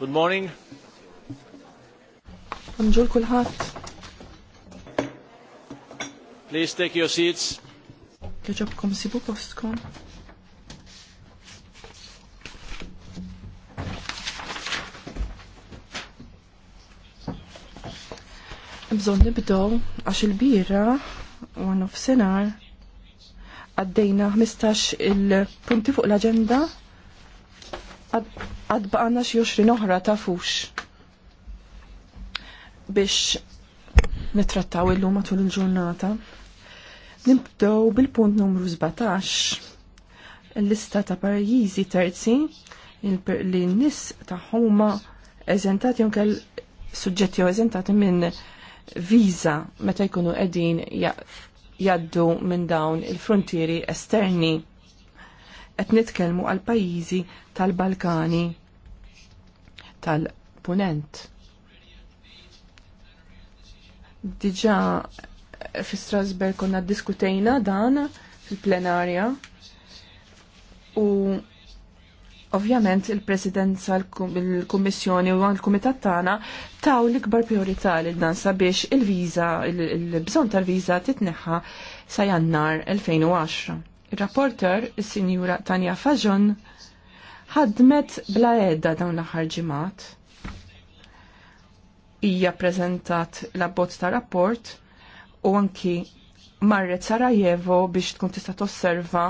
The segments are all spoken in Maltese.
Good morning. Bonjour Please take your seats. Kieġobkom sibu postkom. Bżon nibdow għax il-bira u għan senar għaddejna 15 il-punti fuq l-agenda għad baqanna xi noħra oħra tafux biex nitrattaw il-lum matul il-ġurnata. Nibdew bil-punt numru 17 l-lista ta' pajjiżi terzi li n-nis ta' huma eżentati unkel suġġetti eżentati minn viza meta jkunu qegħdin jaddu minn dawn il-frontieri esterni qed nitkellmu għal pajjiżi tal-Balkani tal-punent. Diġa fi Strasberg konna diskutejna dan fil-plenarja u ovvjament il-presidenza, il-kommissjoni u l-komitat tagħna taw l-ikbar priorità li dan sabiex il viza il-bżonn tal-viża titneħħa sa jannar 2010. Il-rapporter, il-Sinjura Tanja Fajon, ħadmet bla edda dawn l-aħħar ġimgħat. Hija preżentat l-abbozz ta' rapport u anki marret Sarajevo biex tkun tista' tosserva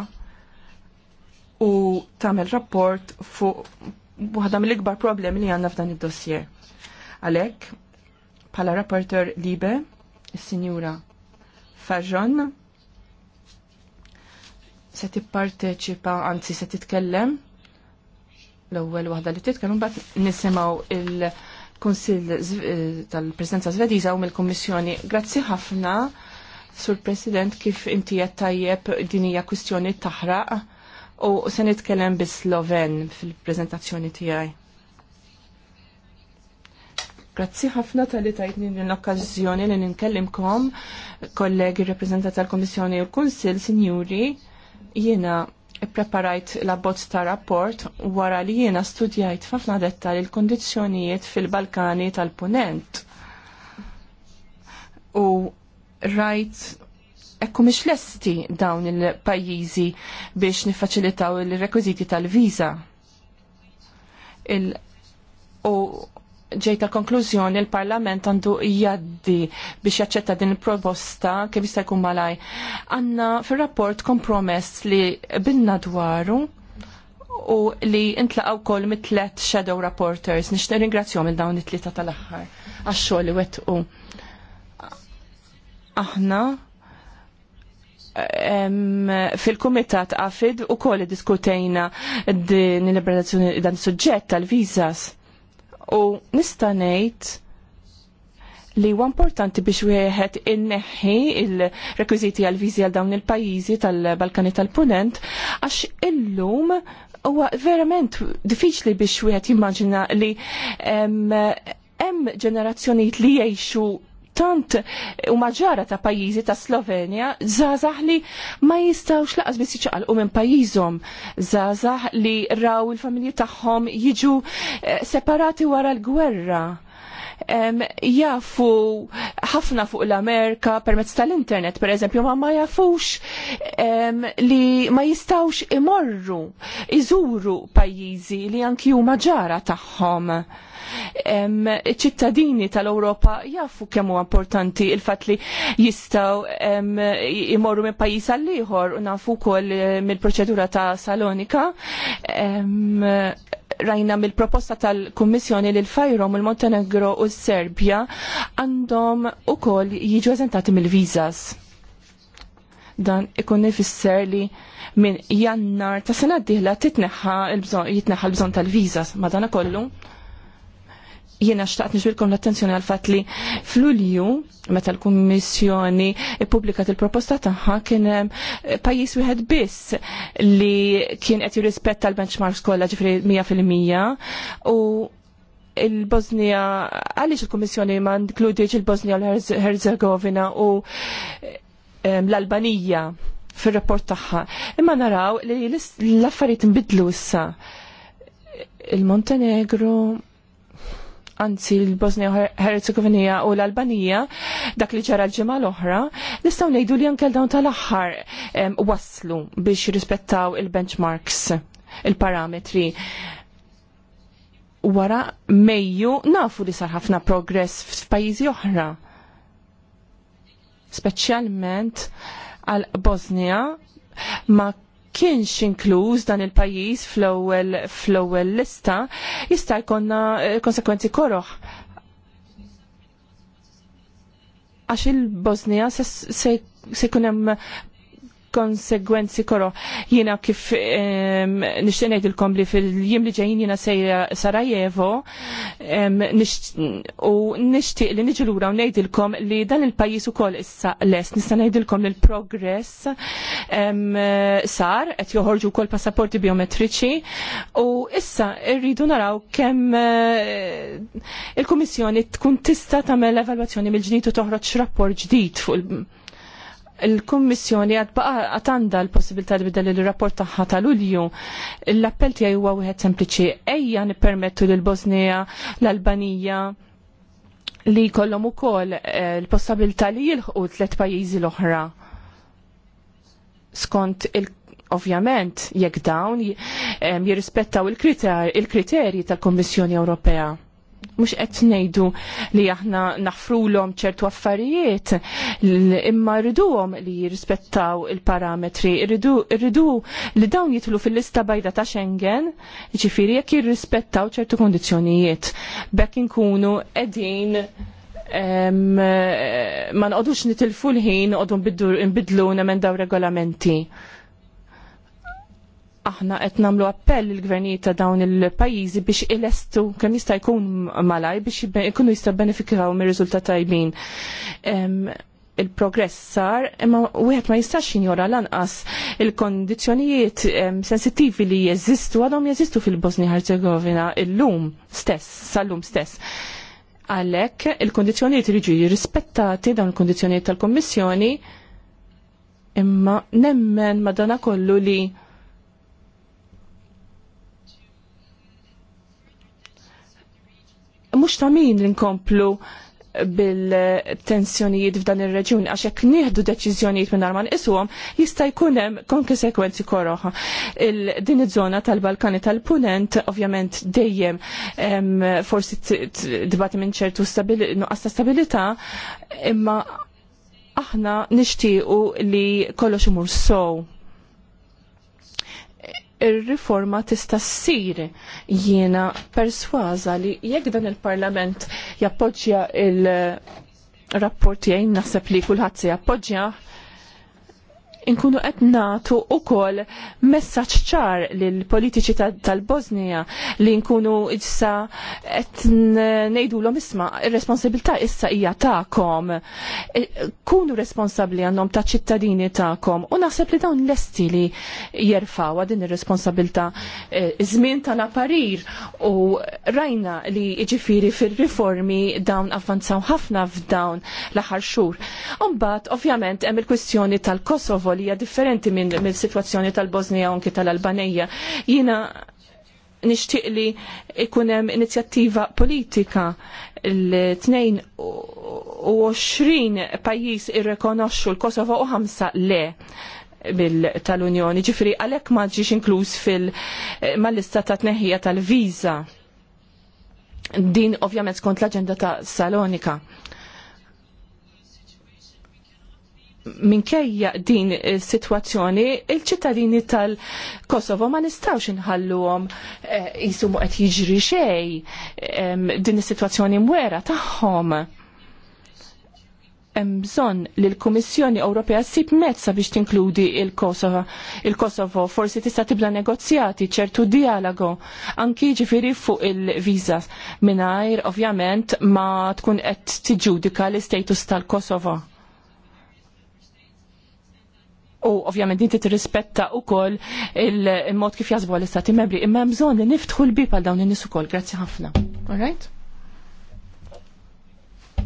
u tagħmel rapport fuq waħda mill-ikbar problemi li għandna f'dan id-dossier. Għalhekk, bħala rapporter libe, is-Sinjura Fajon se tipparteċipa, anzi se titkellem l-ewwel waħda li titkellmu mbagħad nisimgħu il-Kunsill eh, tal-Presidenza Svediża u mill-Kummissjoni. Grazzi ħafna Sur President kif inti qed tajjeb din hija kwistjoni taħraq u se nitkellem bis-Sloven fil-preżentazzjoni tiegħi. Grazzi ħafna tal-li tajtni l-okkazjoni li ninkellimkom kollegi rappresentat tal kummissjoni u l kunsill Sinjuri, jiena ippreparajt l-abbozz ta' rapport wara li jiena studjajt ħafna dettal il-kondizzjonijiet fil-Balkani tal-Punent. U rajt ekku miex lesti dawn il-pajjiżi biex nifaċilitaw il-rekwiziti tal-viża. Il u ġejta konklużjoni il-Parlament għandu jaddi biex jaċċetta din il-proposta kif jista' jkun malaj. Għandna fir-rapport kompromess li binna dwaru u li intlaqgħu wkoll mit-tlet shadow rapporters. Nixtieq ringrazzjahom minn dawn it-tlieta tal-aħħar għax-xogħol li wettqu. Aħna fil-kumitat għafid u koll diskutejna din il-liberazzjoni dan suġġett tal-vizas u nista' ngħid li huwa importanti biex wieħed inneħħi il-rekwiżiti għal viżi għal dawn il-pajjiżi tal-Balkani tal-Punent għax illum huwa verament diffiċli biex wieħed jimmaġina li hemm ġenerazzjonijiet li jgħixu tant u maġara ta' pajjiżi ta' Slovenja zazah li ma jistgħux laqas ċaqal u minn pajjiżhom. zazah li raw il-familji tagħhom jiġu eh, separati wara l-gwerra jafu ħafna fuq l-Amerika permezz tal-internet, per eżempju, ma ma jafux li ma jistawx imorru, iżuru pajjiżi li anki huma ġara tagħhom. ċittadini tal-Ewropa jafu kemm huwa importanti il-fatt li jistgħu imorru minn pajjiż għall ieħor u nafu wkoll eh, mill-proċedura ta' Salonika rajna mill-proposta tal-Kummissjoni li l-Fajrom, il-Montenegro u s-Serbja għandhom u kol jiġu eżentati mill-vizas. Dan ikun ifisser li minn jannar ta' sena d-dihla jitneħħa l-bżon tal-vizas, ma dan kollu jiena xtaqt nixbilkom l-attenzjoni għal fatt li fl-Ulju, meta l-Kummissjoni publikat il-proposta tagħha kien eh, pajjiż wieħed biss li kien qed jirrispetta l-benchmarks kollha ġifri 100% u il-Bosnija għaliex il-Kummissjoni ma nkludiex il-Bosnija u l-Herzegovina u eh, l-Albanija fir-rapport tagħha. Imma naraw li l-affarijiet nbidlu issa il-Montenegro anzi l-Bosnia Herzegovina u l-Albanija, dak li ġara l-ġimgħa l-oħra, nistgħu ngħidu li anke dawn tal-aħħar waslu biex jirrispettaw il-benchmarks, il-parametri. Wara Mejju nafu li sar ħafna progress f'pajjiżi oħra. Speċjalment għal Bosnia ma' kienx inkluż dan il-pajjiż fl-ewwel fl-ewwel lista jista' jkollna eh, konsekwenzi koroħ għax il-Bosnija se jkun hemm konsegwenzi koro. Jina kif um, il-kom li fil-jim li ġajin jina sejra Sarajevo u nishtiq li nġilura u il-kom li dan il-pajis u kol issa les. Nista nejdilkom li l-progress sar, et joħorġu kol passaporti biometriċi u issa irridu naraw kem eh, il-Komissjoni tkun tista tamel evalwazzjoni mill ġnitu toħroċ rapport ġdijt fuq il- il-Kummissjoni għad baqa għatanda l-possibilità li bidel l rapport taħħa tal-Ulju. L-appell tiegħi huwa wieħed sempliċi ejja nippermettu l Bosnija, l-Albanija li u ukoll eh, l-possibilità li jilħqu tliet pajjiżi l-oħra. Skont il- ovvjament jekk dawn eh, jirrispettaw il-kriterji tal-Kommissjoni Ewropea mhux qed ngħidu li aħna naħfrulhom ċertu affarijiet imma rriduhom li jirrispettaw il-parametri, rridu li dawn jitlu fil-lista bajda ta' Schengen, ġifieri jekk jirrispettaw ċertu kondizzjonijiet. Bekk inkunu qegħdin ma nqodux nitilfu l-ħin nqodu nbidlu daw regolamenti aħna qed nagħmlu appell il gvernijiet ta' dawn il-pajjiżi biex ilestu kemm jista' jkun malaj biex ikunu jista' benefikaw mir-riżultat tajbin. Il-progress sar, imma wieħed ma jistax jinjora lanqas il-kondizzjonijiet sensittivi li jeżistu għadhom jeżistu fil-Bosnia Herzegovina illum stess, sal-lum stess. Għalhekk il-kondizzjonijiet iriġu jirrispettati dawn il-kondizzjonijiet tal-Kommissjoni imma nemmen madana kollu li mhux ta' min inkomplu bil-tensjonijiet f'dan ir-reġjuni għax hekk nieħdu deċiżjonijiet minn ma nqisuhom jista' jkun hemm konsekwenzi koroħa. Din iż-żona tal-Balkani tal-Punent ovvjament dejjem forsi dibati minn ċertu nuqqas ta' stabilità imma aħna nixtiequ li kollox imur sow ir-riforma tista' ssir. Jiena persważa li jekk dan il-Parlament jappoġġja il-rapport jgħin naħseb li kulħadd se jappoġġja inkunu qed nagħtu wkoll messaġġ ċar lill politiċi tal-Bosnija li nkunu issa qed ngħidulhom isma' ir-responsabilità issa hija tagħkom. E, kunu responsabbli għandhom ta' ċittadini tagħkom u naħseb li dawn lesti li jerfaw din ir-responsabilità e, iż-żmien tal u rajna li jiġifieri fir-riformi dawn avvanzaw ħafna f'dawn l-aħħar xhur. Mbagħad ovvjament hemm il-kwistjoni tal-Kosovo hija differenti minn min situazzjoni tal-Bosnija u anki tal-Albanija. Jiena nixtieq li ikun hemm inizjattiva politika l-22 pajjiż irrekonoxxu l-Kosovo u ħamsa le tal-Unjoni. Ġifri, għalek ma ġiex inkluż fil-mal-lista ta' tneħija tal-viza. Din ovvjament skont l-agenda ta' Salonika minkejja din is-sitwazzjoni il-ċittadini tal-Kosovo ma nistawx inħalluhom jisu eh, qed jiġri xej din is-sitwazzjoni mwera tagħhom. Hemm bżonn li l-Kummissjoni Ewropea ssib mezza biex tinkludi il-Kosovo. Il-Kosovo forsi tista' tibla negozjati ċertu dialogu anki ġifiri fuq il-viżas mingħajr ovvjament ma tkun qed tiġġudika l-istatus tal-Kosovo u ovvjament inti tirrispetta wkoll il-mod kif jażbu għall-istati membri, imma hemm bżonn li niftħu l-bib għal dawn in-nies ukoll. Grazzi ħafna. All right?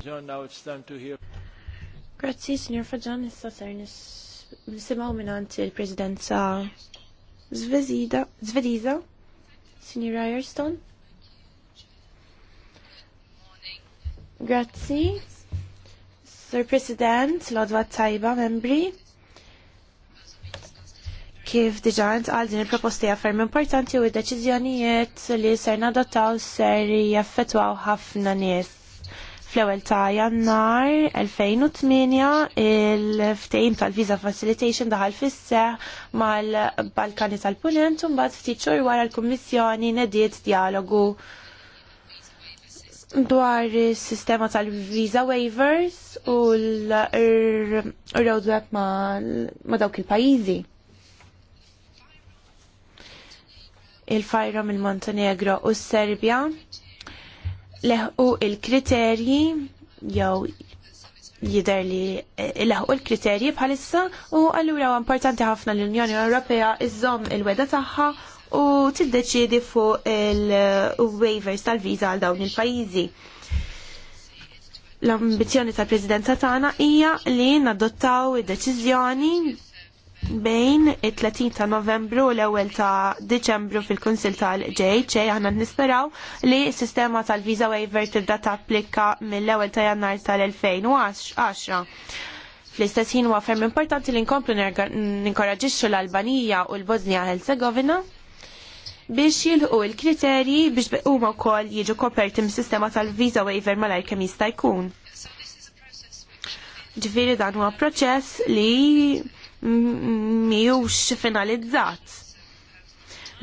John, now it's time to hear. Grazzi, signor Faġan, issa ser nisimaw minant il-presidenza Zvediza, signor Ryerstone. Grazzi, Sir President, l-odwa tajba, membri kif diġa għal din il-proposti għaffer importanti u id-deċizjonijiet li ser nadottaw ser jaffetwaw ħafna nies. Fl-ewel ta' jannar 2008 il ftejn tal-Visa Facilitation daħal fisseħ mal-Balkani tal-Punent un bat ftit xur wara l-Kummissjoni nediet dialogu dwar sistema tal-visa waivers u l-roadmap ma, ma dawk il-pajizi. il-fajra mill-Montenegro u s-Serbja leħu il-kriterji jew jider li eh, leħu il-kriterji bħalissa u allura importanti ħafna l-Unjoni Ewropea iżom il-weda tagħha u tiddeċiedi fuq il-waivers tal-viża għal dawn il-pajjiżi. L-ambizjoni tal-Presidenza tagħna hija li nadottaw id-deċiżjoni bejn it-30 ta' novembru u l-ewwel ta' Diċembru fil-Kunsil tal-JHA aħna nisperaw li s-sistema tal-Visa Waiver tibda tapplika mill-ewwel ta' Jannar tal-2010. Fl-istess ħin huwa ferm importanti li nkomplu ninkoraġixxu l-Albanija u l-Bosnia Herzegovina biex jilħu l-kriterji biex huma wkoll jiġu koperti mis-sistema tal-Visa Waiver malajr kemm jista' jkun ġviri dan huwa proċess li miħux finalizzat.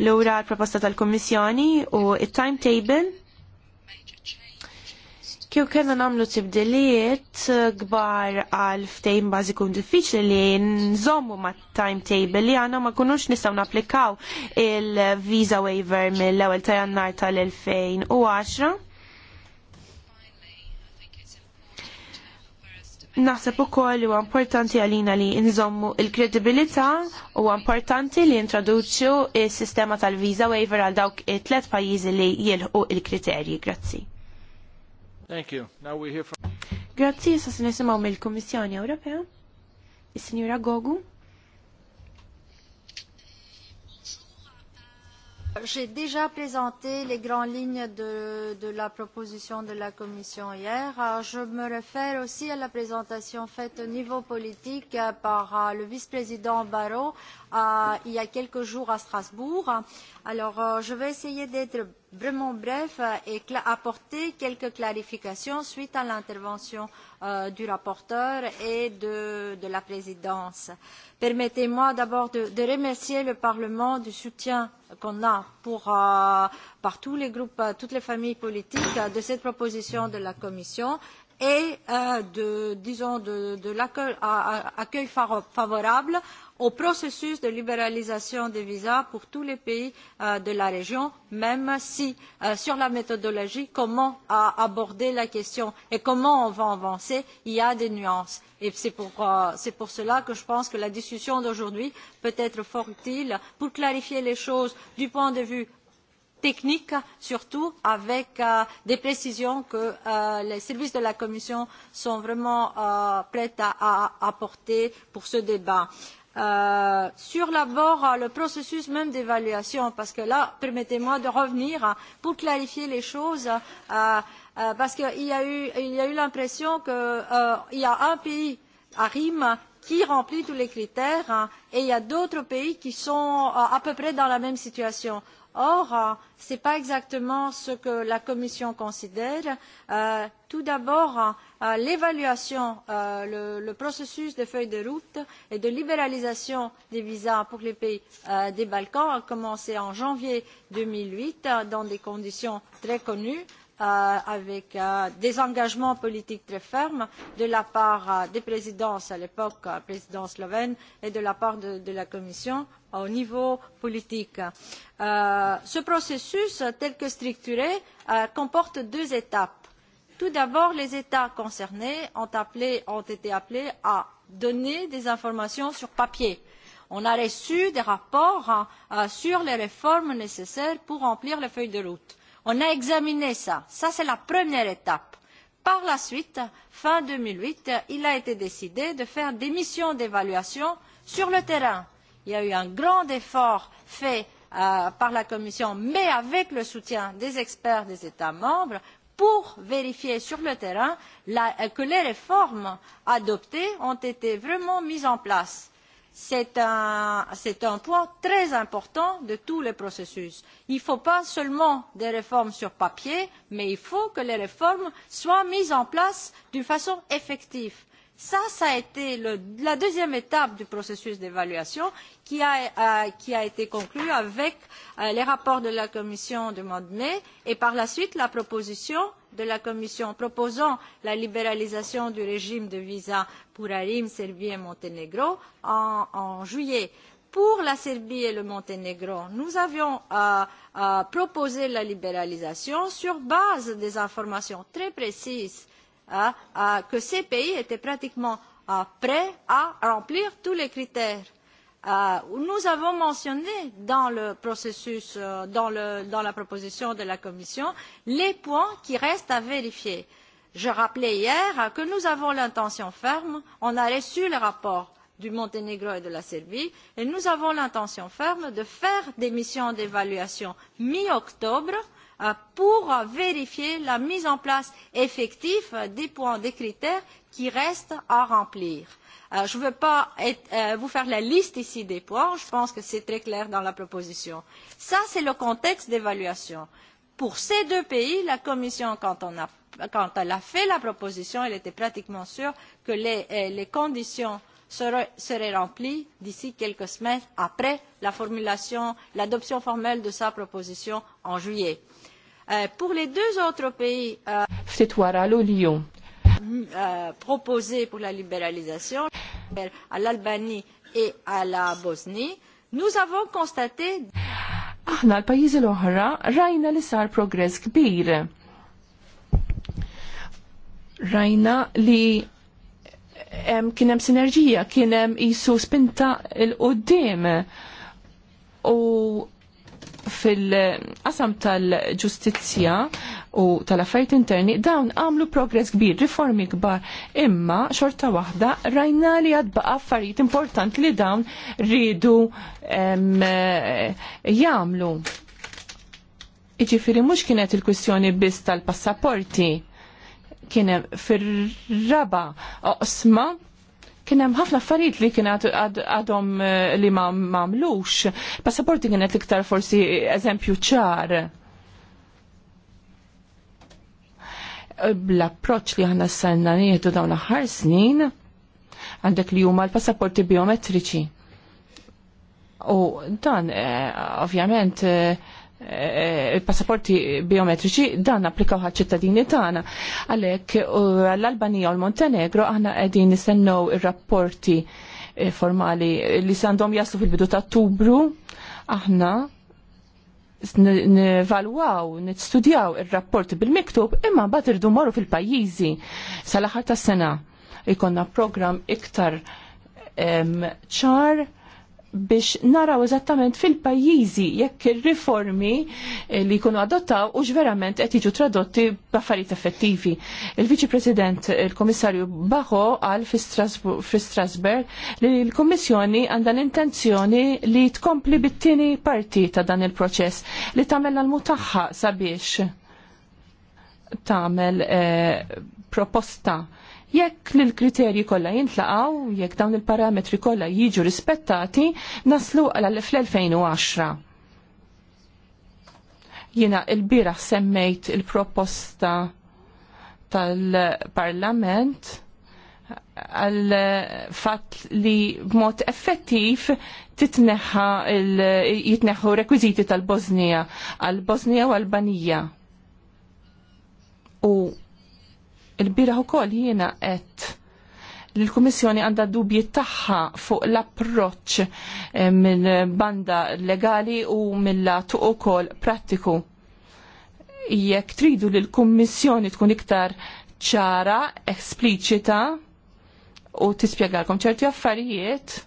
L-ura l-proposta tal komissjoni u il-timetable kiew kena namlu tibdiliet gbar għal ftejn bazi kun diffiċli li nżommu ma' timetable li għana ma' kunux nistaw naplikaw il-visa waiver mill-ewel tajannar tal-2010 Naħseb ukoll huwa importanti għalina li nżommu il-kredibilità u importanti li introduċu il sistema tal-visa waiver għal dawk it-tlet pajjiżi li jilħu il-kriterji. Grazzi. Thank you. Now we hear from Grazzi, sa nisimgħu mill-Kummissjoni Ewropea. Is-Sinjura Gogu. J'ai déjà présenté les grandes lignes de, de la proposition de la Commission hier. Euh, je me réfère aussi à la présentation faite au niveau politique euh, par euh, le vice-président Barrot euh, il y a quelques jours à Strasbourg. Alors, je vais essayer d'être vraiment bref et apporter quelques clarifications suite à l'intervention euh, du rapporteur et de, de la présidence. Permettez-moi d'abord de, de remercier le Parlement du soutien qu'on a pour, euh, par tous les groupes, euh, toutes les familles politiques euh, de cette proposition de la Commission et euh, de, disons, de, de l'accueil favorable au processus de libéralisation des visas pour tous les pays euh, de la région, même si euh, sur la méthodologie, comment aborder la question et comment on va avancer, il y a des nuances. Et c'est pour, euh, pour cela que je pense que la discussion d'aujourd'hui peut être fort utile pour clarifier les choses du point de vue technique, surtout avec euh, des précisions que euh, les services de la Commission sont vraiment euh, prêts à, à apporter pour ce débat. Euh, Euh, sur l'abord euh, le processus même d'évaluation, parce que là, permettez-moi de revenir pour clarifier les choses, euh, euh, parce qu'il y a eu, il y a eu l'impression qu'il euh, y a un pays à Rime qui remplit tous les critères et il y a d'autres pays qui sont euh, à peu près dans la même situation. Or, euh, ce n'est pas exactement ce que la Commission considère. Euh, tout d'abord, euh, l'évaluation, euh, le, le, processus de feuille de route et de libéralisation des visas pour les pays euh, des Balkans a commencé en janvier deux mille huit euh, dans des conditions très connues Euh, avec euh, des engagements politiques très fermes de la part euh, des présidences à l'époque, présidence slovène, et de la part de, de la Commission au niveau politique. ce processus, tel que structuré, comporte deux étapes. Tout d'abord, les États concernés ont, appelé, ont été appelés à donner des informations sur papier. On a reçu des rapports hein, sur les réformes nécessaires pour remplir les feuilles de route On a examiné ça. Ça, c'est la première étape. Par la suite, fin deux mille huit, il a été décidé de faire des missions d'évaluation sur le terrain. Il y a eu un grand effort fait euh, par la Commission, mais avec le soutien des experts des États membres, pour vérifier sur le terrain la, euh, que les réformes adoptées ont été vraiment mises en place c'est un, un point très important de tous les processus. Il ne faut pas seulement des réformes sur papier, mais il faut que les réformes soient mises en place d'une façon effective Ça, ça a été le, la deuxième étape du processus d'évaluation qui, a, euh, qui a été conclu avec euh, les rapports de la commission du mois de mai et par la suite la proposition de la commission proposant la libéralisation du régime de visa pour Arim, Serbie et Monténégro en, en juillet pour la Serbie et le Monténégro, nous avions euh, euh, proposé la libéralisation sur base des informations très précises hein, que ces pays étaient pratiquement euh, prêts à remplir tous les critères. Euh, nous avons mentionné dans le processus, euh, dans, le, dans la proposition de la Commission, les points qui restent à vérifier. Je rappelais hier que nous avons l'intention ferme, on a reçu le rapport du Monténégro et de la Serbie, et nous avons l'intention ferme de faire des missions d'évaluation mi-octobre euh, Euh, pour vérifier la mise en place effective des points, des critères qui restent à remplir. Euh, je ne veux pas être, euh, vous faire la liste ici des points, je pense que c'est très clair dans la proposition. Ça, c'est le contexte d'évaluation. Pour ces deux pays, la Commission, quand, on a, quand elle a fait la proposition, elle était pratiquement sûre que les, euh, les conditions seraient, seraient remplies d'ici quelques semaines après la formulation, l'adoption formelle de sa proposition en juillet. Euh, pour les deux autres pays euh, ftit wara l-Uljum. Euh, proposé pour la libéralisation à l'Albanie et à la Bosnie, nous avons constaté Aħna l-pajjiżi l-oħra rajna li sar progress kbir. Rajna li kien hemm sinerġija, kien hemm isu spinta l qudiem u fil-qasam tal-ġustizzja u tal-affarijiet interni dawn għamlu progress kbir, riformi kbar, imma xorta waħda rajna li baqa affarijiet importanti li dawn ridu jagħmlu. Iġifiri mhux kienet il-kwistjoni biss tal-passaporti kienem fir-raba oqsma Kien hemm ħafna affarijiet li kien għadhom eh, li ma mamlux. Passaporti kienet iktar forsi eżempju ċar. l approċ li għanna s-sanna nieħdu dawn ħar snin, għandek li huma l-passaporti biometriċi. U dan, eh, ovvjament, eh, Eh, il-passaporti biometriċi dan applikaw ċittadini tagħna. Għalhekk l-Albanija u l-Montenegro aħna qegħdin nistennew ir-rapporti eh, formali li għandhom jaslu fil-bidu ta' Ottubru aħna nivalwaw, nistudjaw ir-rapporti bil-miktub imma mbagħad irdu morru fil-pajjiżi sal-aħħar tas-sena ikonna program iktar ċar biex naraw eżattament fil-pajjiżi jekk ir-riformi eh, li jkunu adottaw u verament qed jiġu tradotti b'affarijiet effettivi. Il-Viċi President il-Komissarju Baħo għal fi Strasburg li l-Kommissjoni għandha l-intenzjoni li tkompli bit-tieni parti ta' dan il-proċess li tagħmel l-mutaħħa sabiex tagħmel eh, proposta Jekk l-kriterji kollha jintlaqaw, jekk dawn il-parametri kollha jiġu rispettati, naslu għal fl-2010. Jiena il bira semmejt il-proposta tal-Parlament għal fatt li b'mod effettiv titneħħa jitneħħu rekwiziti tal-Bosnija għal Bosnija u Albanija. U Il-biraħ ukoll jiena qed li l-Kummissjoni għandha dubji tagħha fuq l-approċċ eh, minn banda legali u mill-lat koll prattiku. Jekk tridu li l-Kummissjoni tkun iktar ċara, espliċita u tispjegalkom ċerti affarijiet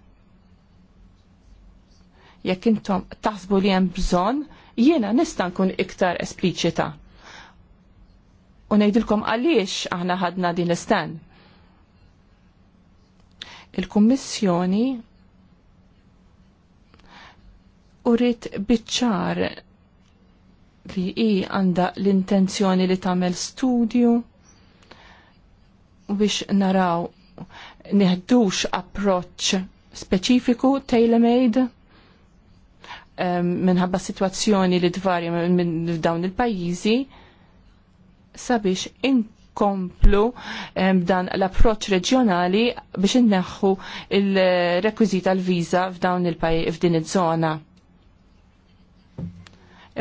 jekk intom taħsbu li hemm bżonn, jiena nista' nkun iktar espliċita u ngħidilkom għaliex aħna ħadna din l-istan. Il-Kummissjoni urid bitċar li i għandha l-intenzjoni li tagħmel studju biex naraw neħdux approċ speċifiku tailor-made ehm, minħabba situazzjoni li tvarja minn dawn il-pajjiżi sabiex inkomplu dan l-approċ reġjonali biex inneħħu il-rekwizita l-viza f'dawn il-pajjiż f'din iż-żona.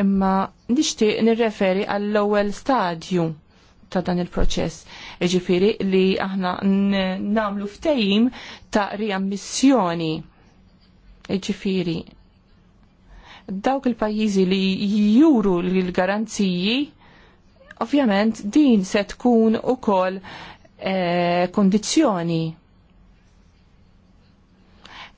Imma nixtieq nirreferi għall-ewwel stadju ta' dan il-proċess. iġifieri li aħna nagħmlu ftehim ta' riammissjoni. Jiġifieri dawk il-pajjiżi li juru l-garanziji Ovvjament din se tkun ukoll kol eh, kondizzjoni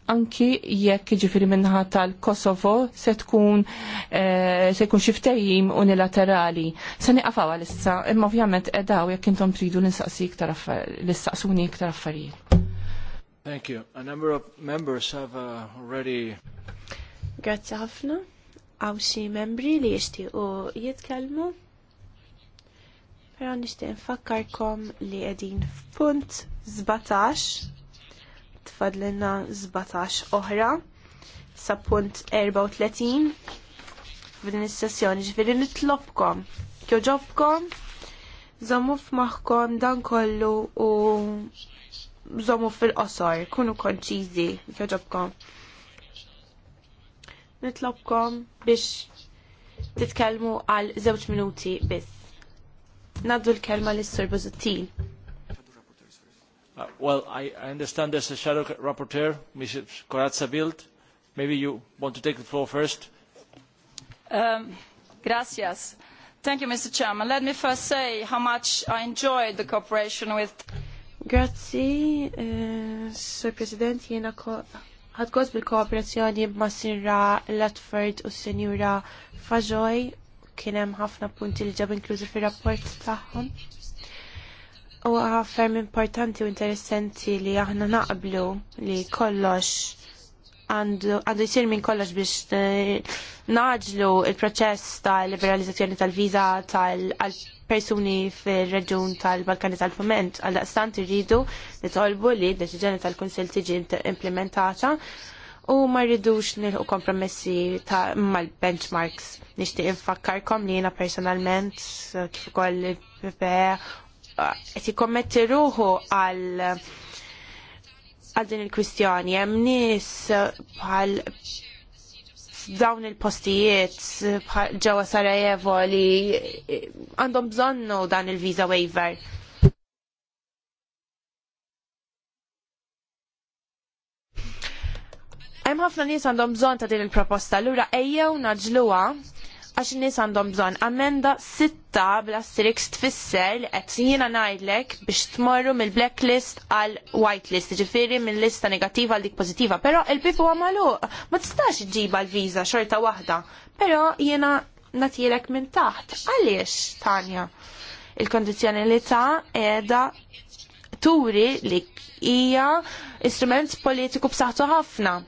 anki jekk ġifiri minnħa tal-Kosovo se tkun eh, se tkun xiftejjim unilaterali. Se niqafaw għal-issa, imma ovvjament edaw jekk intom tridu l-istaqsi iktar l-istaqsuni iktar affarijiet. Thank you. A number of members have uh, already... Grazie ħafna. Għaw membri li jixtiequ jitkellmu. Pero nishtiq nfakkarkom li qegħdin f'punt 17 tfadlina 17 oħra sa punt 34 f'din is-sessjoni ġifieri nitlobkom kjoġobkom żommu f'maħkom dan kollu u żommu fil-qosor, kunu konċizi kjoġobkom. Nitlobkom biex titkellmu għal żewġ minuti biss. Naddu l-kelma li s-sur Uh, well, I, I understand there's a shadow rapporteur, Mrs. Corazza Bild. Maybe you want to take the floor first. Um, gracias. Thank you, Mr. Chairman. Let me first say how much I enjoyed the cooperation with... Grazie, uh, Sir President, jena ħadgos bil-kooperazzjoni ma' Sinra Latford u Senjura Fajoj kien hemm ħafna punti li ġab inklużi fir-rapport tagħhom. U ferm importanti u interessanti li aħna naqblu li kollox għandu jsir minn kollox biex eh, naġlu il-proċess tal-liberalizzazzjoni tal-viża tal-persuni fir-reġun tal-Balkani tal-Fument għal daqstant irridu nitolbu li d-deċiżjoni tal-Kunsill tiġi implementata u ma rridux nilħu kompromessi ta' mal-benchmarks. Nixtieq infakkarkom li jiena personalment eh, kif ukoll e, eh, qed ikkommetti ruħu għal għal din il-kwistjoni hemm nies eh, bħal dawn il-postijiet ġewwa Sarajevo li għandhom bżonnu dan il-visa waiver. Hemm ħafna nies għandhom bżonn ta' din il-proposta, lura ejjew naġluha għax nies għandhom bżonn amenda sitta bl-asterix tfisser li qed jiena ngħidlek biex tmorru mill-blacklist għal whitelist, ġifieri minn lista negattiva għal dik pożittiva, però il pipu huwa magħluq, ma tistax iġiba l-viża xorta waħda, però jiena natilek minn taħt. Għaliex, Tanja? il ta' edha turi li hija istrument politiku b'saħħtu ħafna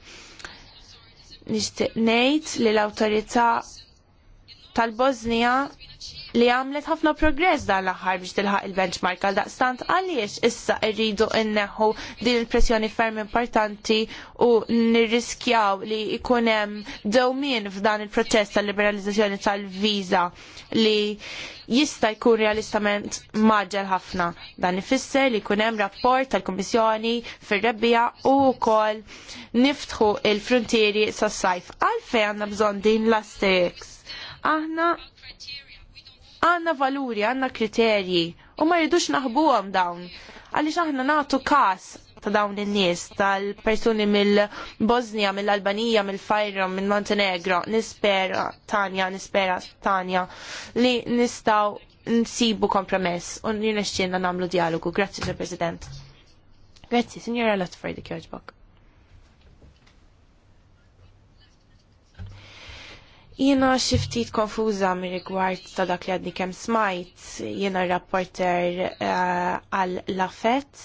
nixtieq ngħid li l-awtorità tal-Bosnija li għamlet ħafna progress dan l-aħħar biex tilħaq il-benchmark għal daqstant għaliex issa rridu inneħu din il-pressjoni ferm importanti u nirriskjaw li jkun hemm dewmien f'dan il-proċess tal-liberalizzazzjoni tal-viża li jista' jkun realistament maġġel ħafna. Dan ifisser li jkun hemm rapport tal-Kummissjoni fir-rebbija u wkoll niftħu il-frontieri sas-sajf. Għalfejn għandna bżonn din l-asterix. Aħna Għanna valuri, għanna kriterji u ma rridux naħbuhom dawn. Għaliex aħna nagħtu każ ta' dawn in-nies tal-persuni mill-Bosnia, mill-Albanija, mill-Fajra, mill-Montenegro, nispera tanja, nispera tanja li nistaw nsibu kompromess u nirnexxinna nagħmlu dialogu. Grazzi, Sir President. Grazzi, Signora Lotford, kjoġbok. Jena xiftit konfuza mi rigward ta' dak li għadni kem smajt, jena rapporter eh, għal uh, lafet.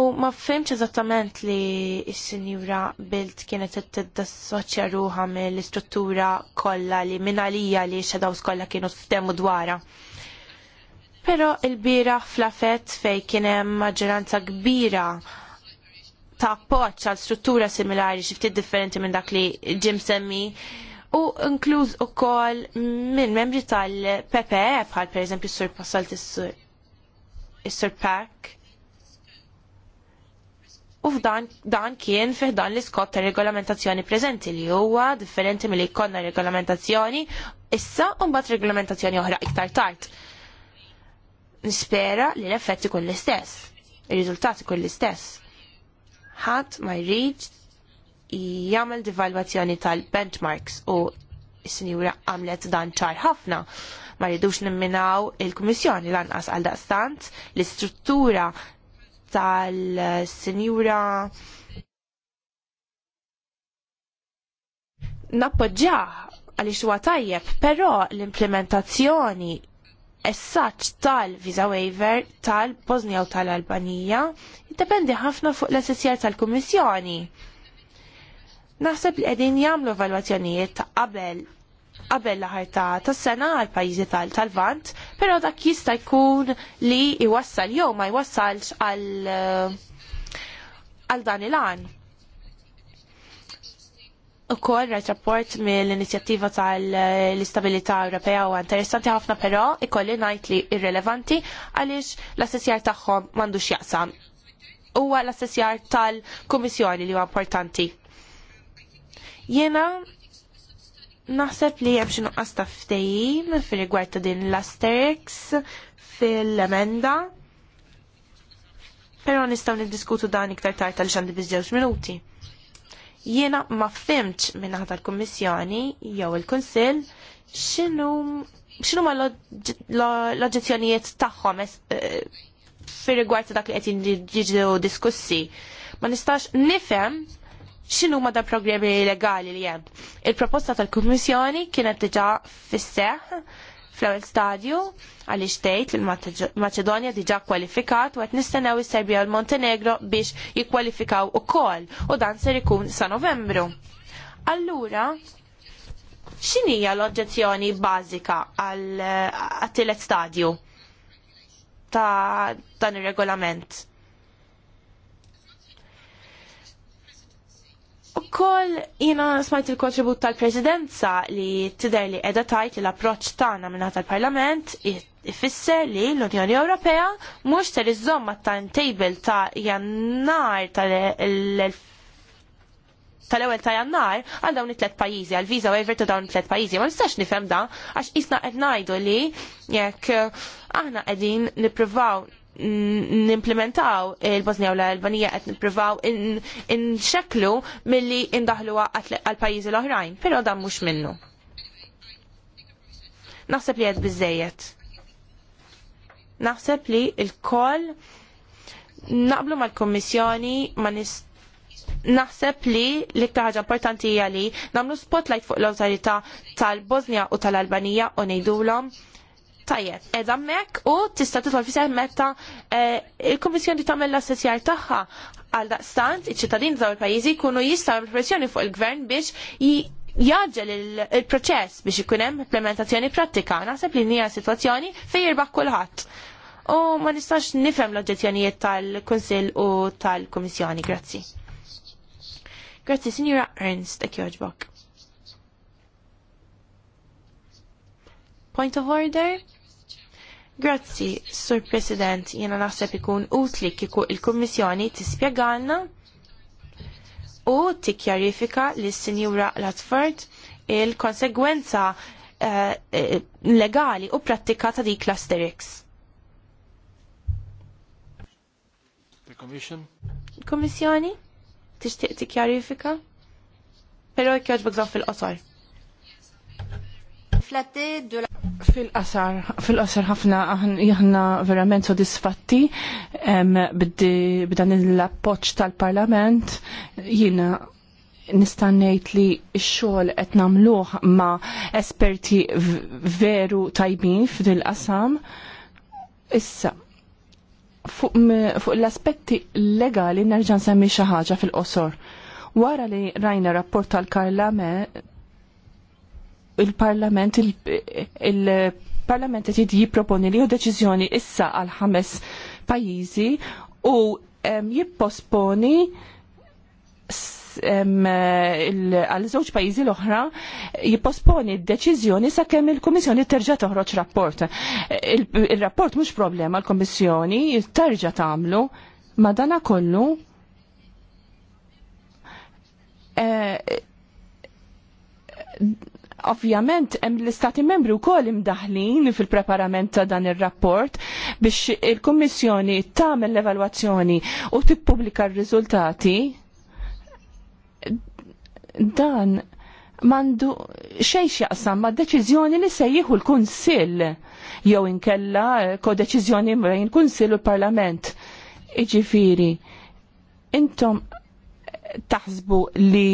U ma fimx eżattament li s-sinjura Bilt kienet t-soċja ruħa mill-istruttura kollha li minn li xedaw kollha kienu f'temu dwara. Pero il-bira flafet fej kienem maġġoranza kbira ta' appoċ għal struttura similari xi ftit differenti minn dak li ġim semmi u inkluż ukoll minn membri tal-PPE bħal pereżempju s-sur Passalt is-sur Pak. U f'dan dan kien fih dan l-iskop ta' regolamentazzjoni preżenti li huwa differenti milli jkollna regolamentazzjoni issa u mbagħad regolamentazzjoni oħra iktar tard. Nispera li l effetti kull l-istess, ir rizultati kull l-istess ħadd ma jrid jagħmel divalwazzjoni tal-benchmarks u s-sinjura għamlet dan ċar ħafna. Ma rridux nimminaw il-Kummissjoni lanqas għal daqstant l-istruttura tal-sinjura nappoġġjaħ għal huwa tajjeb, però l-implementazzjoni essaċ tal-visa waiver tal-Bosnia u tal-Albanija jiddependi ħafna fuq l-assessjar tal-Kummissjoni. Naħseb li qegħdin jagħmlu evalwazzjonijiet ta' qabel qabel l-aħar ta' tas-sena għal pajjiżi tal-Vant, però dak jista' jkun li jwassal jew ma jwassalx għal eh, għal dan il-għan. U koll rapport mill-inizjattiva tal-istabilità Ewropea u interessanti ħafna però ikolli ngħid li irrelevanti għaliex l-assessjar tagħhom m'għandux jaqsam. Huwa l-assessjar tal-Kummissjoni li huwa importanti. Jiena naħseb li hemm xi nuqqas ta' ftehim fir-rigward ta' din l-asterix fil-emenda. Però nistgħu niddiskutu dan iktar tard għaliex għandi biż minuti. Jiena ma fimċ minn ħata l-Kommissjoni jew il-Kunsill x'inhu x'inhu ma l-oġġezzjonijiet tagħhom eh, fir-rigward dak li qed jiġu diskussi. Ma nistax nifhem xinu ma dan programmi legali li hemm. Il-proposta tal-Kummissjoni kienet diġà fisseħ fl-ewwel stadju għaliex tgħid li l-Maċedonja diġà kwalifikat u qed nistennew is-Serbja u l-Montenegro biex jikkwalifikaw ukoll u dan ser ikun sa Novembru. Allura, x'inhija l-oġġezzjoni bażika għal tielet stadju ta' dan ir-regolament? U koll jina smajt il-kontribut tal-presidenza li tider li edha tajt li l-approċ tana minna tal-parlament ifisser li l-Unjoni Ewropea mux ter iżomma timetable ta' jannar tal-ewel ta' jannar għal dawn it-tlet pajizi, għal visa waiver ta' dawn it-tlet pajizi. Ma nistax nifhem da, għax isna qed ngħidu li jekk aħna qegħdin nippruvaw nimplementaw il-Bosnia u l-Albanija qed nippruvaw inxeklu milli indaħluha għal pajjiżi l-oħrajn, però dan mhux minnu. Naħseb li qed biżejjed. Naħseb li l-koll naqblu mal-Kommissjoni ma nis naħseb li l-iktar ħaġa importanti hija li nagħmlu spotlight fuq l-awtorità tal-Bosnia u tal-Albanija u ngħidulhom Tajjeb, edha mek u tista' titħol fisa meta eh, il komissjoni tagħmel l-assessjar tagħha għal daqstant iċ ċittadin dawn il-pajjiżi jistaw jistgħu pressjoni fuq il-gvern biex jaġġel il-proċess biex ikun hemm implementazzjoni prattika. Naħseb li hija sitwazzjoni fejn jirbaħ kulħadd. U ma nistax nifhem l-oġġezzjonijiet tal-Kunsill u tal-Kummissjoni. Grazzi. Grazzi, Sinjura Ernst, ek joġbok. Point of order? Grazzi, Sur President, jena naħseb ikun utli kiku il-Kommissjoni tispjegalna u tikjarifika li s-Sinjura Latford il-konsegwenza eh, eh, legali u prattika ta' dik l-asterix. Il-Commission? Il-Kommissjoni? Tixtieq tikjarifika? Però jkjoġbek fil-qosor. Flatte, de la Fil-qasar, fil-qasar ħafna jahna verament sodisfatti b'dan l-appoċ tal-parlament jina nistannejt li x-xogħol qed nagħmluh ma' esperti veru tajbin fil-qasam. Issa, fuq, fuq l-aspetti legali nerġa' nsemmi xi ħaġa fil-qosor. Wara li rajna rapport tal-Parlament il-parlament il-parlament jid jiproponi li hu deċiżjoni issa għal ħames pajjiżi u jipposponi għal żewġ pajjiżi l-oħra jipposponi d-deċiżjoni sakemm il-Kummissjoni terġa' toħroġ rapport. Il-rapport mhux problema l-Kummissjoni terġa' tagħmlu ma dana kollu eh, Ovvjament, hemm l-Istati membri wkoll imdaħlin fil-preparament ta' dan ir-rapport biex il-Kummissjoni tagħmel l-evalwazzjoni u tippubblika r-riżultati. Dan mandu xejn x'jaqsam ma' deċiżjoni li se jieħu l-Kunsill jew inkella kodeċiżjoni bejn il-Kunsill u l-Parlament. Iġifieri, intom taħsbu li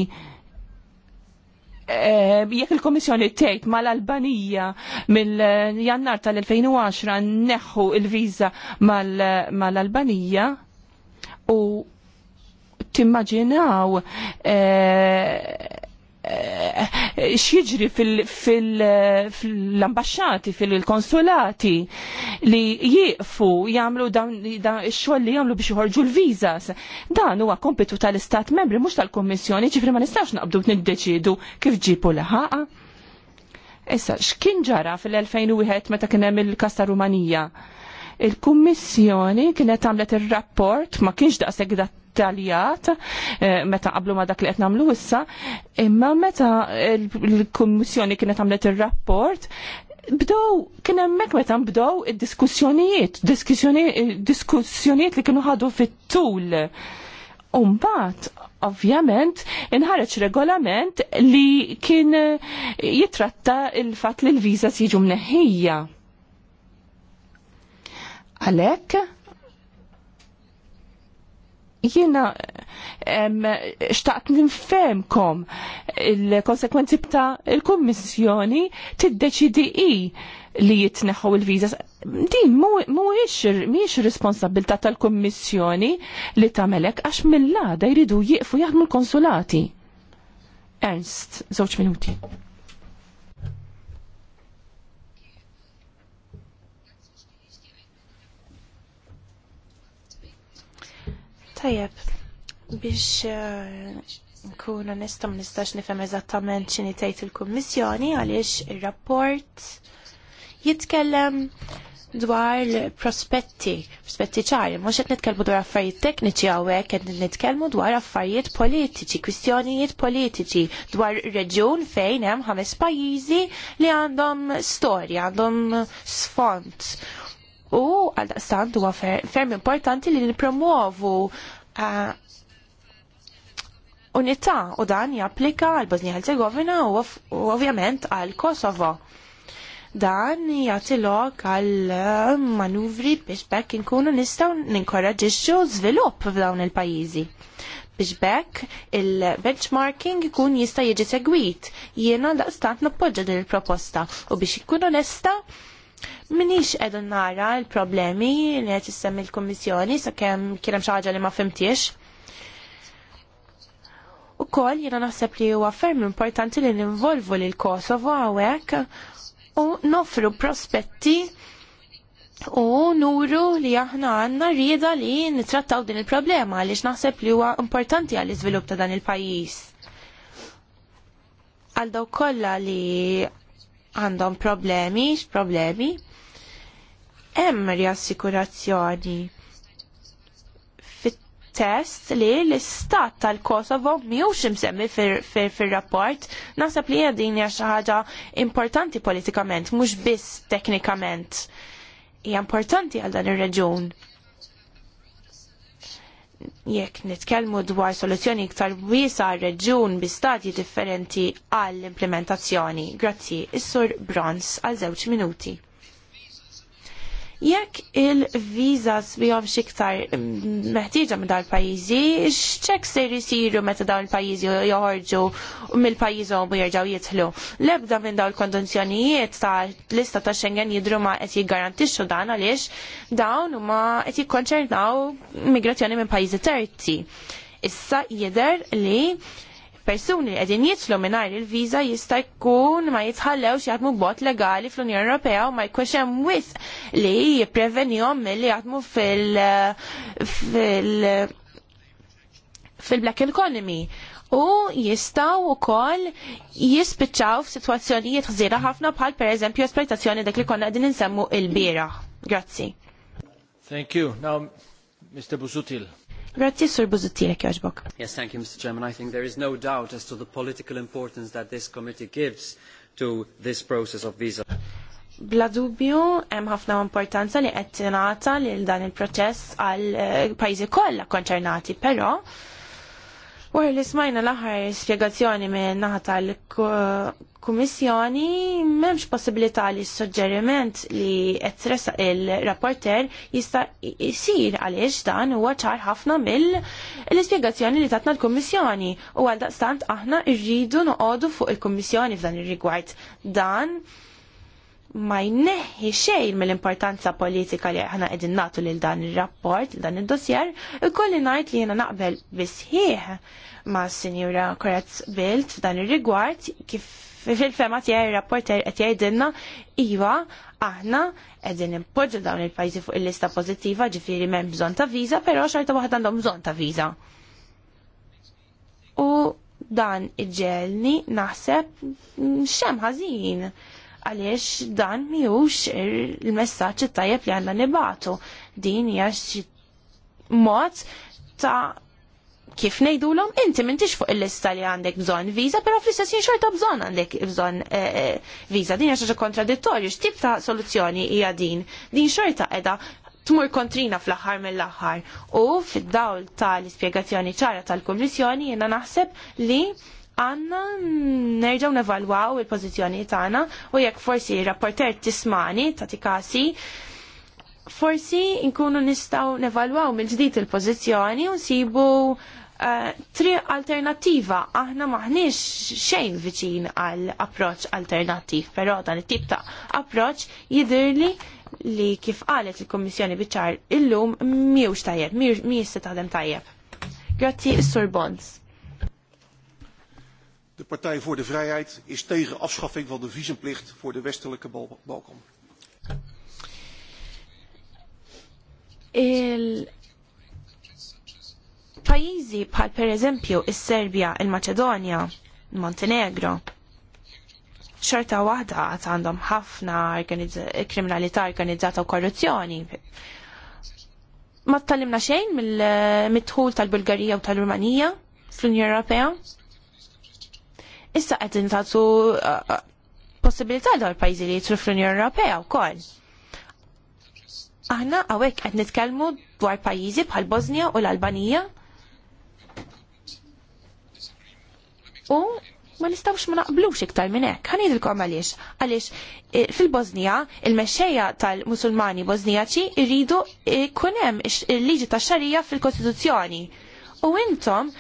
Eh, jekk il-Komissjoni tgħid mal-Albanija mill-Jannar tal-2010 neħħu il-viża mal-Albanija u timmaġinaw eh, Eh, x'jiġri fil-ambasċati, fil-konsulati li jieqfu jagħmlu dawn ix-xogħol li jagħmlu biex joħorġu l-viżas. Dan huwa kompitu tal-Istat membri mhux tal-Kummissjoni, ġifri ma nistax naqbdu niddeċidu kif ġipu l Issa, x'kien ġara fil-2001 meta kien hemm il-Kasta Rumanija? Il-Kummissjoni kienet għamlet ir-rapport ma kienx daqshekk dettaljat eh, meta qablu ma dak li qed nagħmlu issa, imma meta l-Kummissjoni kienet għamlet ir-rapport bdow, kien hemmhekk meta bdow id-diskussjonijiet, diskussjonijiet li kienu ħadu fit-tul. Umbat, ovvjament, inħareġ regolament li kien eh, jitratta il-fat li l-viza siġu mneħħija. Għalek, Jiena xtaqt ninfemkom il-konsekwenzi bta' il-Kommissjoni tiddeċidi i li jitneħħu il-viza. Din mhuwiex responsabilità tal-Kommissjoni li tagħmelek għax mill-għada jridu jieqfu jaħdmu l-konsulati. Ernst, żewġ minuti. Tajjeb, biex eh, nkun onesta ma nistax nifhem eżattament x'inhi tgħid il-Kummissjoni għaliex ir-rapport jitkellem dwar prospetti, prospetti ċari, mhux qed nitkellmu dwar affarijiet tekniċi hawnhekk qed nitkellmu dwar affarijiet politiċi, kwistjonijiet politiċi dwar reġjun fejn hemm ħames pajjiżi li għandhom storja, għandhom sfond u għal daqstant huwa ferm importanti li nipromuovu eh, unità u dan japplika għal Bosnia Herzegovina u ovvjament għal Kosovo. Dan jagħti lok għal eh, manuvri biex bekk inkunu nistgħu ninkoraġixxu żvilupp f'dawn il-pajjiżi biex bekk il-benchmarking ikun jista' jiġi segwit. Jiena daqstant nappoġġa din il-proposta u biex ikun onesta Minix edun nara l-problemi li għet jissem il-Kommissjoni sa' kem kienem xaġa li ma' fimtiex. U kol jena naħseb li huwa ferm importanti li ninvolvu l Kosovo għawek u nofru prospetti u nuru li aħna għanna rida li nitrattaw din il-problema għaliex naħseb li huwa importanti għall iżvilupp ta' dan il-pajjiż. Għal daw kolla li għandhom problemi, x-problemi, hemm riassikurazzjoni test li l-istat tal-Kosovo miħux imsemmi fil-rapport, nasab li għadin xi ħaġa importanti politikament, mhux biss teknikament. Hija importanti għal dan ir reġun jekk nitkellmu dwar soluzzjoni iktar wiesa reġjun bi stadji differenti għall-implementazzjoni. Grazzi, is-sur Brons għal żewġ minuti. Jekk il-vizas għom xiktar meħtieġa minn dal pajjiżi x'ċek se jisiru meta dawn il-pajjiżi joħorġu mill-pajjiżhom u jerġgħu jidħlu. L-ebda minn dawn il-kondizzjonijiet ta' lista ta' Schengen jidhru ma qed jiggarantixxu dan għaliex dawn huma qed jikkonċernaw migrazjoni minn pajjiżi terzi. Issa jidher li persuni li qegħdin jitlu mingħajr il-viża jista' jkun ma jitħallewx jaħdmu bot legali fl-Unjoni Ewropea u ma jkunx hemm wisq li jipprevenihom milli jaħdmu fil- fil- fil-black economy u jistaw u kol jispiċaw f-situazzjonijiet għzira ħafna bħal per eżempju esploitazzjoni dak li konna għedin nsemmu il-bira. Grazzi. Thank you. Now, Mr. Busutil. Grazzi Sur Buzuttilek jaġbok. Yes, thank you, Mr. Chairman. I think there is no doubt as to the political importance that this committee gives to this process of visa. Bla dubju, hemm ħafna importanza li qed tingħata lil dan il-proċess għal eh, pajjiżi kollha konċernati, però Wara li smajna l-aħħar spjegazzjoni minn naħa tal-Kummissjoni m'hemmx possibilità li s-suġġeriment li qed tresa il-rapporter jista' jsir għaliex dan huwa ċar ħafna mill-ispjegazzjoni li tatna l-Kummissjoni u għal daqstant aħna rridu noqogħdu fuq il-Kummissjoni f'dan ir-rigward. Dan ma jneħi xejn mill-importanza politika li aħna qegħdin nagħtu lil dan ir-rapport, dan id-dossier, ikolli ngħid li jiena naqbel bisħieħ ma' Sinjura Koretz Bilt f'dan ir-rigward kif fil-fema tiegħi ir rapport qed jgħidilna iva aħna qegħdin impoġġu dawn il-pajjiżi fuq il-lista pożittiva ġifieri m'hemm bżonn ta' viża, però xorta waħda għandhom bżonn ta' viża. U dan iġġelni naħseb xem ħażin għaliex dan miħux il-messaċ tajjeb li għanna nibatu. Din hija xi mod ta' kif l-om, inti m'intix fuq il-lista li għandek bżonn viża, però fl-istess xorta bżonn għandek bżonn eh, eh, viża. Din hija xi kontradittorju, x'tip ta' soluzzjoni hija din? Din xorta qiegħda tmur kontrina fl-aħħar mill-aħħar. U fid-dawl tal-ispjegazzjoni ċara tal-Kummissjoni jiena naħseb li għanna nerġaw nevalwaw il-pozizjoni tagħna u jekk forsi rapporter tismani ta' tikasi forsi nkunu nistaw nevalwaw mill-ġdid il-pozizjoni u nsibu uh, tri alternativa aħna maħniex xejn viċin għal approċ alternativ, però dan it-tip ta' approċ jidirli li kif qalet il-Kommissjoni biċar illum miewx tajjeb, miex se taħdem tajjeb. Grazzi, Sur Bonds. De Partij voor de Vrijheid is tegen afschaffing van de visumplicht voor de westelijke Balkan. Il pajizi pal per eżempju is serbia il macedonia montenegro xorta wahda għat għandhom ħafna kriminalità organizzata u korruzzjoni. Ma ttallimna xejn mill-mitħul tal-Bulgarija u tal-Rumanija fl-Unjoni Ewropea? issa qed intatu uh, uh, possibilità dawn il-pajjiżi li jitru fl-Unjoni Ewropea wkoll. Aħna hawnhekk qed nitkellmu dwar pajjiżi bħal Bosnia u l-Albanija. U ma nistawx ma naqblux iktar minn hekk. Ħanidilkom għaliex. Għaliex eh, fil-Bosnija il-mexxejja tal-Musulmani Bosnjaċi jridu jkun hemm il-liġi tax-xarija fil-Kostituzzjoni. U intom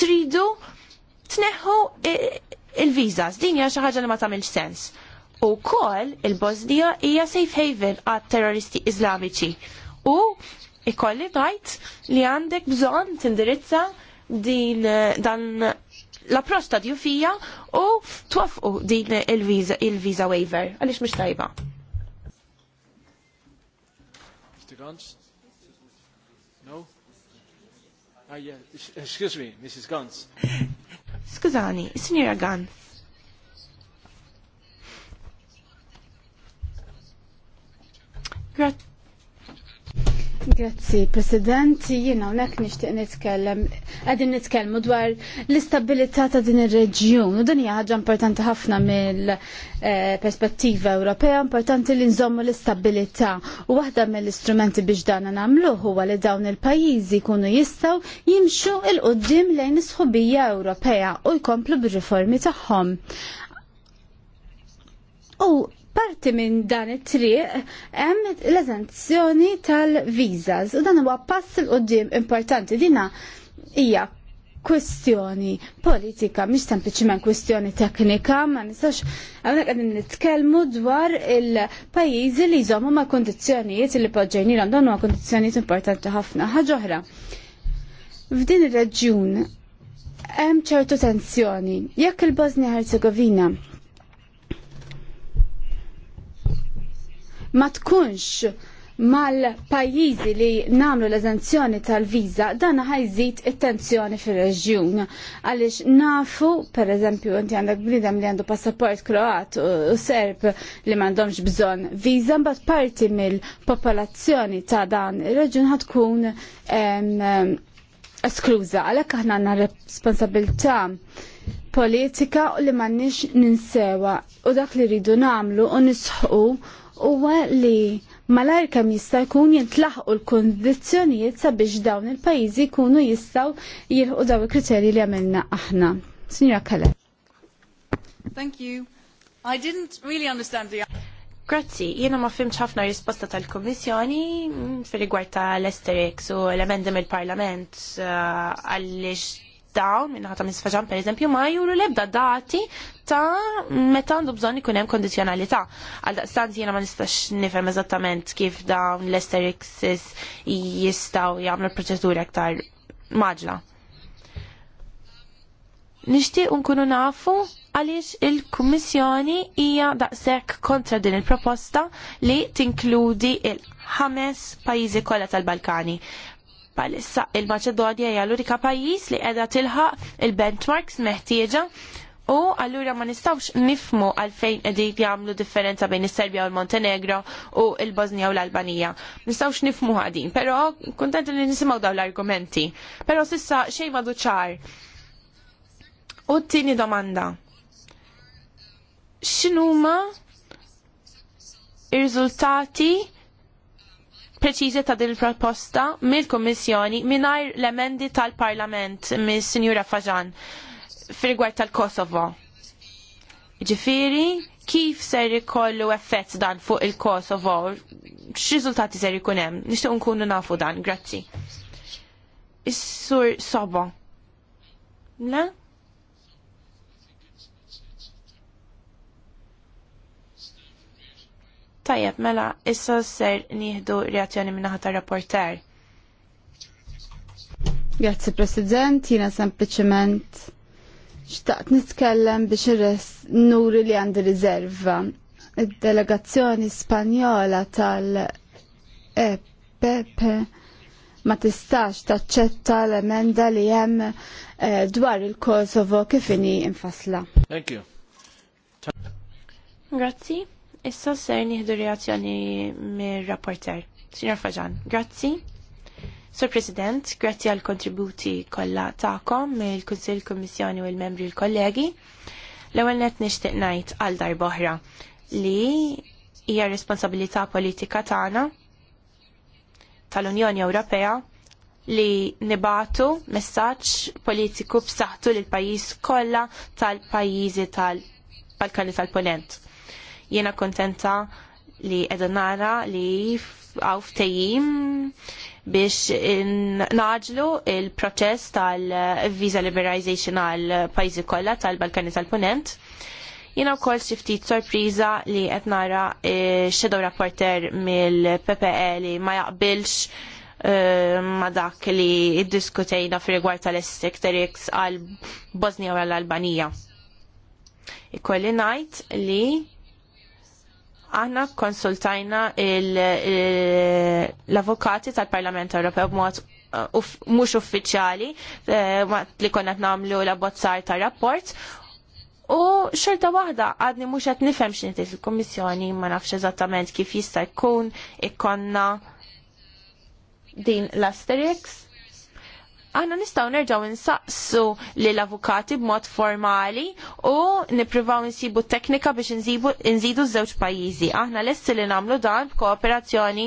tridu tneħħu il-vizas, din hija xi ħaġa li ma tagħmilx sens. U kol il-Bosnija hija safe haven għat terroristi iżlamiċi. U ikolli tajt li għandek bżonn tindirizza din dan l prosta ta' u twafqu din il-visa waiver. Għaliex mhux tajba. Gantz? No? Ah, yeah. Excuse me, Mrs. Gantz. Skużani, Sinjora Gan. Grazie. Grazzi, President. jina unek nixtieq nitkellem, qegħdin nitkellmu dwar l-istabilità ta' din ir-reġjun. U din hija ħaġa importanti ħafna mill-perspettiva Ewropea, importanti li nżommu l-istabilità. U waħda mill-istrumenti biex dan namlu huwa li dawn il-pajjiżi jkunu jistgħu jimxu il qudiem lejn is-sħubija Ewropea u jkomplu bir-riformi tagħhom. U parti minn dan it-triq hemm l-eżenzjoni tal-visas u dan huwa pass il qudiem importanti dina hija kwestjoni politika, mhix sempliċiment kwestjoni teknika, ma nistax hawnhekk qegħdin nitkellmu dwar il-pajjiżi li jżomm ma' kondizzjonijiet li poġġejnilhom dan huwa kondizzjonijiet importanti ħafna. Ħaġa oħra. F'din ir-reġjun hemm ċertu tensjoni. Jekk il-Bosnia Herzegovina ma tkunx mal-pajjiżi li namlu l-eżenzjoni tal-viza dan ħajżid it-tensjoni fir-reġjun. Għaliex nafu, per eżempju, inti għandek bnidem li għandu passaport kroat u serb li m'għandhomx bżonn viza, mbagħad parti mill-popolazzjoni ta' dan ir-reġjun ħatkun eskluża. Għalhekk aħna għandna responsabilità politika u li m'għandniex ninsewa u dak li rridu namlu u nisħu huwa li malajr kam jista' jkun jintlaħqu l-kondizzjonijiet sabiex dawn il-pajjiżi jkunu jistgħu jilħu daw il-kriterji li għamilna aħna. Signora Kale. Thank you. I didn't really understand the Grazzi, jiena ma fimx ħafna risposta tal-Kommissjoni fil-rigward tal esterix u l-emendem il-Parlament uh, għaliex dawn minn ħata misfaġan per eżempju ma juru lebda dati ta' meta għandu bżon ikun hemm kondizjonalità. Għal daqstant jiena ma nistax nifhem eżattament kif dawn l-asterixes jistgħu jagħmlu proċeduri aktar maġla. Nixtieq nkunu nafu għaliex il-Kummissjoni hija daqshekk kontra din il-proposta li tinkludi il-ħames pajjiżi kollha tal-Balkani. Palissa il-Maċedonja hija l-unika pajjiż li qiegħda tilħaq il-benchmarks meħtieġa u allura ma nistawx nifmu għalfejn qegħdin jagħmlu differenza bejn is-Serbja u l-Montenegro u l bosnia u l-Albanija. Nistawx nifmu ħadin, però kuntent li nisimgħu dawn l-argumenti. Però sissa xejn madu ċar. U t-tieni domanda. X'inhuma ir-riżultati preċiżi ta' din il-proposta mill-Kommissjoni mingħajr l-emendi tal-Parlament mis-Sinjura Faġan fil tal-Kosovo. Ġifiri, kif ser ikollu effett dan fuq il-Kosovo? X'riżultati ser ikun hemm? Nixtieq nkunu nafu dan, grazzi. Is-sur Sobo. Le? Tajjeb, mela, issa ser nieħdu reazzjoni minna ħata rapporter. Grazie President, jina sempliciment xtaqt nitkellem biex irres nuri li għandi riserva. Id-delegazzjoni Spanjola tal-EPP ma tistax taċċetta l-emenda li hemm eh, dwar il-Kosovo kif inhi infasla. Thank you. Grazzi. Issa ser nieħdu reazzjoni mir-rapporter. Signor Faġan, grazzi. Sir President, grazzi għal kontributi kollha tagħkom mill-Kunsill Kummissjoni u l-membri l-kollegi. L-ewwel net nixtieq ngħid għal darb'oħra li hija responsabilità politika tagħna tal-Unjoni Ewropea li nibatu messaġġ politiku b'saħħtu lil pajjiż kollha tal-pajjiżi tal-Balkani tal-Ponent. Jiena kontenta li edanara nara li għaw ftejim biex naġlu il-proċess tal-visa liberalization għal pajzi kollha tal-Balkani tal-Punent. Jina u kol xiftit sorpriza li qed nara eh, rapporter mill-PPE li ma jaqbilx eh, ma dak li diskutejna fir-rigward tal-Estekterix għal Bosnia u l-Albanija. Ikolli najt li aħna konsultajna l-avukati tal-Parlament Ewropew b'mod uh, mhux uffiċjali eh, li konna nagħmlu l-abbozzar tar-rapport U xorta waħda għadni mhux qed nifhem x'inti il kummissjoni ma nafx eżattament kif jista' jkun ikkonna din l-asterix aħna nistgħu nerġgħu insaqsu l avukati b'mod formali u nippruvaw insibu teknika biex nżidu z żewġ pajjiżi. Aħna lesti li nagħmlu dan b'kooperazzjoni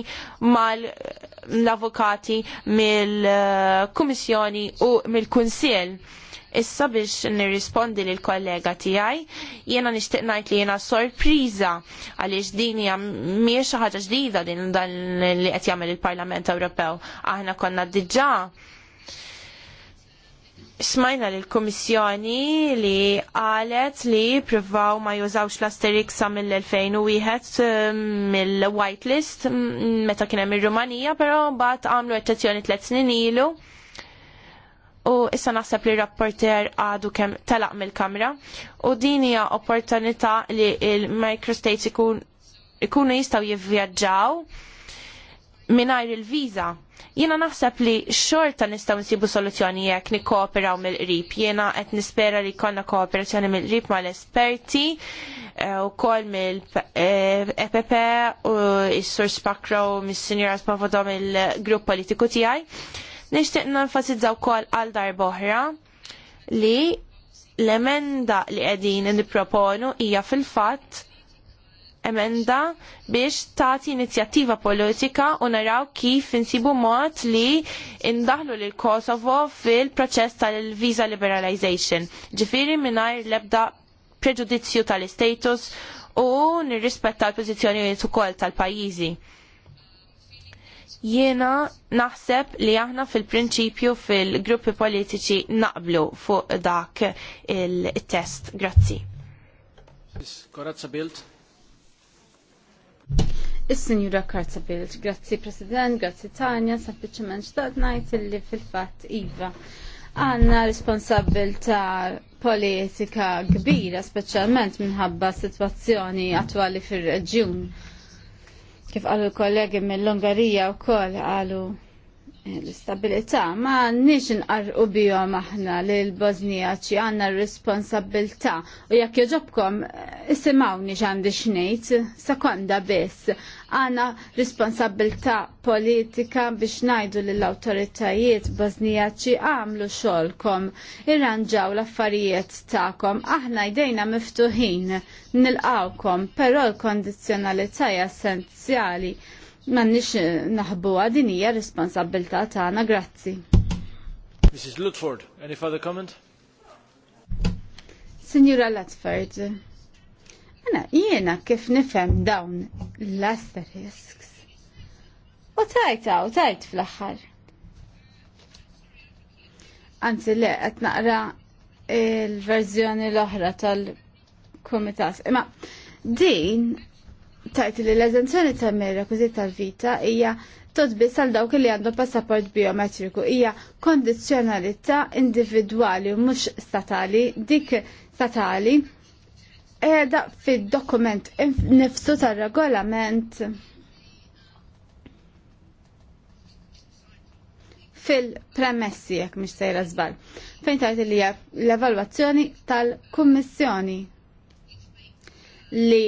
mal avukati mill-Kummissjoni u mill-Kunsill. Issa biex nirrispondi l kollega tiegħi, jiena nixtieq ngħid li jiena sorpriża għaliex din hija miex ħaġa ġdida din dan li qed jagħmel il-Parlament Ewropew. Aħna konna diġà smajna li l-Komissjoni li għalet li privaw ma jużawx l-Asterix sa mill-2001 um, mill-whitelist meta kienem il-Rumanija, pero bat għamlu eċċezzjoni tlet snin ilu. U issa naħseb li rapporter għadu kem talaq mill-kamra. U din hija opportunità li il-microstates ikunu jistaw jivvjaġġaw minajr il-viża. Jiena naħseb li xorta nistgħu nsibu soluzzjoni jekk nikkooperaw mill-qrib. Jiena qed nispera li jkollna kooperazzjoni mill-qrib mal-esperti eh, u mill-EPP u s-Sur Spakro mis-Sinjora Spavodo mill-grupp politiku tiegħi. Nixtieq nenfasizza wkoll għal darba oħra li l-emenda li qegħdin nipproponu hija fil-fatt emenda biex tagħti inizjattiva politika u naraw kif insibu mod li indaħlu lil Kosovo fil-proċess tal-visa liberalization. Ġifiri mingħajr l-ebda preġudizzju tal-status u nirrispetta l-pożizzjonijiet ukoll tal-pajjiżi. Jiena naħseb li aħna fil-prinċipju fil-gruppi politiċi naqblu fuq dak il-test. Grazzi. Korazza Bilt. Is-Sinjura Karzabilt, grazzi President, grazzi Tanja, sempliciment xtaqt najt illi fil-fat Iva. Għanna ta' politika kbira, specialment minħabba situazzjoni attwali fil-reġjun. Kif għalu l-kollegi mill-Ungarija u koll għalu l-istabilità ma nix nqarqu bijom aħna li l-Bosnijaċi għanna responsabilta u jekk joġobkom isimawni ġandi xnejt sekonda biss għanna responsabilta politika biex najdu l autoritajiet Bosnijaċi għamlu xolkom irranġaw l-affarijiet ta'kom aħna jdejna miftuħin nilqawkom pero l-kondizjonalità essenzjali m'għandniex eh, naħbuha din hija responsabilità tagħna. Grazzi. Mrs. Lutford, any further comment? Signora Lutford, għana jiena kif nifhem dawn l-asterisks. U tajta, u tajt fl-axħar. Anzi le, qed naqra il-verżjoni l-oħra tal-komitas. Imma din tajt li l-eżenzjoni ta' mir-rekwizit tal-vita hija todbis għal dawk li għandhom passaport biometriku hija kondizzjonalità individwali u mhux statali dik statali qiegħda fid-dokument nifsu tar-regolament fil-premessi jekk mhix sejra żball. Fejn tajt li l-evalwazzjoni tal-Kummissjoni li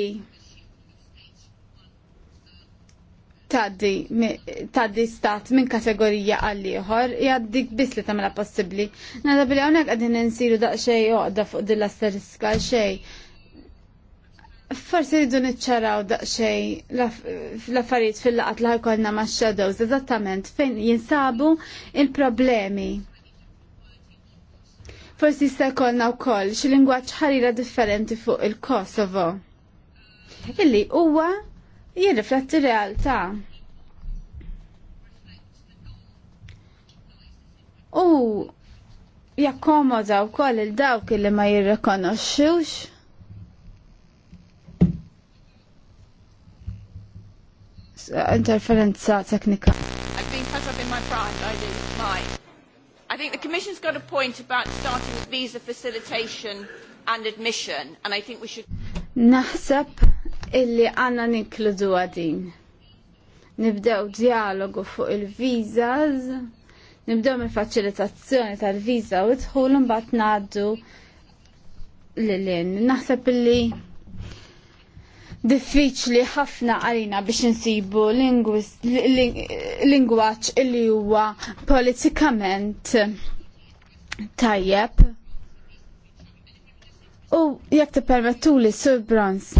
taddi stat minn kategorija għal ieħor jgħaddik biss li tagħmilha possibbli. Nada billi hawnhekk qegħdin insiru daqsxejn oqda fuq din l-asteriska xejn. Forsi rridu niċċaraw daqsxejn l-affarijiet fil-laqat li ħajkolna ma' shadows eżattament fejn jinsabu il-problemi. Forsi jista' jkollna wkoll xi lingwaġġ ħarira differenti fuq il-Kosovo. Illi huwa jirrifletti realtà. U jakkomoda wkoll il-dawk li ma jirrikonoxxux. interferenza teknika. I've been cut up in my pride, I do, my. I think the Commission's got a point about starting with visa facilitation and admission, and I think we should illi għanna ninkludu għadin. Nibdew dialogu fuq il-vizas, nibdew il faċilitazzjoni tal-viza u dħul naddu ngħaddu lilin. Naħseb illi diffiċli ħafna għalina biex insibu lingwaċ illi huwa politikament tajjeb. U jekk permettu li Sur Bronze.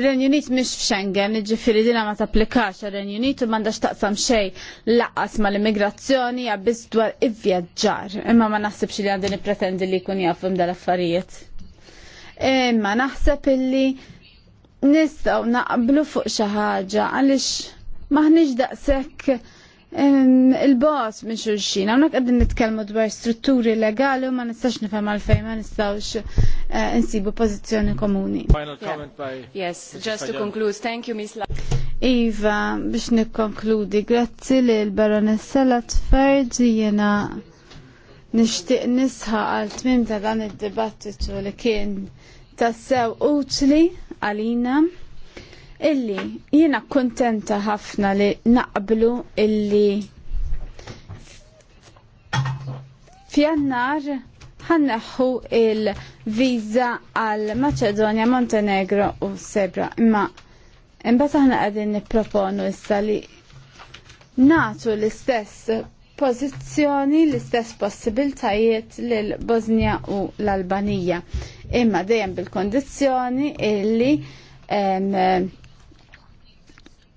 Ir-Renju Unit mhix f'Schengen, jiġifieri dinha ma tapplikax ir-Renju Unit u mandax taqsam xejn laqas mal-immigrazzjoni għabiz dwar ivvjaġġar, imma ma naħsibx li għandi nippretendi li jkun jafu dal-affarijiet. Imma naħseb illi nistgħu naqblu fuq xi ħaġa għaliex maħniġ daqshekk il-boss minn xulxin, għonek għaddin nitkelmu dwar strutturi legali u ma nistax nifem għalfej, ma nistax eh, insibu pozizjoni komuni. Final comment by... Yes, just to conclude, thank you, Miss La... Iva, biex nikkonkludi, grazzi li l-baronessa Latford jena nishtiq nisħa għal tmim ta' dan id-dibattitu li kien tassew utli għalina illi jiena kontenta ħafna li naqblu illi fjannar ħanneħu il-viza għal Macedonia, Montenegro u Sebra. Imma imbagħad aħna qegħdin nipproponu issa li natu l-istess pożizzjoni, l-istess possibiltajiet lil Bosnia u l-Albanija. Imma dejjem bil-kondizzjoni illi em,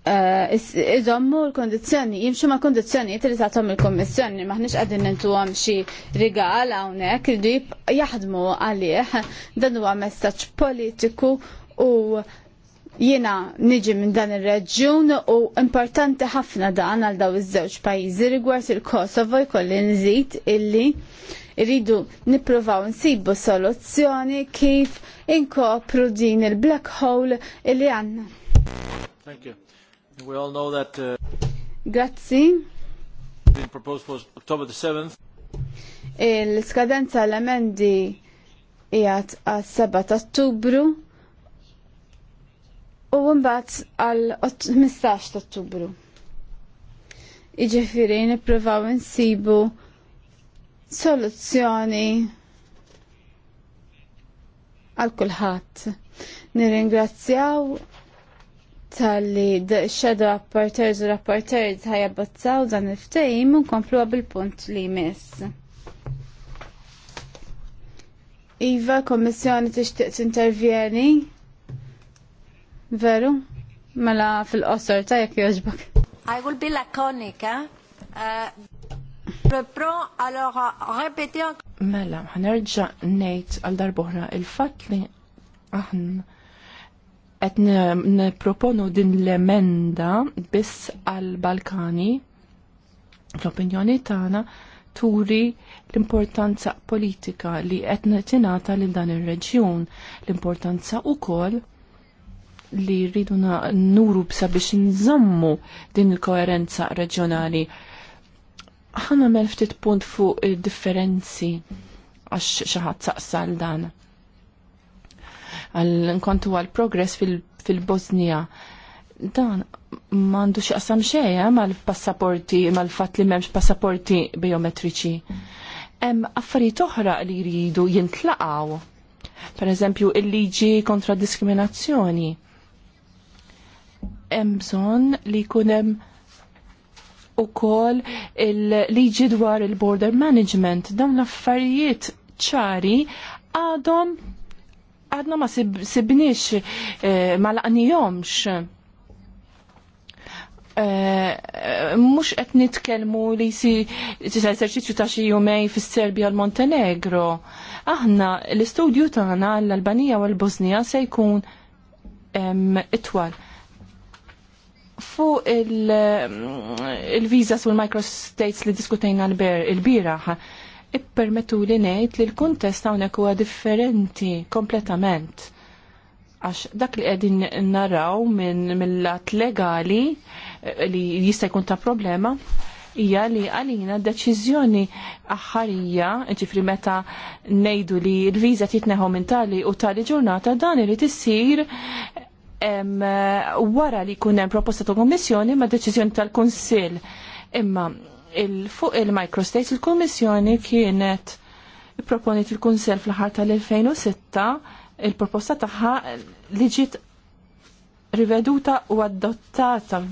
Eh, iżommu l-kondizjoni, jimxu ma' kondizjoni jitri tatom il-kommissjoni, maħnix għadin nintu għam xie rigal għawnek, rridu jaħdmu għalih, dan huwa messaċ politiku u jiena niġi minn dan ir-reġjun u importanti ħafna dan għal daw iż-żewġ pajjiżi rigward il-Kosovo jkolli nżid illi rridu nippruvaw nsibu soluzzjoni kif inkopru din il-black hole illi għandna. Thank you. We all know that... Uh, Grazzi. Been proposed for October the 7th. Il-skadenza l-emendi jgħat għal 7 ta' ottubru u mbagħad għal 15 ta' ottubru. Iġifieri nippruvaw insibu soluzzjoni għal kulħadd. Nirringrazzjaw tal-li d-xedu rapporters u rapporters ħajabbozzaw dan il-ftejim u komplu bil-punt li jmiss. Iva, kommissjoni tixtieq intervjeni Veru? Mela fil-qosor ta' jekk joġbak. I will be laconic, eh? Reprend uh, alors répéter Mela, ħanerġa' ngħid għal darbohra il-fatt li aħna qed nipproponu din l-emenda biss għal-Balkani l opinjoni tagħna turi l-importanza politika li qed tinata lil dan ir-reġjun, l-importanza wkoll li rridu nuru bsa biex nżammu din il-koerenza reġjonali. Ħana mel ftit punt fuq differenzi għax xaħat ħadd saqsal dan għal nkontu għal progress fil bosnia Dan mandu xaqsam xeja eh, mal-passaporti, mal-fat li memx passaporti biometriċi. Em affarijiet oħra li jridu jintlaqaw. Per eżempju, il-liġi kontra diskriminazzjoni. Hemm bżonn li jkun hemm ukoll il-liġi dwar il-border management dawn l-affarijiet ċari għadhom għadna ma sibniex eh, ma laqnijomx. Eh, mux qed nitkellmu li si tisa eserċizzju ta' xi jumej fis-Serbja l montenegro Aħna l-istudju tagħna l-Albanija u l-Bosnija se jkun itwal. Fuq mm, il-vizas u l-microstates li diskutejna l-bira, il ippermetu li ngħid li l-kuntest hawnhekk huwa differenti kompletament. Għax dak li qegħdin naraw minn mill-lat legali eh, li jista' jkun ta' problema hija li għalina deċiżjoni aħħarija, ġifri meta ngħidu li l-viża titneħu minn tali u tali ġurnata dan irid issir wara li jkun hemm proposta ta' kommissjoni ma' deċiżjoni tal-Kunsill. Imma il fuq il-microstates il-Kummissjoni kienet proponiet il-Kunsel fl-ħar tal-2006 il-proposta tagħha li ġiet riveduta u adottata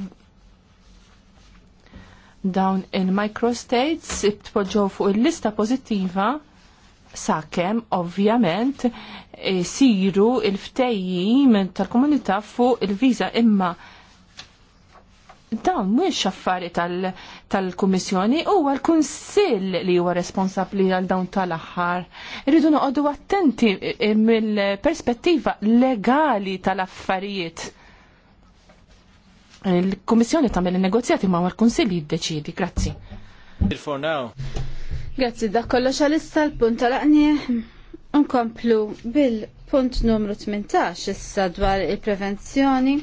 dawn il-microstates tpoġġew fuq il-lista pozittiva sakemm ovvjament e siru il-ftejjim tal-komunità fuq il-viża imma Da mhux affari tal-Kummissjoni tal huwa l-Kunsill li huwa responsabbli għal dawn tal-aħħar. Irridu noqogħdu attenti eh, eh, mill-perspettiva legali tal-affarijiet. Il-Kummissjoni tagħmel in-negozjati ma' l-Kunsill jiddeċiedi. Grazzi. Grazzi, da kollox għalissa l-punt tal-aqni. Nkomplu bil-punt numru 18 issa dwar il-prevenzjoni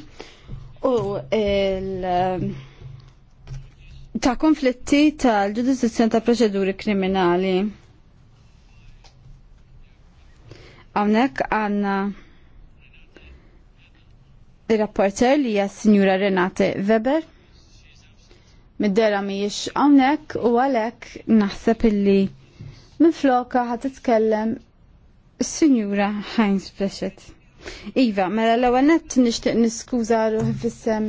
u il- ta' konflitti tal-ġudizzjoni ta' proċeduri kriminali. Għawnek għanna il-rapporter li hija Sinjura Renate Weber. Middera miex għawnek u għalek naħseb illi minn floka ħat t-tkellem Sinjura Heinz Bleschet. Iva, mela l-ewwel nett nixtieq niskuża ruħi fissem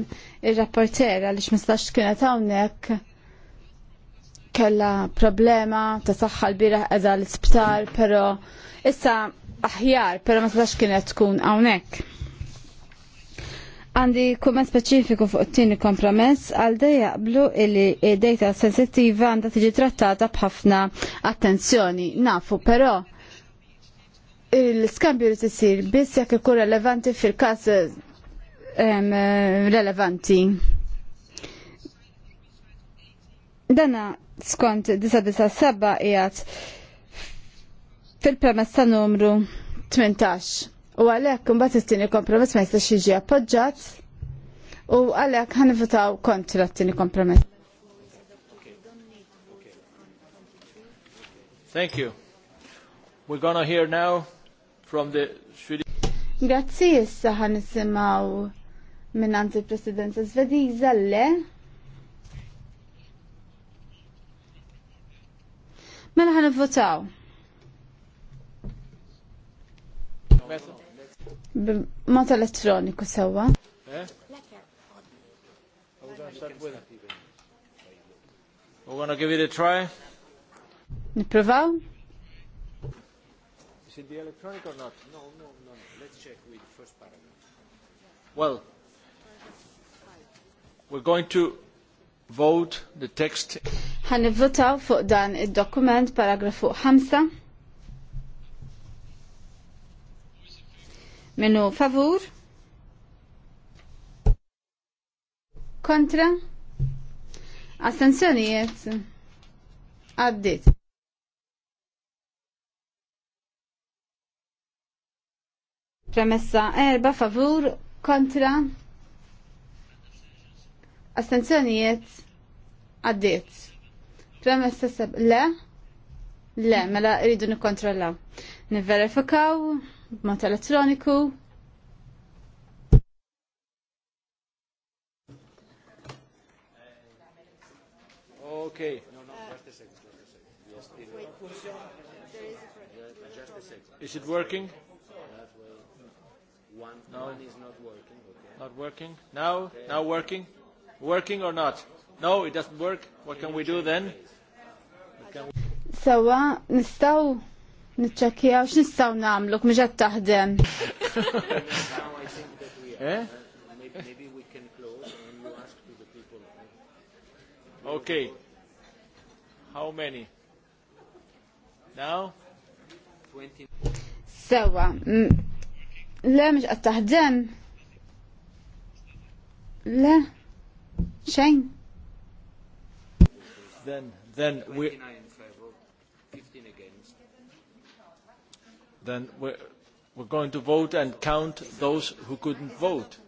ir-rapporter għaliex ma stax kienet hawnhekk kella problema ta' saħħa l bieraħ qiegħda l-isptar, però issa aħjar, però ma kien kienet tkun hawnhekk. Għandi kumment speċifiku fuq it-tieni kompromess għal dejja jaqblu illi data sensittiva għandha tiġi trattata b'ħafna attenzjoni. Nafu però l-skambju li t-sir bis jekk ikun relevanti fil kas relevanti. Dana skont 997 jgħat fil premessa numru 18. U għalek, imbagħad it-tieni kompromess ma jistax iġi appoġġat. u għalek, għan votaw kontra t tini kompromess. Thank you. We're going to hear now from the Grazzi issa ħan nisimaw minn il-Presidenza le. Mela ħan votaw. elettroniku sewa. Eh? We're gonna give it a try. Niprovaw? CD electronic or not? No, no, no. no. Let's check with the first paragraph. Well, we're going to vote the text. Ħanivvotaw fuq dan id-dokument paragrafu 5. Menu favur? Kontra? Astenzjonijiet? Għaddit. Premessa erba favur kontra astenzjonijiet għaddiet. Premessa seb le le mela rridu nikkontrollaw. Niverifikaw b'mod elettroniku Okay. Is it working? One, no. one is not working. Okay. Not working? Now? Okay. Now working? Working or not? No, it doesn't work. What can, can we do then? Sewa, nistaw nitċekkija x nistaw namlu kmiġa taħdem. Eh? Uh, uh, okay. How many? Now? Sewa, Le, mux għat taħdem. Le, xejn. Then, then we... Then we're, we're going to vote and count those who couldn't vote.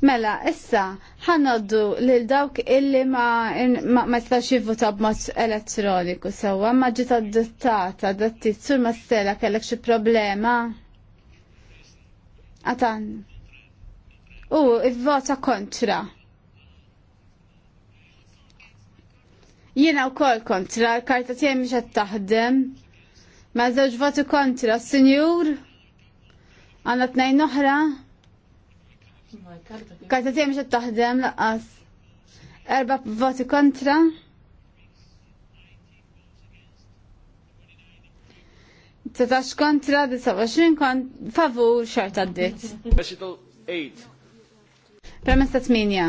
Mela, issa, ħanoddu lil dawk illi ma, ma, jistax jivvota b'mod elettroniku sewa, ma ġiet d-dittit, sur ma stela kellek xi problema. Atan. U, vota kontra. Jiena u kol kontra, l-karta tijem miex għed taħdem. Ma zewġ voti kontra, senjur. Għanna t-nejn Karta tijem miex taħdem, laqqas. Erba voti kontra. 13 kontra, 29 kon favu xart għaddit. Recital 8. Premessa tminja.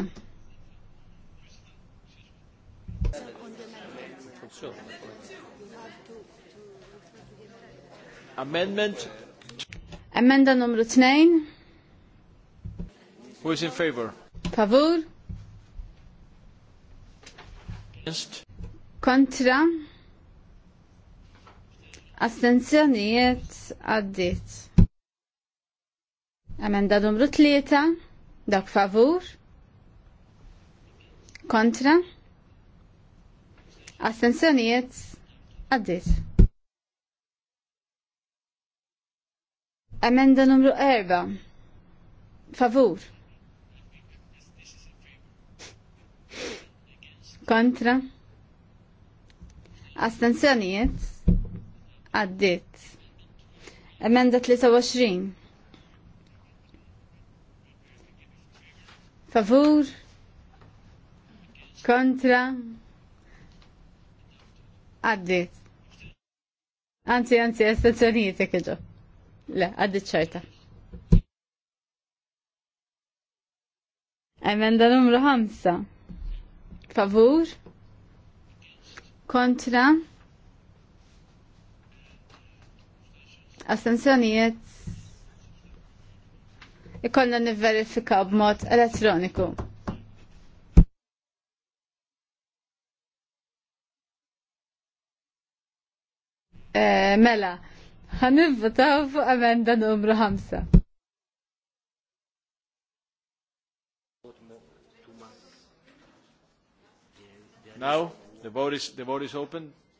Amendment. Amenda numru 2. Who is in favor? Favur. Kontra. Kontra. Astenzjonijiet għaddit. Emenda numru tlieta. dak favur. Kontra. Astenzjonijiet għaddit. Emenda numru erba. favur. Kontra. Astenzjonijiet għaddit. Emenda 23. Favur. Kontra. Għaddit. Anzi, anzi, estazzjonijiet kħedġo. Le, għaddit ċajta. Emenda numru 5. Favur. Kontra. Kontra astensjonijiet ikonna nivverifikaw b'mod elettroniku. Eh, mela, ħanivvotaw fuq amenda numru 5. Now, the vote is, the vote is open.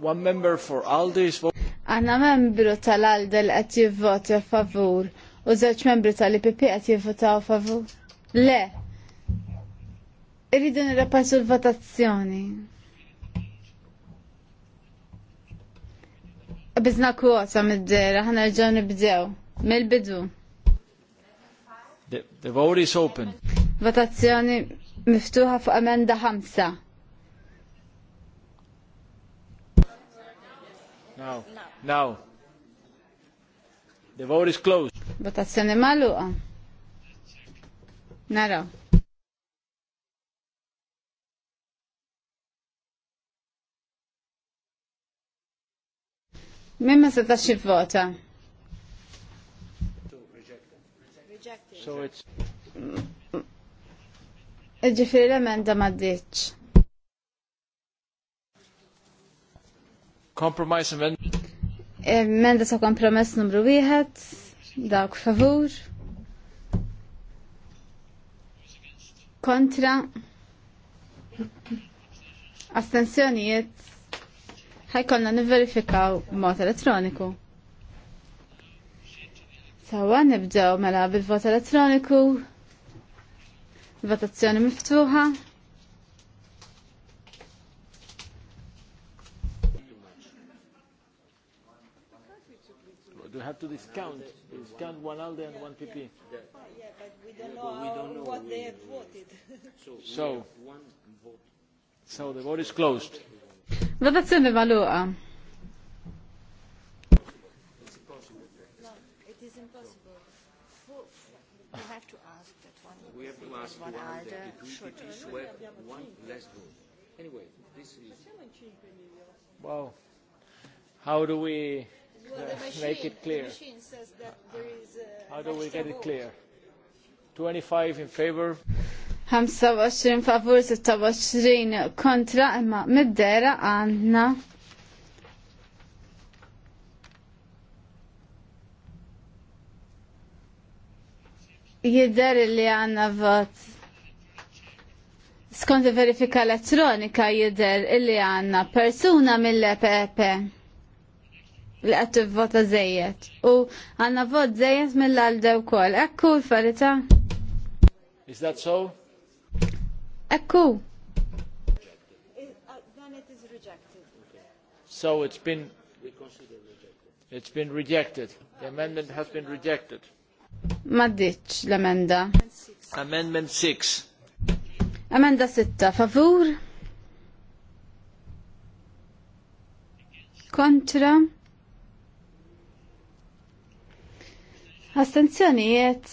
One member for Aldi is Aħna membru tal-Alde li qed jivvota favur u żewġ membri tal-IPP qed jivvotaw favur. Le. Irridu nirrapportu l-votazzjoni. Bizna kwota mid-dera, ħana rġaw nibdew. Mill-bidu. The, the vote is open. Votazzjoni miftuħa fuq emenda ħamsa. Now. Now. The vote is closed. Votazione maluqa. Naraw. se ma setax jivvota? So it's... Ġifiri l-emenda ma ddiċ. Compromise amendment. Emenda ta' kompromess numru wieħed, dawk favur. Kontra. Astensjonijiet. Ħajkonna nivverifikaw mod elettroniku. Sawa nibdew mela bil-vot elettroniku. Votazzjoni miftuħa. have to discount, discount one ALDE and one PP. Yeah, but we don't know, we don't know what they have voted. So, so the vote is closed. Votazione valuqa. Anyway, this is... Wow. How do we... Well, the machine, make it clear. The machine says that there is a How do we get it clear? 25 in favor. 25 favur, 26 kontra, imma middera għanna. Jidder li għanna vot. Skont verifika elettronika jidder li għanna persuna mill-EPP li qed tivvota żejjed. U għandna vot żejjed mill-għalda wkoll. Ekku l-farita. Is that so? Ekku. So it's been it's been rejected. The amendment has been rejected. Ma ditx l-emenda. Amendment 6. Amenda 6, favur. Kontra. Astenzjonijiet.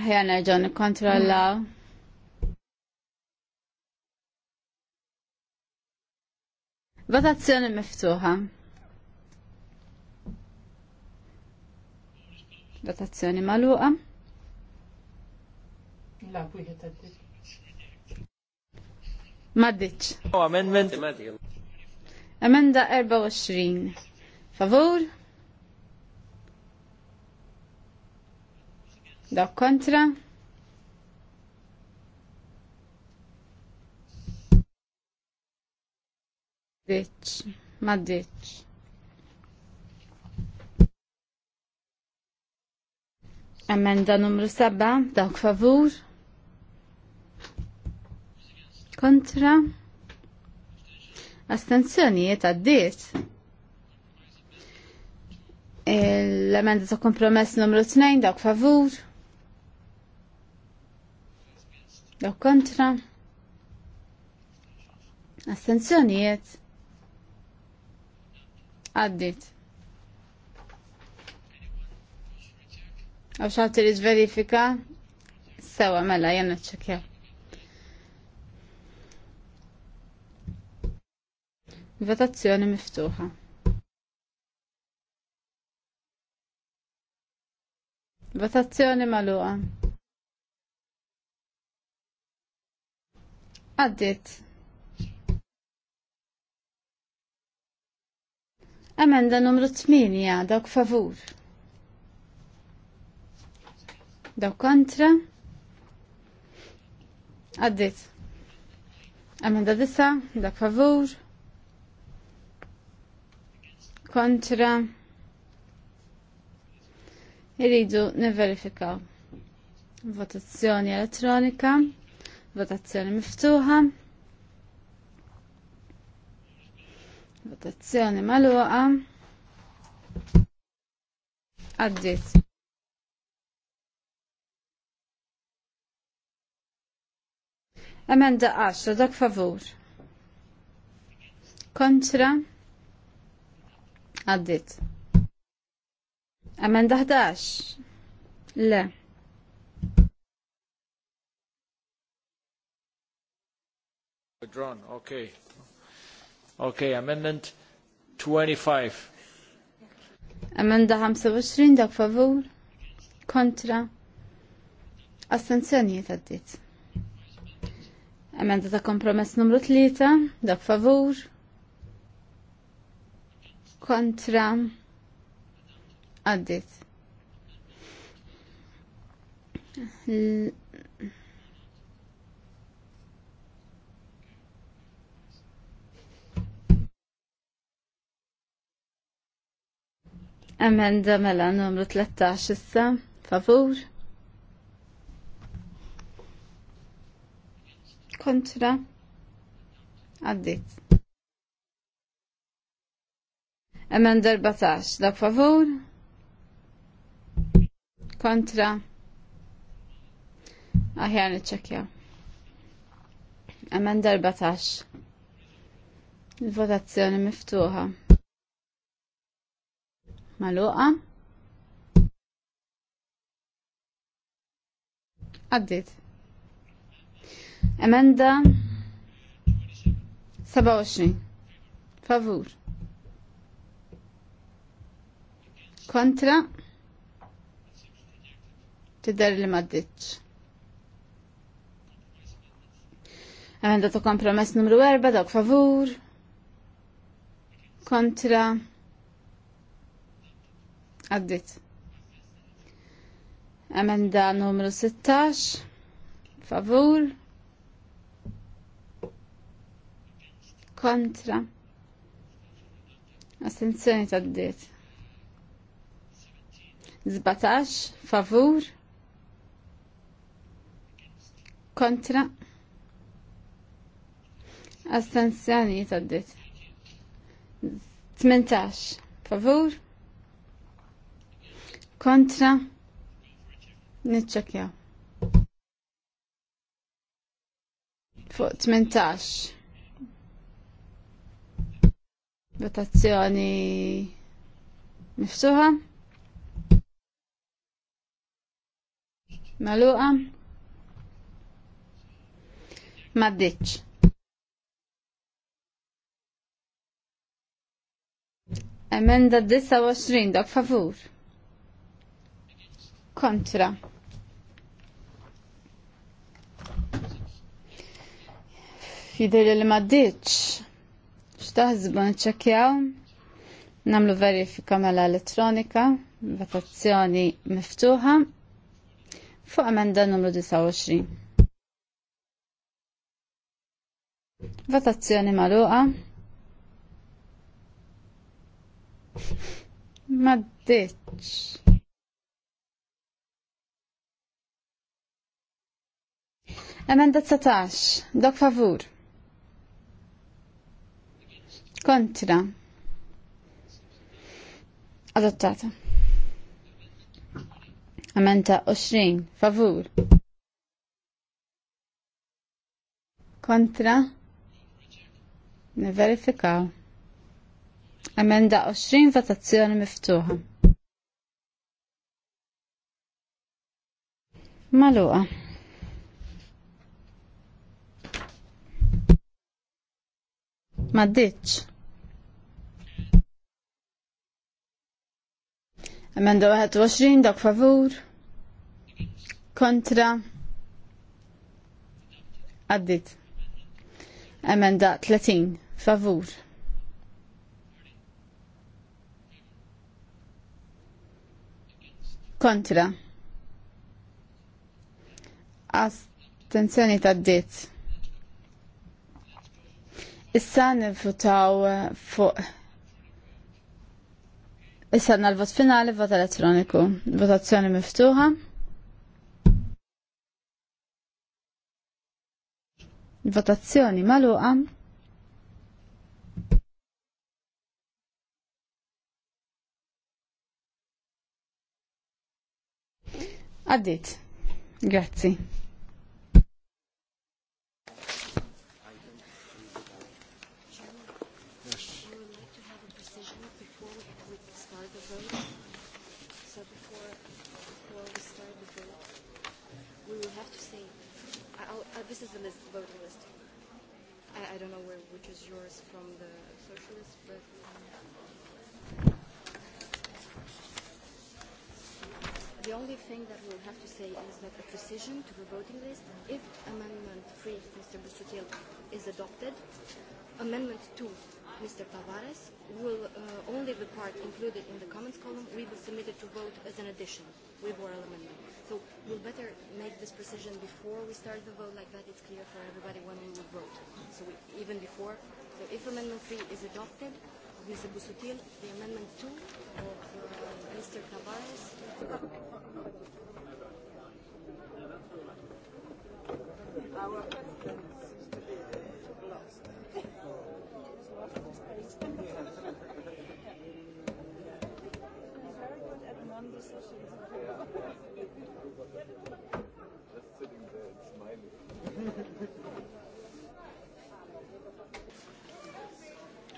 Ħja nerġgħu nikkontrollaw. Votazzjoni miftuħa. Votazzjoni magħluqa. Maddiċ. Oh, amendment. Amenda 24. Favur? Dak kontra. Ditch, ma ditch. Emenda numru 7, dak favur. Kontra. Astenzjonijiet għaddiet. L-emenda ta' kompromess numru 2, dak favur. jew kontra. Astenzjonijiet. Għaddit. Għaw xaħti li verifika Sewa, mela, jenna ċekja. Votazzjoni miftuħa. Votazzjoni maluqa. Għaddit. Amenda numru 8, dawk favur. Dawk kontra. Għaddit. Amenda disa, dawk favur. Kontra. Iridu niverifikaw. Votazzjoni elettronika. Votazzjoni miftuħa. Votazzjoni maluqa. Għaddit. Emenda 10, dak favur. Kontra. Għaddit. Emenda 11. Le. Withdrawn, okay. Okay, amendment 25. Amenda 25, dak favur. Kontra. Astenzjonijiet għaddit. Amenda ta' kompromess numru 3, dak favur. Kontra. Addit. Emenda mela numru 13 issa, favur. Kontra. Għaddit. Emenda 14, dak favur. Kontra. Aħjar niċċekjaw. Emenda 14. Il-votazzjoni miftuħa maluqa. Għaddit. Emenda 27. Favur. Kontra. Tidder li maddit. Emenda tu kompromess numru 4, dok. favur. Kontra. Għaddit. Amenda numru 16. Favur. Kontra. Astenzjoni taddit. 17. Favur. Kontra. Astenzjoni taddit. 18. Favur kontra nitċekja. Fuq 18. Votazzjoni miftuħa. Maluqa. Maddiċ. Emenda 29 dok favur kontra. Fidel li ma ditx. Xtaħzbu nċekjaw. Namlu verifika mela elettronika. Votazzjoni miftuħa. Fuq amenda numru 29. Votazzjoni maluqa. Ma ditx. Emenda 19. Dok favur. Kontra. Adottata. Emenda 20. Favur. Kontra. Neverifikaw. Emenda 20. Votazzjoni miftuħa. Maluqa. Maddiċ. Emenda 21 dak favur. Kontra. Addit. Amenda 30 favur. Kontra. Attenzjoni ta' d Issa nivvutaw eh, fuq Issa għanna l-vot finali, vot elettroniku. Votazzjoni miftuħa. Votazzjoni maluqa. Għaddit. Grazzi. which is yours from the socialists, but um, the only thing that we'll have to say is that the precision to the voting list, if Amendment 3, Mr. Busutil, is adopted, Amendment 2, Mr. Tavares, will uh, only the part included in the comments column will be submitted to vote as an addition with oral amendment. So we'll better make this precision before we start the vote like that it's clear for everybody when we will vote. So we, even before, so if Amendment 3 is adopted, Mr. Busutil, the Amendment 2 of uh, Mr. Tavares.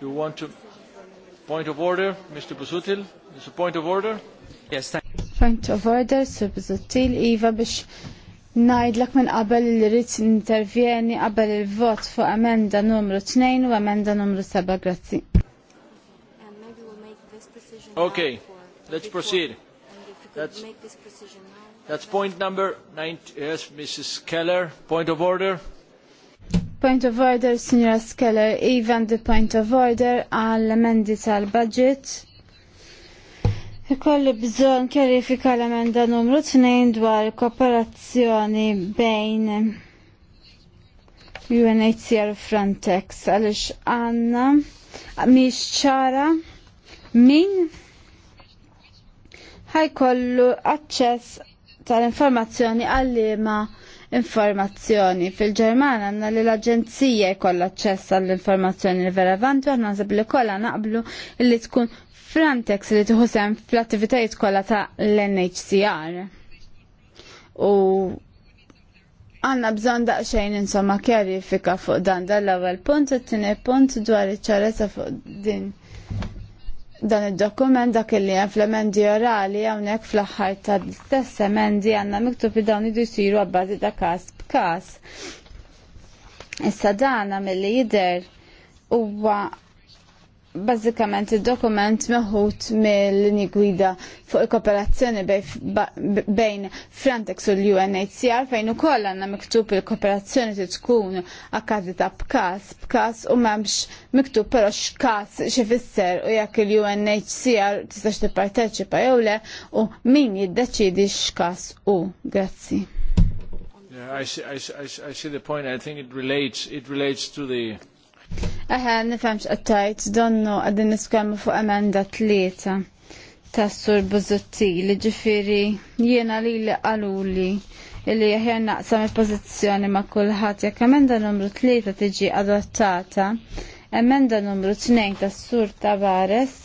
you want to point of order, Mr. Busutil? It's a point of order? Yes, thank you. Point of order, Sir Busutil, Iva biex Najdlek minn qabel li rit intervjeni qabel il-vot fu amenda numru 2 u amenda numru 7, grazzi. Okay, let's proceed. That's, that's point number 9, yes, Mrs. Keller, point of order. Point of order, Signora Skeller, even the point of order għall-emendi tal-budget. Ikolli bżon kjerifika l-emenda numru 2 dwar kooperazzjoni bejn UNHCR Frontex għalix għanna miex ċara min ħajkollu aċċess tal-informazzjoni għallima ma informazzjoni. Fil-Ġermana għanna li l-Aġenzija jkollha aċċess għall-informazzjoni rilevanti għanna nżib li kollha naqblu li tkun Frontex li tħusem fl-attivitajiet kollha ta' l-NHCR. U għanna bżon daqxajn insomma kjarifika fuq dan dal-ewwel punt, it-tieni punt dwar iċ-ċarezza fuq din dan id-dokument dak li hemm fl-emendi orali hawnhekk fl-aħħar tal-istess emendi għandna miktub li dawn idu jsiru għabbażi ta' każ b'każ. Issa dan mill-li jidher huwa bazzikament il-dokument meħut mill-linji gwida fuq il-kooperazzjoni bejn Frontex u l-UNHCR fejn ukoll għandna miktub il-kooperazzjoni li tkun ta' b'kas, b'kas u m'hemmx miktub però x'kas xifisser u jekk il-UNHCR tistax tipparteċipa jew le u min jiddeċidi x'kas u grazzi. Yeah, I see, I, see, I see the point. I think it relates, it relates to the Aha, nifemx għattajt, donnu għadin niskalmu fuq emenda tlieta ta' sur Buzzotti li ġifiri jiena li li għaluli illi jahjar naqsam il-pozizjoni ma' kullħat jekk emenda numru tlieta tiġi adottata, emenda numru 2 ta' sur Tavares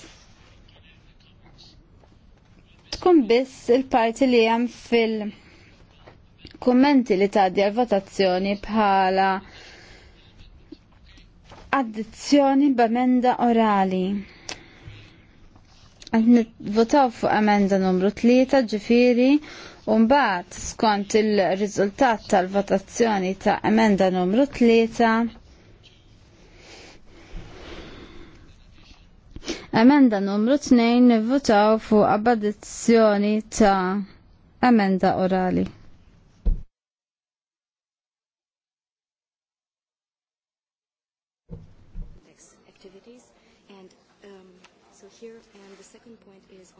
tkun biss il-parti li hemm fil-kummenti li tgħaddi għal votazzjoni bħala addizzjoni b'amenda orali. Votaw fuq amenda numru 3 ġifiri Umbat, skont il-rizultat tal-votazzjoni ta' emenda numru 3, emenda numru 2 nivvotaw fuq abadizzjoni ta' emenda orali.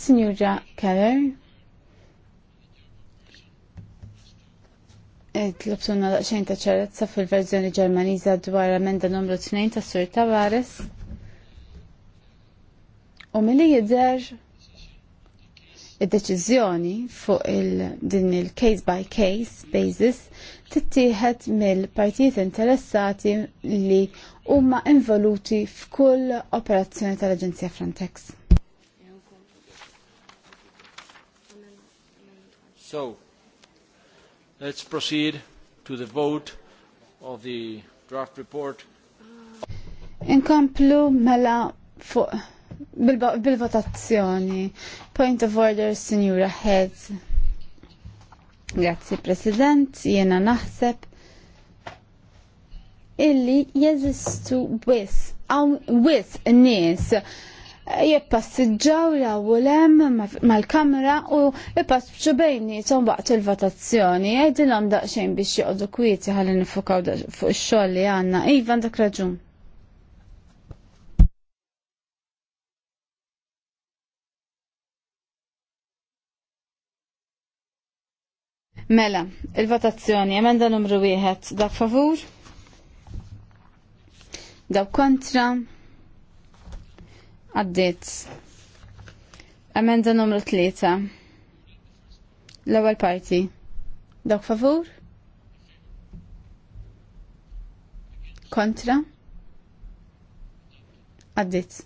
Signora Keller, Tlobtuna daqxajn ta' ċarezza fil-verżjoni ġermaniza dwar amenda numru 2 ta' Sur Tavares. U milli jidher id-deċiżjoni fuq il-din il-case by case basis tittieħed mill-partijiet interessati li huma involuti f'kull operazzjoni tal-Aġenzija Frontex. So, let's proceed to the vote of the draft report. Inkomplu mela fuq bil-votazzjoni. Point of order, Signora Heads. Grazie, President. Jena naħseb illi jeżistu wis, għaw wis nis jippassiġġaw u awlem mal-kamra u jippassiġġu jitom waqt il-votazzjoni. Għedilom daqxejn biex joqdu kwieti ħalli nifukaw fuq ix-xogħol li għandna. Iva għandek raġun. Mela, il-votazzjoni, emenda numru wieħed, da favur, Da kontra, Għaddit. Amenda numru 3. L-ewwel parti. Dawk favur? Kontra? Għaddit.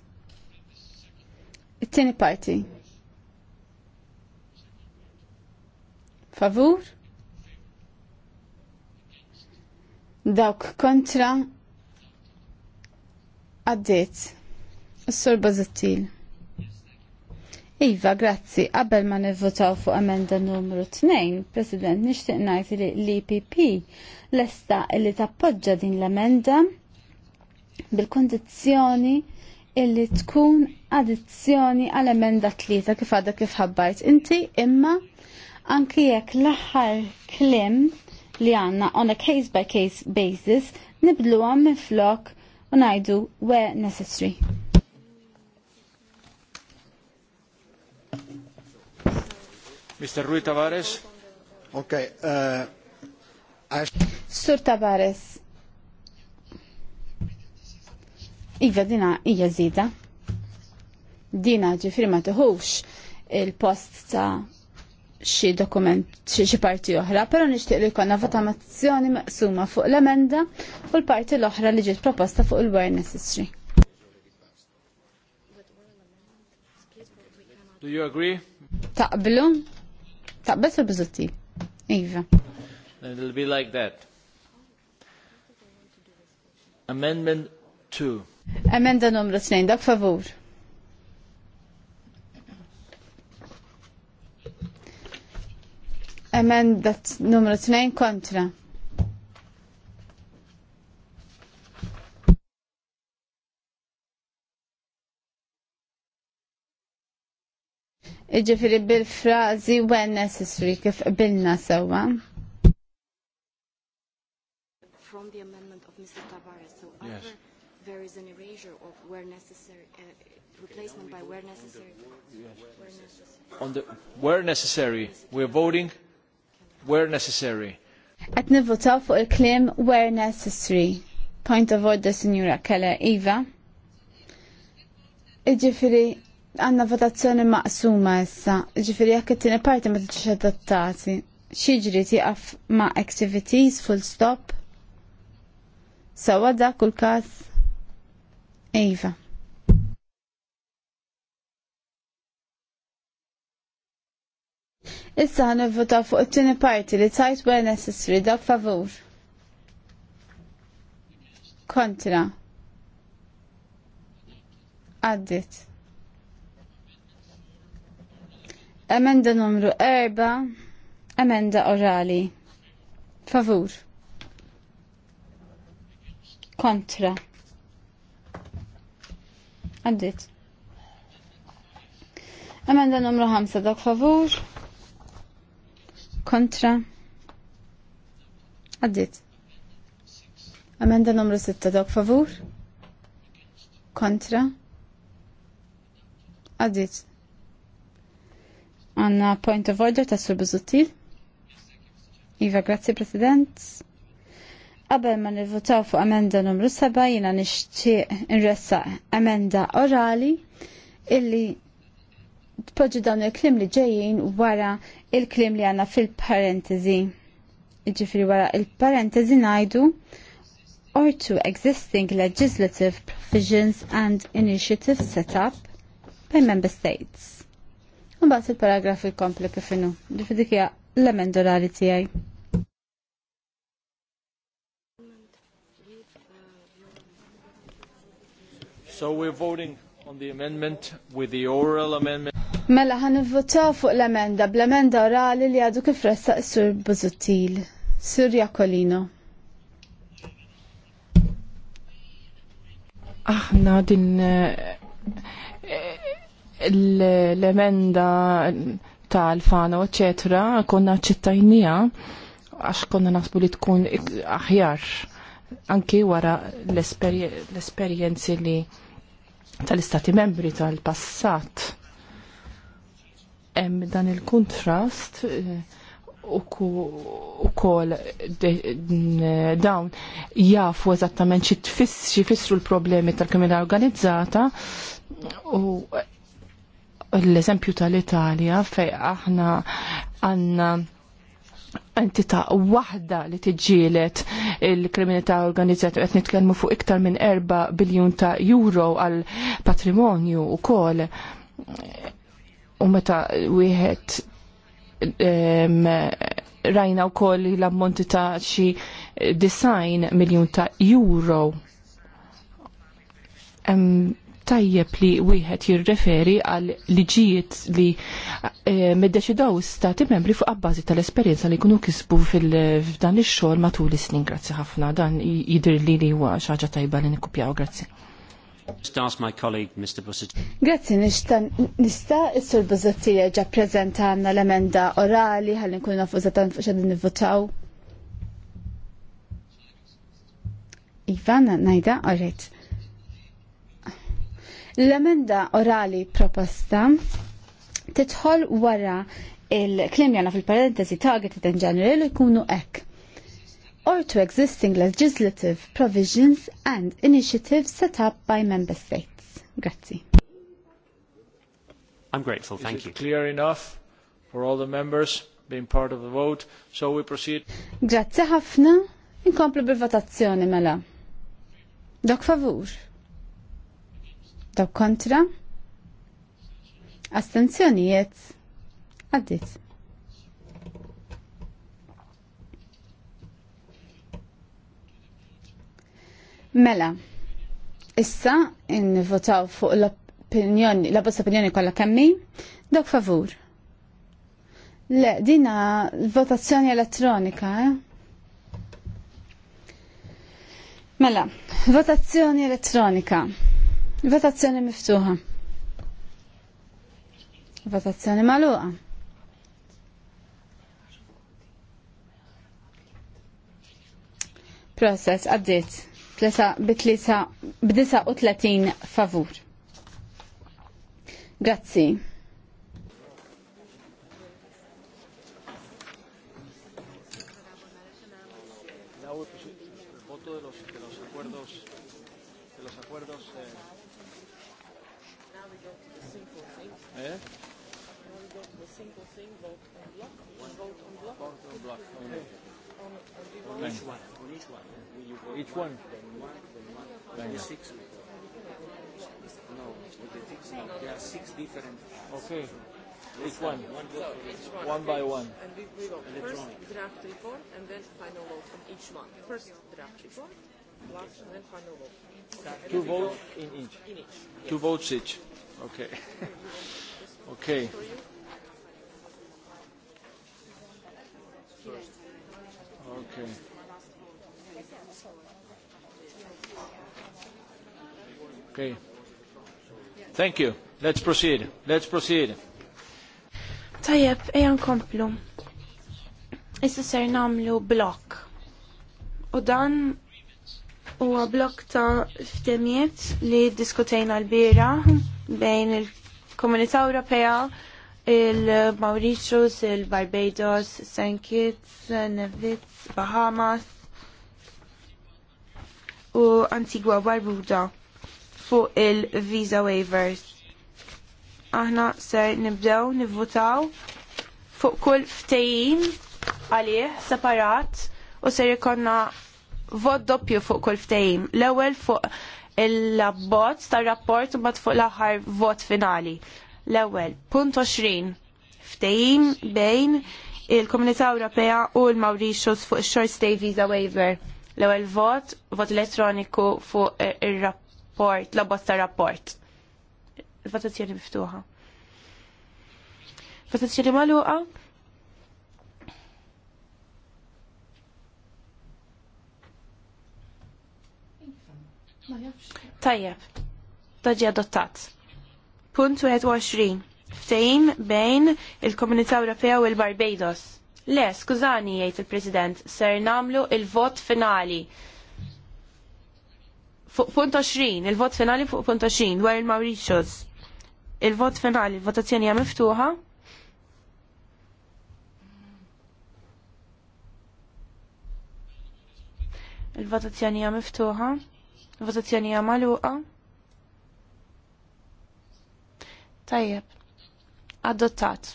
It-tieni parti. Favur? Dawk kontra? Għaddit. Sur Bazzettil. Iva, grazzi. Qabel ma nivvotaw fuq emenda numru 2, President, nixtieq ngħid li l-IPP lesta li tappoġġa din l-emenda bil-kondizzjoni illi tkun addizzjoni għal emenda tlieta kif għadha kif ħabbajt inti imma anki jekk l-aħħar klim li għanna on a case by case basis nibdluha minn flok u ngħidu where necessary. Mr. Rui Tavares. Okay. Uh, eh, I... Sur Tavares. Iva dina hija żieda. Dina ġifri ma tħux il-post ta' xi dokument xi parti oħra, però nixtieq li jkollna votazzjoni maqsuma fuq l-emenda u l-parti l-oħra li ġiet proposta fuq il-awareness necessary. Do you agree? Taqblu? Taqbel u biżutti. Iva. It'll be like that. Amendment 2. Amenda numru 2, dak favur. Amendment numru 2 kontra. Iġifiri bil-frazi when necessary kif bilna sewa. From the amendment of Mr. Tavares, so yes. after there is an erasure of where necessary, uh, replacement okay, by where necessary. On the where necessary, we're voting where necessary. Qed nivvotaw fuq il-klim where necessary. Point of order, Signora Keller. Eva. Iġifiri, għanna votazzjoni maqsuma issa, ġifiri jekk it-tieni parti ma tiġix adattati. Xiġri tieqaf ma' activities full stop. Sawa kull każ. Iva. Issa ħan vota fuq it-tieni parti li tajt where necessary dak favur. Kontra. Għaddit. Emenda numru 4, emenda orali. Favur. Kontra. Għaddit. Emenda numru 5, dak favur. Kontra. Għaddit. Emenda numru 6, dak favur. Kontra. Għaddit. Għanna point of order ta' Sur Buzutil. Iva, grazzi President. Qabel ma nivvotaw fuq amenda numru 7 jina nixtieq nressa amenda orali illi tpoġġi dawn il-klim li ġejjin wara il-klim li għanna fil-parentesi. Ġifiri wara il-parentesi najdu or to existing legislative provisions and initiatives set up by member states. Mbagħad il-paragraf il-kompli kifinu, inhu. l-emend orali tiegħi. So we're voting on the amendment with the oral amendment. Mela ħan votaw fuq l-emenda bl-emenda orali li għadu kif ressaq Sur Buzutil, Sur Jakolino. Aħna din eh, l-emenda tal-fano, eccetera, konna ċittajnija għax konna nasbu li tkun aħjar anki wara l-esperienzi li tal-istati membri tal-passat hemm dan il-kontrast eh, u kol dawn jafu eżattament xi tfissru l-problemi tal-kriminalità organizzata u l-eżempju tal-Italja fej aħna għanna entità waħda li tiġġielet il-kriminalità organizzata qed nitkellmu fuq iktar minn 4 biljun ta' euro għal patrimonju ukoll. U meta wieħed rajna wkoll l-ammonti ta' xi design miljun ta' euro tajjeb li wieħed jirreferi għal liġijiet li eh, meddeċidaw stati membri fuq abbażi tal-esperjenza li jkunu kisbu f'dan ix-xogħol matul is-snin. Grazzi ħafna dan jidher li li huwa xi ħaġa tajba li nikkupjaw. Grazzi. Grazzi, nista s-sur Buzzottija ġa prezenta għanna l-emenda orali, għallin nkunu nafu zatan fuq xadin nivvotaw. Ivan, najda, orrit. Right. L-emenda orali proposta titħol wara il-klim jana fil-parentesi targeted in general ikunu ek or to existing legislative provisions and initiatives set up by member states. Grazie. I'm grateful, thank Is you. clear enough for all the members being part of the vote, so we proceed. Grazie ħafna, inkomplu bil-votazzjoni mela. Dok favur taw kontra? Astenzjonijiet? Għaddit. Mela, issa n-votaw fuq l-opinjoni, l bosta opinjoni kolla kemmi, dok favur. Le, dina l-votazzjoni elettronika, eh? Mela, votazzjoni elettronika. Votazzjoni miftuħa. Votazzjoni maluqa. Process għaddit u 39 favur. Grazzi. each one. On each one. each one. Then one, then one. Then yeah. six. No, with the six, no. There are six different. Okay. Each one. One, so each one. one by one. And we, we vote first draft report and then final vote on each one. First draft report, last and then final vote. Okay. Two votes in each. In each. Yes. Two votes each. Okay. okay. Okay. Okay. Thank you. Let's proceed. Let's proceed. Tajjeb, ejan komplu. Issa ser namlu blok. U dan huwa blok ta' ftemiet li diskutejna l-bira bejn il-Komunità Ewropea, il-Mauritius, il-Barbados, St. Kitts, Nevis, Bahamas u Antigua Barbuda fuq il-visa waivers. Aħna ser nibdew nivvutaw fuq kull ftejim għalih separat u ser ikonna vot doppju fuq kull ftejim. L-ewwel fuq il bot tar-rapport u mbagħad fuq l-aħħar vot finali. L-ewwel, punt 20. Ftehim bejn il-Komunità Ewropea u l-Mauritius fuq ix-Short Stay Visa Waiver. L-ewwel vot, vot elettroniku fuq ir-rapport rapport, la bosta rapport. Il-votazzjoni miftuħa. Votazzjoni maluqa. Tajjeb, taġi adottat. Punt 21. Ftejn bejn il-Komunità Ewropea u l-Barbados. Le, skużani, jgħid il-President, ser namlu il-vot finali. Fuq punt 20, il-vot finali fuq punt 20, dwar il-Mauritius. Il-vot finali, il-votazzjoni hija miftuħa. Il-votazzjoni hija miftuħa. Il-votazzjoni hija magħluqa. Tajjeb. Adottat.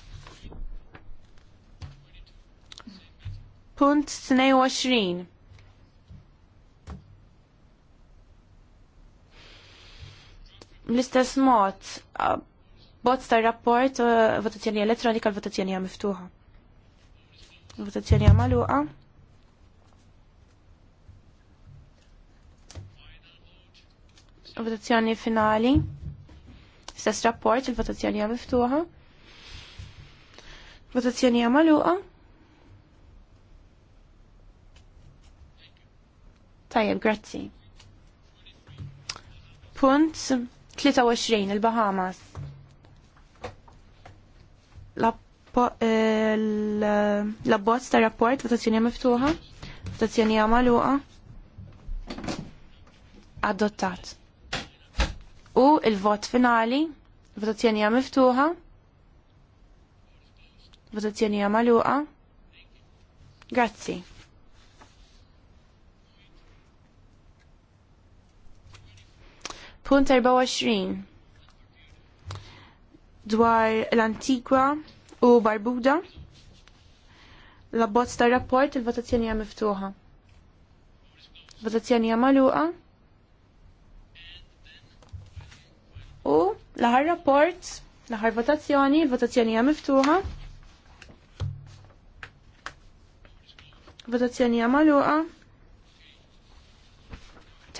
Punt 22. l-istess mod bozz tar rapport votazzjoni elettronika l-votazzjoni hija miftuħa. Votazzjoni hija magħluqa. Votazzjoni finali. Istess rapport, il-votazzjoni hija miftuħa. Votazzjoni hija magħluqa. Tajjeb, grazzi. Punt 23 il-Bahamas. L-abbozz eh, ta' rapport votazzjoni miftuħa, votazzjoni għamaluqa, adottat. U il-vot finali, votazzjoni miftuħa, votazzjoni għamaluqa. Grazzi. Punt 24 dwar l-Antigua u Barbuda. L-abbozz tar rapport il-votazzjoni hija miftuħa. Votazzjoni hija magħluqa. U l-aħħar rapport, l-aħħar votazzjoni, il-votazzjoni hija miftuħa. Votazzjoni hija magħluqa.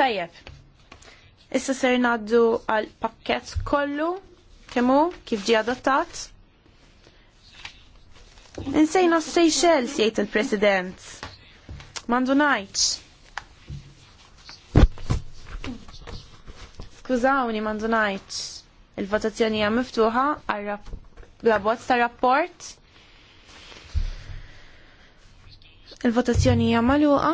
Tajjeb. Issa ser naddu għal pakket kollu kemmu kif ġi adottat. Insejna Seychelles jgħid il-President. Mandu najċ. Skużawni mandu najċ. Il-votazzjoni hija miftuħa għal bozz ta' rapport. Il-votazzjoni hija magħluqa.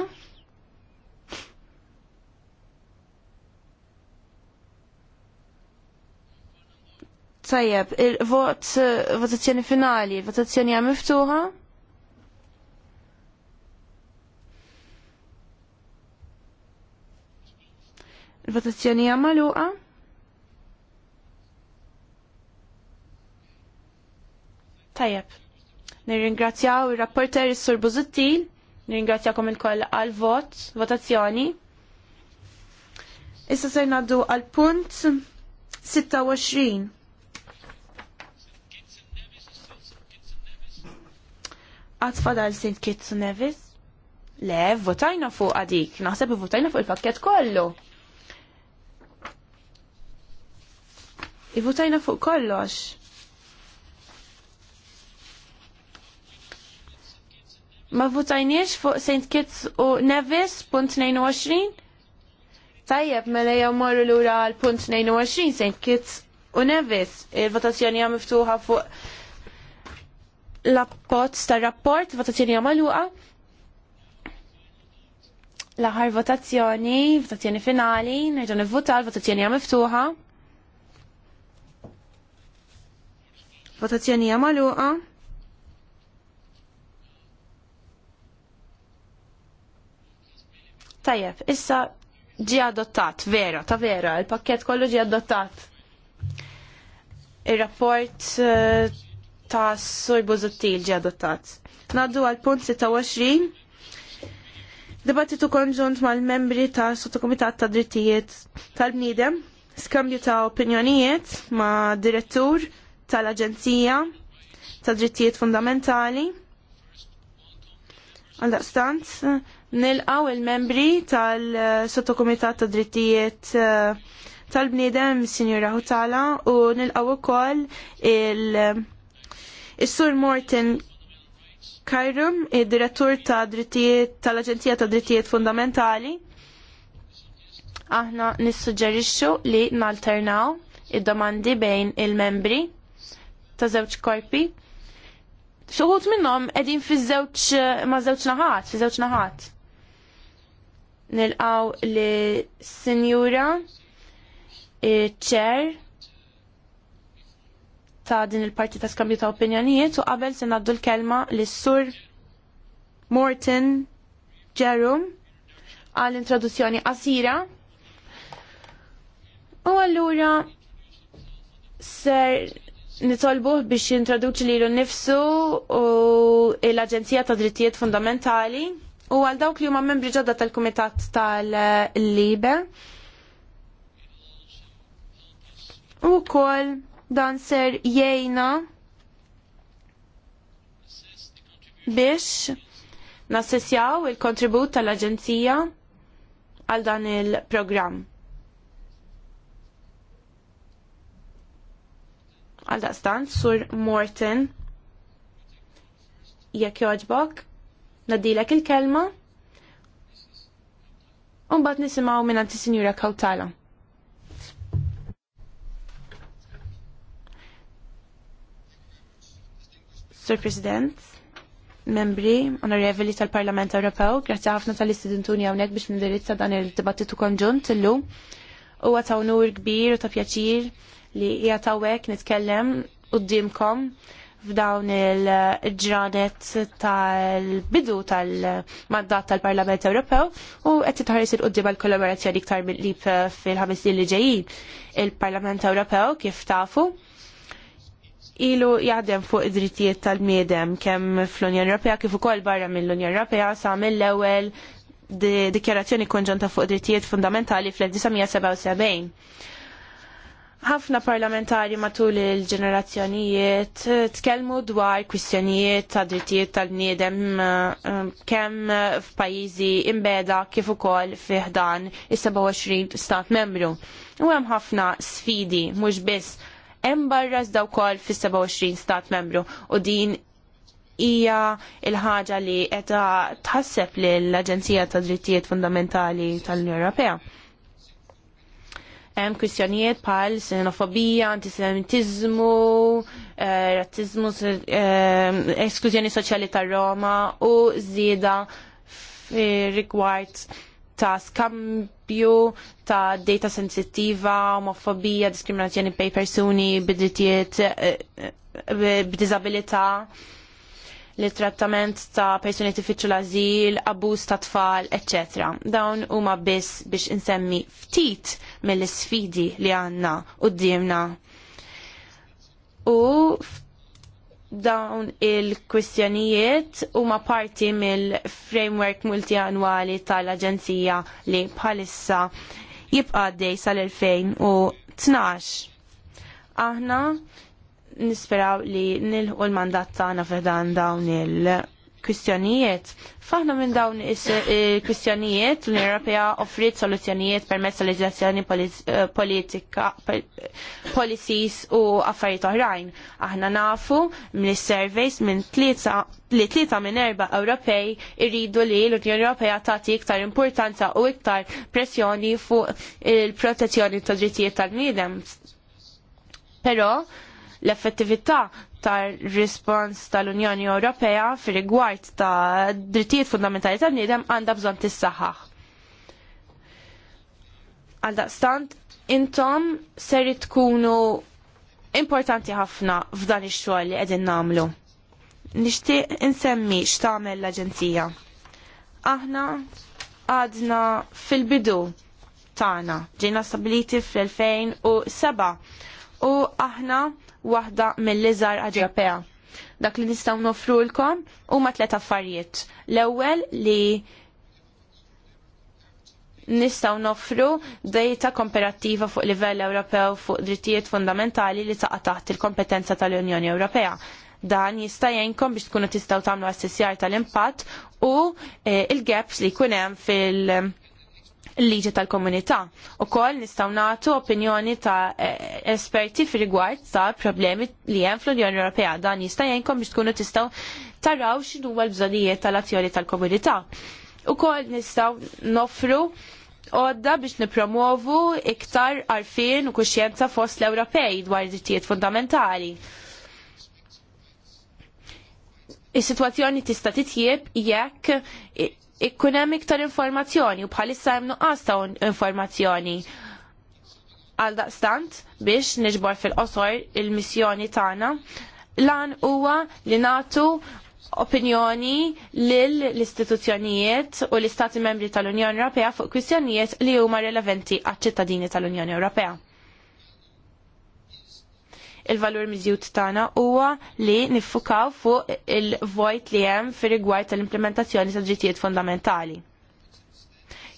Tajjeb, il-vot, eh, votazzjoni finali, votazzjoni għam miftuħa? Il-votazzjoni għam maluqa? Tajjeb. Nirringrazzjaw il-rapporter il-Sur Buzuttil, nirringrazzjakom il-koll għal-vot, votazzjoni. Issa se ngħaddu għal-punt 26. Għatfa dal Sint Kitts Nevis? Le, votajna fuq għadik, naħseb votajna fuq il-pakket kollu. Ivotajna fuq kollox. Ma votajniex fuq St. Kitts u Nevis, punt 22? Tajjeb, mela jew morru lura għal punt 22 St. Kitts u Nevis. Il-votazzjoni hija miftuħa fuq l appoz tar-rapport, votazzjoni għamaluqa. L-aħħar votazzjoni, votazzjoni finali, nerġan votal, votazzjoni hija miftuħa. Votazzjoni għamaluqa. magħluqa. Tajjeb, issa ġi adottat, vera, ta' vera, il-pakket kollu ġi adottat. Il-rapport eh, ta' Sur zottil ġi adottat. Naddu għal punt 26. Dibattitu konġunt mal-membri ta' sottokomitat ta' drittijiet tal-bniedem, skambju ta' opinjonijiet ma' direttur tal-Aġenzija ta' drittijiet fundamentali. Għaldaqstant, għaw il-membri tal-sottokomitat ta' drittijiet eh, tal-bniedem, Sinjura Hutala, u nilqaw ukoll il- Is-Sur Morten Kajrum, id-direttur ta' drittijiet tal-Aġenzija ta' Drittijiet Fundamentali, aħna nissuġġerixxu li nalternaw id-domandi bejn il-membri ta' żewġ korpi. Xuħut minnhom qegħdin fiż-żewġ ma' żewġ naħat, fi żewġ naħat. Nilqaw li Sinjura ċer ta' din il-parti ta' skambju ta' opinjonijiet u qabel se naddu l-kelma lis sur Morton Jerum għal introduzzjoni qasira. U allura ser nitolbuh biex jintroduċi lilu nnifsu u l-Aġenzija ta' Drittijiet Fundamentali u għal dawk li huma membri ġodda tal-Kumitat tal-Libe. U wkoll dan ser jgħina biex nassessjaw il-kontribut tal-Aġenzija għal dan il-programm. Għal daqstan, Sur Morton, jekk joġbok, nadilek il-kelma, un bat nisimaw minn għanti Sinjura Kautala. Sur President, membri onorevoli tal-Parlament Ewropew, grazzi ħafna tal-istudentuni hawnhekk biex nindirizza dan il-dibattitu konġunt illum. Huwa ta' unur kbir u ta' pjaċir li nitkellem u nitkellem dimkom f'dawn il-ġranet tal-bidu tal-mandat tal-Parlament Ewropew u qed titħares il-qudiem għall-kollaborazzjoni iktar mill-lib fil-ħames li ġejjin. Il-Parlament Ewropew kif tafu ilu jaħdem fuq id-drittijiet tal-miedem kemm fl-Unjoni Ewropea kif ukoll barra mill-Unjoni Ewropea sa mill-ewwel dikjarazzjoni konġunta fuq drittijiet fundamentali fl-1977. Ħafna parlamentari matul il-ġenerazzjonijiet tkellmu dwar kwistjonijiet ta' drittijiet tal-bniedem eh, kemm f'pajjiżi imbeda kif ukoll fi ħdan is-27 stat membru. U hemm ħafna sfidi mhux biss hemm barra żdaw wkoll fis-27 stat membru u din hija il-ħaġa li qed tħasseb lill-Aġenzija ta' Drittijiet Fundamentali tal-Unjoni Ewropea. Hemm kwistjonijiet bħal xenofobija, antisemitiżmu, eh, razziżmu, eh, esklużjoni soċjali tar-Roma u żieda rigward ta' skambju ta' data sensittiva, omofobija, diskriminazzjoni bej persuni bidrittijiet eh, eh, eh, b'diżabilità, li trattament ta' persuni tifittxu l-azil, abuż ta' tfal, etc. Dawn huma biss biex insemmi ftit mill-sfidi li għanna u d U dawn il-kwistjonijiet huma parti mill-framework multianwali tal-Aġenzija li bħalissa jibqa' dej sal-2012. Aħna nisperaw li nilħu l-mandat tagħna f'dan dawn il- kwistjonijiet. Faħna minn dawn il-kwistjonijiet eh, l-Unjoni Ewropea offrit soluzzjonijiet permezz tal eh, politika, policies u affarijiet oħrajn. Aħna nafu minn surveys minn tlieta li tlieta minn erba' Ewropej irridu li l-Unjoni Ewropea tagħti iktar importanza u iktar pressjoni fuq il-protezzjoni tad drittijiet tal-miedem. Però l-effettività tar rispons tal-Unjoni Ewropea fir rigward ta' drittijiet fundamentali tal-bniedem għandha bżonn tissaħħaħ. Għaldaqstant, intom seri tkunu importanti ħafna f'dan ix-xogħol li qegħdin nagħmlu. Nixtieq insemmi x'tagħmel l-Aġenzija. Aħna għadna fil-bidu tagħna ġejna stabiliti fl-2007 u aħna waħda mill-iżgħar Ewropea. Dak li nistgħu nofrulkom huma tliet affarijiet. L-ewwel li nistaw noffru data komperattiva fuq livell Ewropew fuq drittijiet fundamentali li taqa' taħt il-kompetenza tal-Unjoni Ewropea. Dan jista' jgħinkom biex tkunu tistgħu tagħmlu assessjar tal-impatt u l eh, il-gaps li jkun hemm fil- l-liġi tal-komunità. U kol nistaw natu opinjoni ta' eh, esperti fi rigward ta' problemi li jen fl-Unjoni Ewropea. Dan jista' jenkom biex tkunu tistaw taraw xinu l bżonijiet tal-azzjoni tal-komunità. U kol nistaw nofru għodda biex nipromovu iktar arfin u kuxjenza fost l-Ewropej dwar dittijiet fundamentali. Is-sitwazzjoni tista' titjieb jekk ikkun hemm iktar informazzjoni u bħalissa hemm nuqqas ta' informazzjoni għal daqstant biex niġbor fil-qosor il-missjoni tagħna. Lan huwa li natu opinjoni lill-istituzzjonijiet u l-Istati membri tal-Unjoni Ewropea fuq kwistjonijiet li huma relevanti għaċ-ċittadini tal-Unjoni Ewropea il-valur mizjut tagħna huwa li niffukaw fuq il-vojt li hemm fir rigward tal-implementazzjoni ta' ġittijiet fondamentali.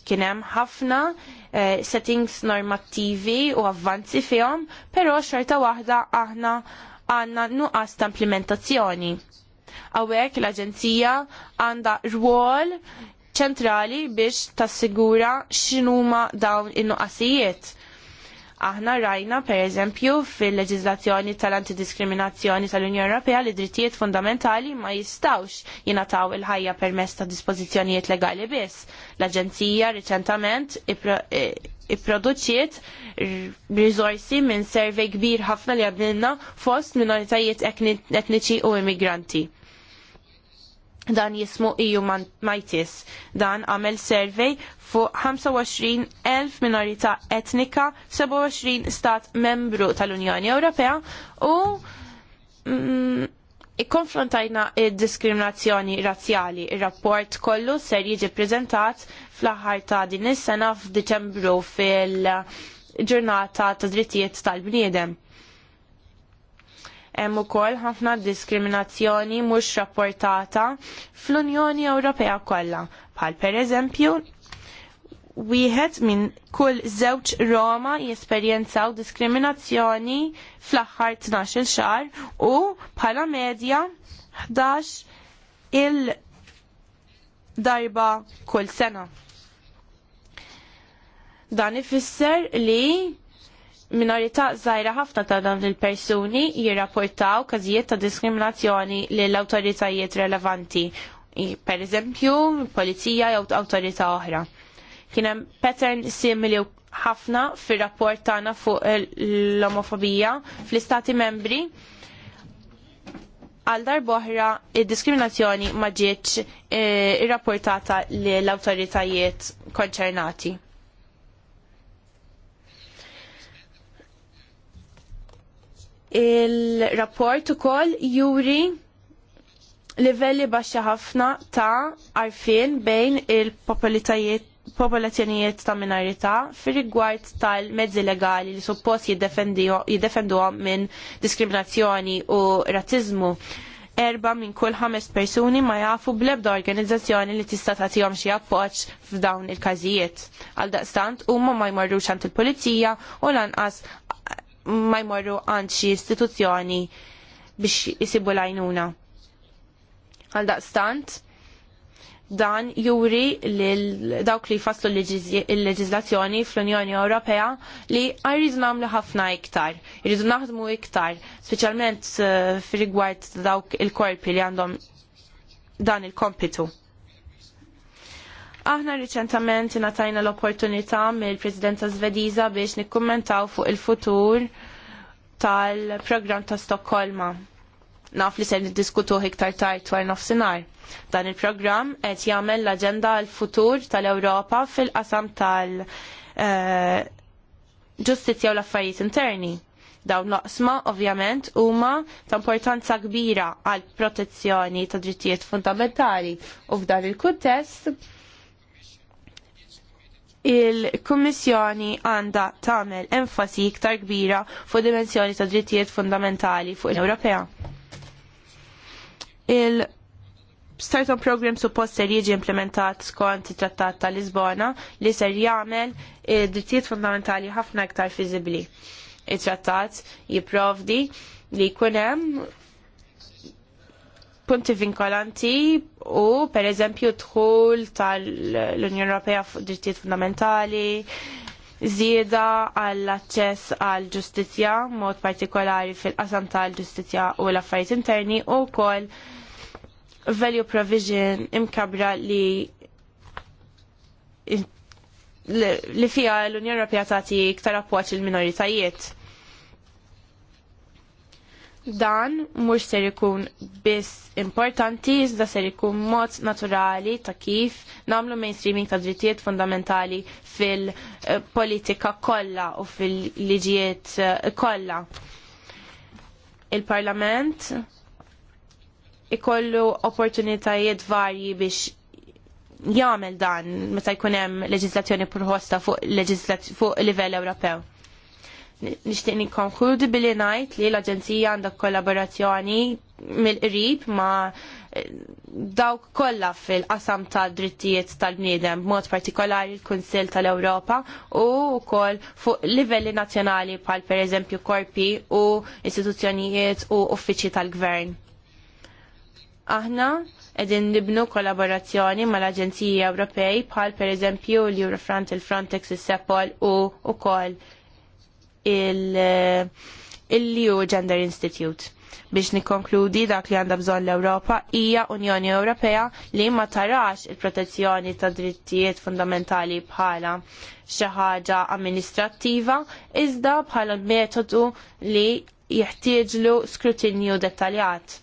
Kien hemm ħafna eh, settings normattivi u avvanzi fihom, però xorta waħda aħna għandna nuqqas ta' implementazzjoni. Għawek l-Aġenzija għandha rwol ċentrali biex tassigura x'inhuma dawn in-nuqqasijiet Aħna rajna, per eżempju, fil-leġizlazzjoni tal-antidiskriminazzjoni tal-Unjoni Ewropea li drittijiet fundamentali ma jistawx jinataw il-ħajja permess ta' dispożizzjonijiet legali biss. L-Aġenzija riċentament e, ipproduċiet risorsi minn servej kbir ħafna li għadnilna fost minoritajiet etniċi u immigranti dan jismu EU Maitis. Dan għamel survey fuq 25.000 minorità etnika, 27 stat membru tal-Unjoni Ewropea u mm, ikkonfrontajna id-diskriminazzjoni razzjali. Ir-rapport kollu ser jiġi prezentat fl-aħħar ta' din is-sena f'Diċembru fil-ġurnata ta' drittijiet tal-bniedem. Hemm ukoll ħafna diskriminazzjoni mhux rapportata fl-Unjoni Ewropea kollha, bħal pereżempju wieħed minn kull żewġ Roma jesperjenzaw diskriminazzjoni fl-aħħar 12 xahar u bħala medja 11 il darba kull sena. Dan ifisser li minorità zaħira ħafna ta' dawn il-persuni jirrapportaw każijiet ta' diskriminazzjoni lill awtoritajiet relevanti, per eżempju, polizija jew awtorità oħra. Kien hemm pattern simili ħafna fir-rapport tagħna fuq l-omofobija fl-istati membri għal darboħra id-diskriminazzjoni ma ġietx eh, irrapportata lill awtoritajiet konċernati il-rapport ukoll juri livelli baxa ħafna ta' arfien bejn il-popolazzjonijiet ta' minorità fir rigward tal-mezzi legali li suppost jiddefenduhom minn diskriminazzjoni u razzizmu. Erba minn kull ħames persuni ma jafu blebda organizzazzjoni li tista' tagħtihom xi appoġġ f'dawn il-każijiet. Għaldaqstant huma ma jmorrux għand il-pulizija u lanqas ma jmorru għand xi istituzzjoni biex isibu lajnuna. Għaldaqstant, dan juri lil dawk li faslu l-leġizlazzjoni fl-Unjoni Ewropea li għajridu namlu ħafna iktar, jridu naħdmu iktar, speċjalment eh, fir rigward dawk il-korpi li għandhom dan il-kompitu. Aħna riċentament natajna l-opportunità mill-Presidenza Svediża biex nikkummentaw fuq il-futur tal-programm ta' Stokkolma. Naf li se niddiskutuh iktar tard dwar nofsinhar. Dan il-programm qed jagħmel l-aġenda l-futur tal-Ewropa fil-qasam tal- eh, ġustizzja u l-affarijiet interni dawn l-oqsma ovvjament huma ta' importanza kbira għal protezzjoni ta' drittijiet fundamentali u f'dan il-kuntest il-Kummissjoni għandha tagħmel enfasi iktar kbira fuq dimensjoni ta' drittijiet fundamentali fuq l-Ewropea. Il Startup Program suppost ser jiġi implementat skont it-Trattat ta' Lisbona li ser jagħmel id eh, drittijiet fundamentali ħafna iktar fiżibbli. it trattat jipprovdi li jkun hemm punti vinkolanti u per eżempju dħul tal-Unjoni Ewropea fuq drittijiet fundamentali, zieda għall aċċess għal ġustizzja mod partikolari fil-qasam tal-ġustizzja u l-affarijiet interni u wkoll value provision imkabra li li fija l-Unjoni Ewropea tagħti iktar appoġġ il-minoritajiet dan mhux ser ikun biss importanti, iżda ser ikun mod naturali ta' kif nagħmlu mainstreaming ta' drittijiet fundamentali fil-politika kollha u fil-liġijiet eh, kollha. Il-Parlament ikollu opportunitajiet varji biex jagħmel dan meta jkun hemm leġiżlazzjoni proposta fuq, fuq livell Ewropew nixtieq nikkonkludi billi ngħid li l-Aġenzija għandha kollaborazzjoni mill-qrib ma' eh, dawk kollha fil-qasam ta' drittijiet tal-bniedem, b'mod partikolari l-Kunsill tal-Ewropa u wkoll fuq livelli nazzjonali bħal pereżempju korpi u istituzzjonijiet u uffiċċji tal-gvern. Aħna qegħdin nibnu kollaborazzjoni mal-Aġenziji Ewropej bħal pereżempju l-Eurofront, il-Frontex, is-Sepol u wkoll il-EU eh, Gender Institute. Biex nikkonkludi dak li għandha bżonn l-Ewropa hija Unjoni Ewropea li ma tarax il-protezzjoni ta' drittijiet fundamentali bħala xi ħaġa amministrattiva iżda bħala metodu li jeħtieġlu skrutinju dettaljat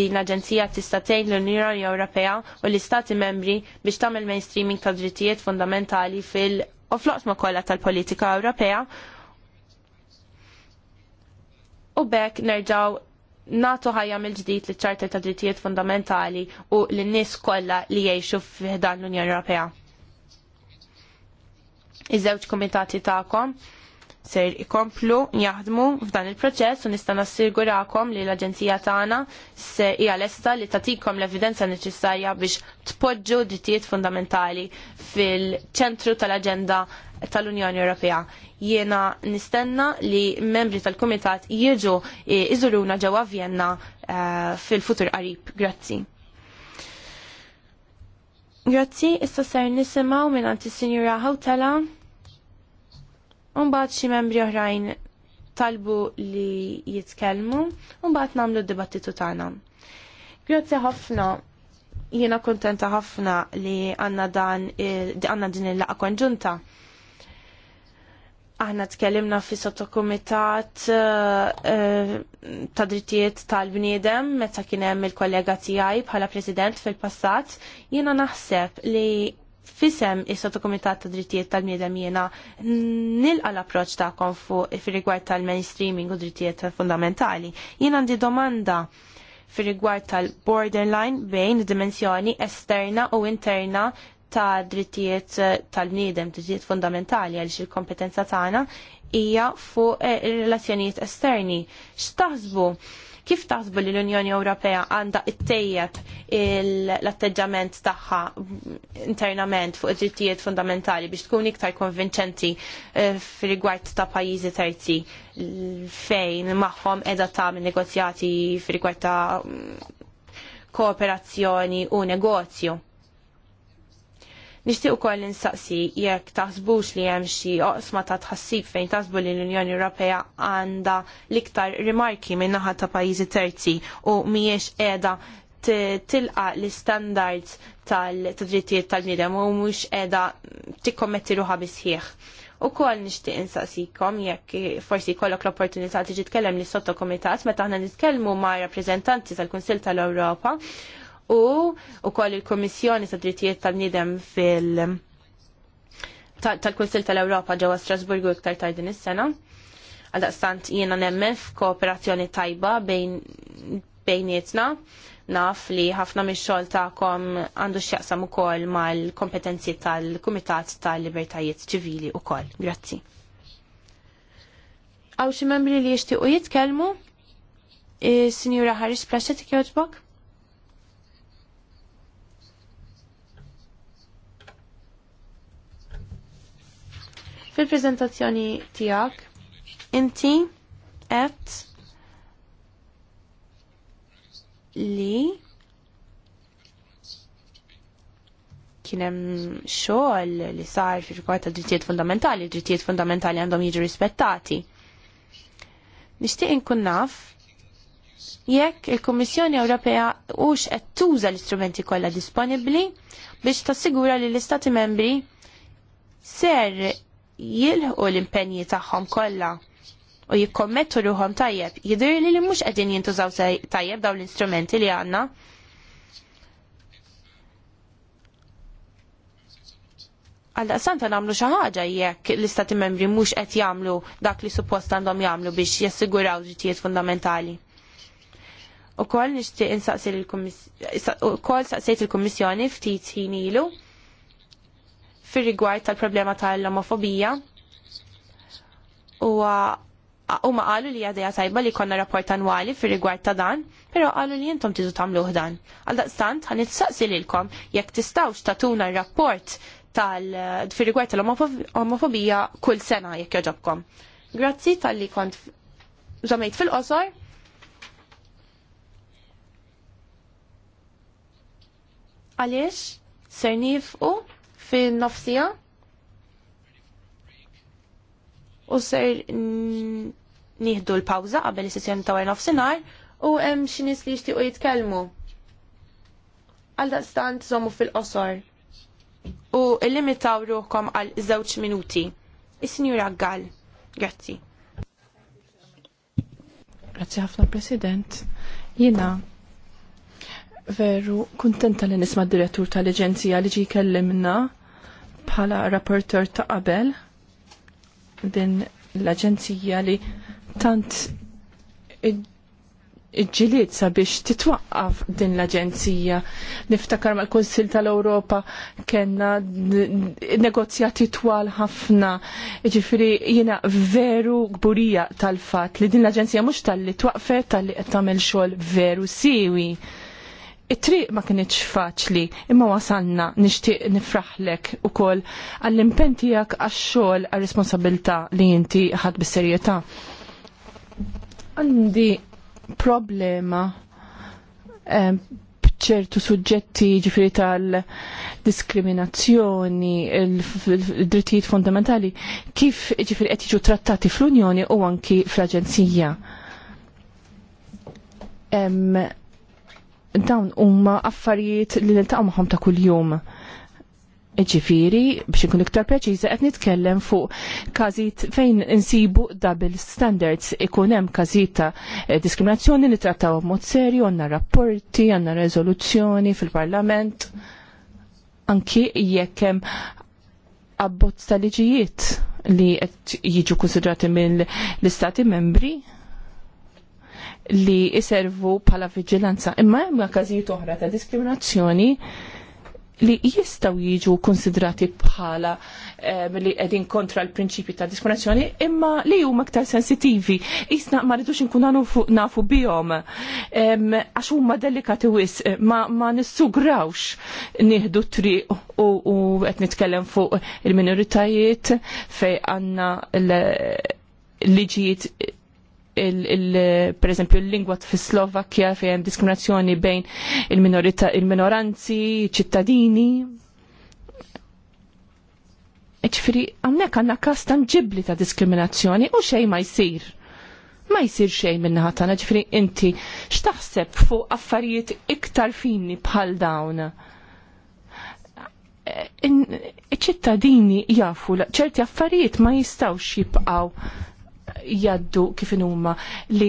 din l-Aġenzija tista' tgħin l-Unjoni Ewropea u l-Istati Membri biex tagħmel mainstreaming ta' drittijiet fundamentali fil- u ma kollha tal-politika Ewropea u bekk nerġaw natu ħajja mill-ġdid li ċarta ta' drittijiet fundamentali u l-nies kollha li jgħixu f'dan l-Unjoni Ewropea. Iż-żewġ komitati tagħkom ser ikomplu jaħdmu f'dan il-proċess u nista' nassigurakom li l-Aġenzija tagħna se hija lesta li tagħtikom l-evidenza neċessarja biex tpoġġu drittijiet fundamentali fil-ċentru tal-aġenda tal-Unjoni Ewropea. Jiena nistenna li membri tal-Kumitat jiġu eh, iżuruna ġewwa Vienna eh, fil-futur qarib. Grazzi. Grazzi, issa ser nisimaw minn għanti Sinjura Hawtala. mbagħad xi membri oħrajn talbu li jitkellmu, mbagħad namlu d-dibattitu tagħna. Grazzi ħafna jiena kontenta ħafna li għanna dan għanna din il-laqa konġunta Aħna tkellimna fi sottokumitat eh, eh, ta' drittijiet tal-bniedem meta kien hemm il-kollega tiegħi bħala president fil-passat, jiena naħseb li fisem is sottokumitat ta' drittijiet tal-bniedem jiena nilqa l-approċċ tagħkom fuq fir-rigward tal-mainstreaming u drittijiet fundamentali. Jien għandi domanda fir rigward tal-borderline bejn dimensjoni esterna u interna ta' drittijiet eh, tal-bniedem, drittijiet fundamentali għaliex il-kompetenza tagħna hija fuq eh, ir-relazzjonijiet esterni. X'taħsbu? Kif taħsbu li l-Unjoni Ewropea għandha ittejjeb l-atteġġament tagħha internament fuq id-drittijiet fundamentali biex tkun iktar konvinċenti eh, fir-rigward ta' pajjiżi terzi fejn magħhom qiegħda tagħmel negozjati fir-rigward ta' kooperazzjoni u negozju? Nixtieq ukoll insaqsi jekk taħsbux li hemm xi oqsma ta' tħassib fejn taħsbu li l-Unjoni Ewropea għandha l-iktar rimarki minn naħa ta' pajjiżi terzi u mhijiex qiegħda tilqa l istandards tal-drittijiet tal-bniedem u mhux qiegħda tikkommetti ruħha bisħieħ. U kol nishtiq insaqsikom jekk forsi kollok l-opportunità tiġi tkellem li sotto komitat meta aħna nitkellmu ma' rappreżentanti tal kunsil tal-Ewropa u ukoll il-Kummissjoni ta' Drittijiet tal-Nidem fil- tal-Kunsil tal-Ewropa ġewwa Strasburgu iktar tard din is-sena. Għaldaqstant jiena nemmen f'kooperazzjoni tajba bejn bejnietna naf li ħafna mix-xogħol tagħkom għandu x'jaqsam ukoll mal-kompetenzi tal-Kumitat tal-Libertajiet Ċivili wkoll. Grazzi. Għaw xi membri li jixtiequ jitkellmu? Sinjura Harris, plaċet kjoġbok? Fil-prezentazzjoni tijak, inti et li kienem xogħol li sar fi rigward drittijiet fundamentali, drittijiet fundamentali għandhom jiġu rispettati. Nixtieq inkun naf jekk il-Kummissjoni Ewropea ux qed tuża l-istrumenti kollha disponibbli biex tassigura li l-Istati membri ser jilħu l-impenji tagħhom kollha u jikkommettu ruħom tajjeb, jidur li li mux għedin jintużaw tajjeb dawn l instrumenti li għandna. Għalda santa namlu xaħġa jekk l-istati membri mhux qed jagħmlu dak li suppost għandhom jagħmlu biex jassiguraw ġitijiet fundamentali. U kol nixtieq insaqsi l u il-Kummissjoni ftit ħin ilu fir rigward tal-problema tal-omofobija. U huma qalu li għadeja tajba li konna rapport annwali fir rigward ta' dan, però qalu li jintom tiżu tagħmluh dan. Għal daqstant ħan nitsaqsi lilkom jekk tistgħux tatuna r-rapport tal fir rigward tal-omofobija kull sena jekk joġobkom. Grazzi tal-li kont żamejt fil-qosor. Għaliex? Ser nifqu? fin-nofsija. U ser nieħdu l-pawza qabel is-sessjoni ta' nofsinhar u hemm xi nies li jixtiequ jitkellmu. Għal daqstant żommu fil-qosor u limitaw ruħkom għal żewġ minuti. Is-Sinjura Gall. Grazzi. Grazzi ħafna President. Jiena veru kuntenta li nisma' d-direttur tal-Aġenzija li ġi kellimna bħala rapporter ta' qabel din l-aġenzija li tant iġġiliet sabiex titwaqqaf din l-Aġenzija. Niftakar mal konsil tal-Ewropa kena negozjati twal ħafna. Ġifiri jina veru gburija tal-fat li din l-Aġenzija mux tal-li twaqfet tal-li tagħmel xogħol veru siwi it-triq ma kienieċ faċli, imma wasalna nixtieq nifraħlek ukoll għall-impenn tiegħek għax-xogħol għar-responsabilità li inti ħadd bis-serjetà. Għandi problema ehm, ċertu suġġetti ġifiri tal-diskriminazzjoni, il-drittijiet fundamentali, kif ġifiri qed jiġu trattati fl-Unjoni u anki fl-Aġenzija dawn huma affarijiet li niltaqgħu magħhom ta' kuljum. Ġifiri, biex ikun iktar preċiża qed nitkellem fuq każijiet fejn insibu double standards ikun hemm każijiet ta' diskriminazzjoni li trattaw mod serju, għandna rapporti, għandna rezoluzzjoni fil-Parlament. Anki jekk hemm abbozz ta' liġijiet li qed jiġu konsidrati mill-istati membri li iservu pala vigilanza. Imma hemm każijiet oħra ta' diskriminazzjoni li jistaw jiġu konsidrati bħala eh, li edin kontra l-prinċipi ta' diskriminazzjoni imma li huma aktar sensitivi isna ma rridux nkun nafu bihom għax huma delikati wis eh, ma, ma nissugrawx nieħdu triq u qed nitkellem fuq il-minoritajiet fej għandna l-liġijiet per l-lingwa fis-Slovakkja fejn hemm diskriminazzjoni bejn il-minoranzi, il ċittadini. hawnhekk għandna għanna kas tangibli ta' diskriminazzjoni u xej ma jsir. Ma jsir xej minna tagħna, ġifri inti x'taħseb fuq affarijiet iktar fini bħal dawn iċ-ċittadini jafu ċerti affarijiet ma jistawx jibqaw jaddu kif huma li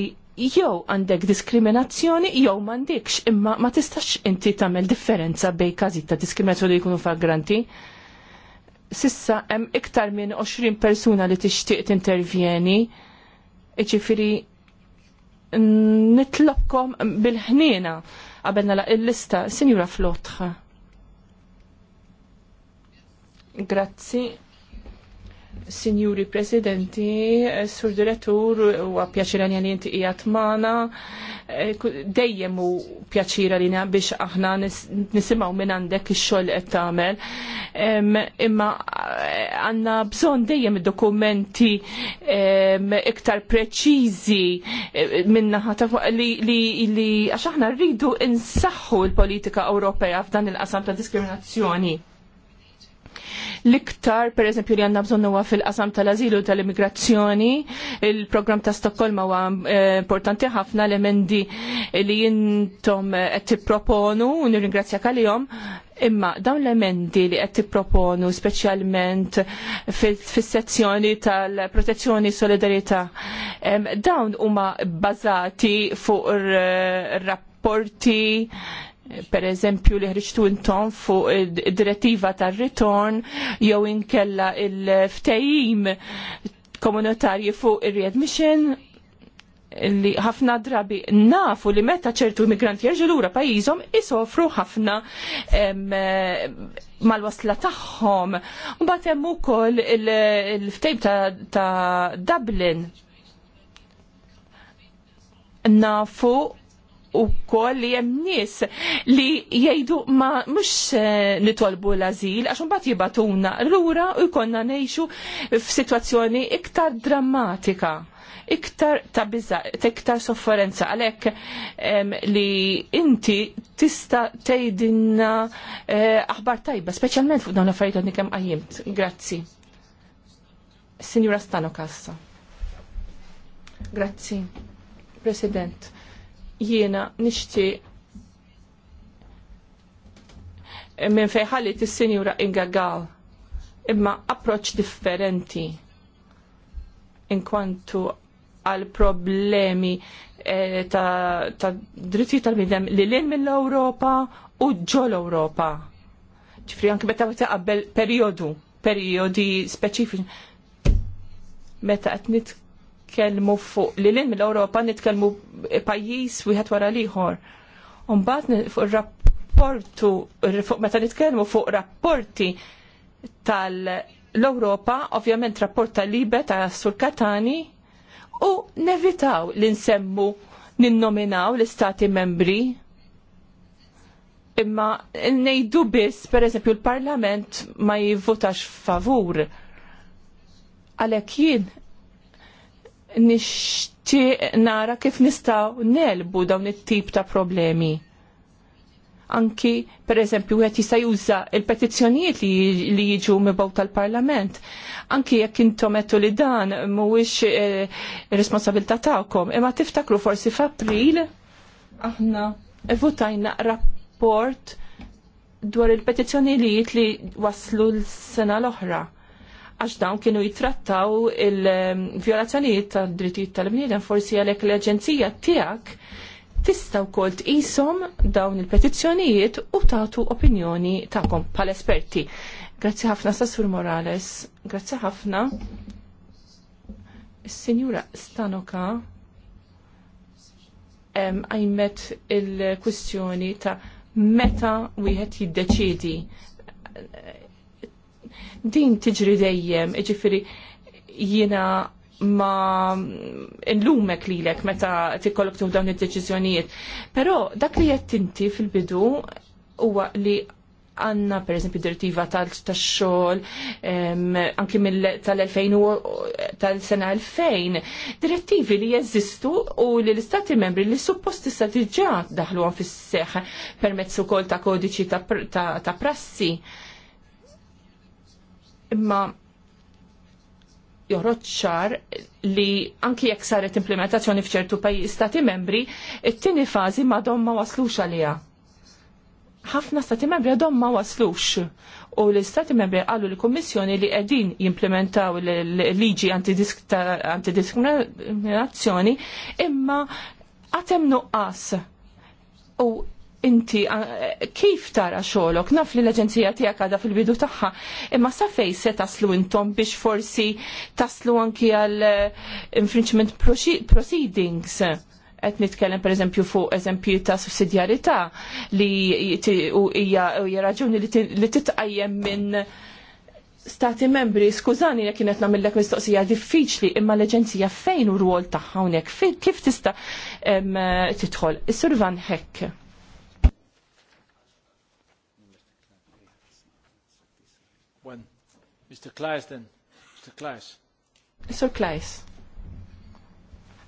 jew għandek diskriminazzjoni jew m'għandekx imma ma tistax inti tagħmel differenza bejn każijiet ta' diskriminazzjoni li jkunu flagranti. Sissa hemm iktar minn 20 persuna li tixtieq tintervjeni, iġifieri nitlobkom bil-ħniena qabel nagħlaq il-lista, Sinjura Flotħa. Grazzi. Signori Presidenti, eh, Sur Direttur, u għapjaċira li jinti ijat maħna, dejjem u pjaċira li eh, biex aħna nisimaw minn għandek il-xol qed tagħmel. Imma eh, għanna bżon dejjem dokumenti iktar preċiżi minna li għax aħna rridu insaħħu l-politika Ewropea f'dan il-qasam ta' diskriminazzjoni L-iktar, per eżempju, li għanna bżonn huwa fil-qasam tal-azilu tal-immigrazzjoni, il-programm ta' Stokkolma huwa eh, importanti ħafna l-emendi li jintom eh, qed tipproponu u nirringrazzjak għalihom. Imma dawn l-emendi li qed tipproponu speċjalment fis-sezzjoni tal-protezzjoni e solidarità, dawn huma bbażati fuq ir-rapporti per eżempju li ħriġtu intom fuq id-direttiva tar-ritorn jew inkella il-ftejim komunitarji fuq ir-readmission li ħafna drabi nafu li meta ċertu immigranti jerġu lura pajjiżhom isofru ħafna mal-wasla tagħhom. Mbagħad hemm ukoll il-ftejb ta', ta Dublin. Nafu u koll li jem nis li jgħidu ma mux eh, nitolbu l-azil, għax mbagħad jibatuna lura u jkollna ngħixu f'sitwazzjoni iktar drammatika iktar ta' ta' iktar sofferenza għalek li inti tista tgħidilna eh, aħbar tajba, speċjalment fuq dawn l-affarijiet li kemm Grazzi. Signora Stano Kassa. Grazzi. President jiena nixtieq minn fejħalit is senjura Ingagal imma approċ differenti kwantu għal problemi eh, ta', dritti tal-bidem li l mill-Europa u ġol Europa. Ġifri anki meta qabel periodu, periodi speċifiċi. Meta qed nitkellmu fuq li l-in mill-Europa nitkellmu pajjiż wieħed wara liħor. Umbat fuq ir rapportu meta nitkellmu fuq rapporti tal-Europa, ovvjament rapport tal-Libe ta' Sur Katani, u nevitaw li nsemmu ninnominaw l-istati membri imma nejdu biss, per eżempju, l-parlament ma jivvotax favur. Għalek jien nixtieq nara kif nistgħu nelbu dawn it-tip ta' problemi. Anki, per eżempju, għet jista' juża il-petizzjonijiet li, jiġu mibgħu tal-Parlament. Anki jekk intom għettu li dan mhuwiex ir eh, responsabilità tagħkom, imma tiftakru forsi f'April aħna votajna rapport dwar il-petizzjonijiet li waslu l-sena l-oħra għax dawn kienu jitrattaw il-vjolazzjonijiet ta' drittijiet tal-bniedem forsi għalhekk l-aġenzija tiegħek tista' wkoll tqishom dawn il-petizzjonijiet u tagħtu opinjoni tagħkom bħal esperti. Grazzi ħafna Sassur Morales, grazzi ħafna. Signora sinjura Stanoka għajmet il-kwistjoni ta' meta wieħed jiddeċiedi din tiġri dejjem, iġifiri jiena ma nlumek li lek meta tikkollok tuħ dawn id-deċizjonijiet. Pero dak li jett inti fil-bidu huwa li għanna per eżempju direttiva tal-xol anki tal-sena tal 2000 direttivi li jeżistu u li l-istati membri li suppost istati ġa daħlu għan fis-seħ permezz ukoll ta' kodiċi ta' prassi. Ta, Imma joħroġ ċar li anki jekk saret implementazzjoni f'ċertu pajji stati membri, it-tieni fażi dom ma waslux għaliha. Ħafna stati membri għadhom ma waslux u l-istati membri għallu l-Kommissjoni li qegħdin jimplementaw l-liġi antidiskriminazzjoni imma għatem nuqqas u inti kif tara xolok naf li l-aġenzija tiegħek għadha fil-bidu tagħha, imma sa fejn se taslu intom biex forsi taslu anki għal eh, infringement proceedings qed nitkellem pereżempju fuq eżempju ta' sussidjarità li hija raġuni li titqajjem minn stati membri, skużani jekk kienet namillek mistoqsija diffiċli imma l-Aġenzija fejn u rwol tagħha hawnhekk kif tista' eh, tidħol. Is-Sur Van Hekk. Mr. Kleis, then. Mr. Kleis. Mr. Kleis.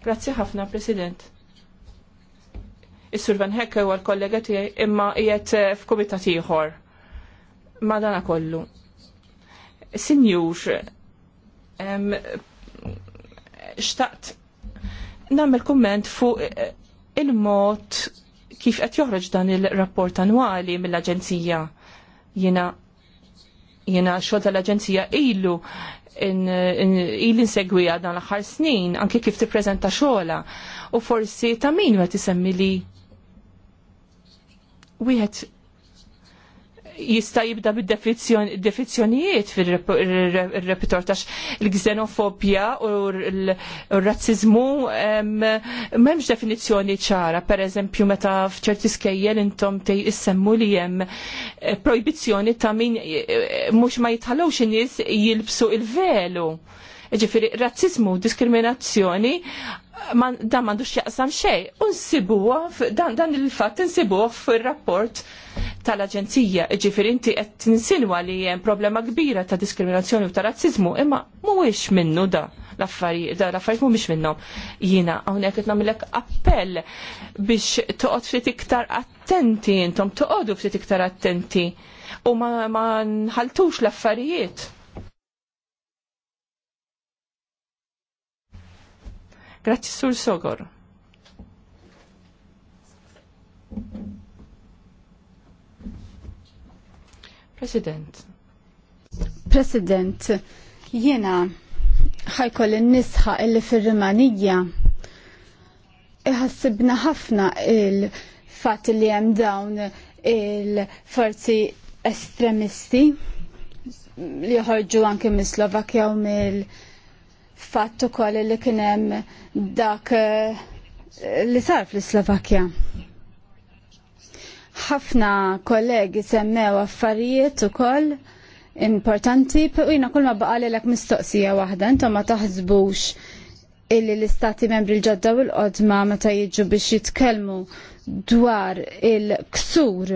Grazzi ħafna, President. Is-Sur Van Hekke u l-kollega tiegħi imma qiegħed eh, f'kumitat ieħor. Ma dana kollu. Sinjur, xtaqt nagħmel kumment fuq eh, il-mod kif qed joħroġ dan il-rapport annwali mill-Aġenzija. Jiena jena xogħol tal-Aġenzija ilu il insegwija dan l-aħħar snin anke kif tippreżenta xogħla u forsi ta' min ma tisemmi li wieħed jista' jibda bid-definizzjonijiet fir-repertor tax il-gżenofobja u r-razziżmu m'hemmx definizzjoni ċara. Pereżempju meta f'ċerti skejjel intom tej issemmu li hemm eh, projbizzjoni ta' min eh, mhux ma jitħallux in-nies jilbsu il-velu. l il velu Ġifiri, razzizmu, diskriminazzjoni, man, dan mandux jaqsam xej. Unsibuwa, dan, dan il-fat insibuwa fil-rapport tal-Aġenzija. Ġifiri, inti qed tinsinwa li hemm problema kbira ta' diskriminazzjoni u ta' razzizmu, imma mhuwiex minnu da l-affarijiet, da l-affarijiet mhumiex minnhom. Jiena hawnhekk qed nagħmilek appell biex toqgħod ftit iktar attenti intom, toqodu ftit iktar attenti u ma, ma nħaltux l-affarijiet Grazzi sul Sogor. President. President, jena ħajkoll nisħa illi fil-Rimanija iħassibna ħafna il-fat li hemm dawn il-forzi estremisti li joħorġu anke mis-Slovakja u mill- fatt ukoll li kien hemm dak eh, li sar fl-Slovakkja. Ħafna kollegi semmew affarijiet ukoll importanti, u jina kull ma baqa l mistoqsija waħda, intom ma taħsbux illi l-istati membri l-ġodda u l-qodma meta jiġu biex jitkellmu dwar il-ksur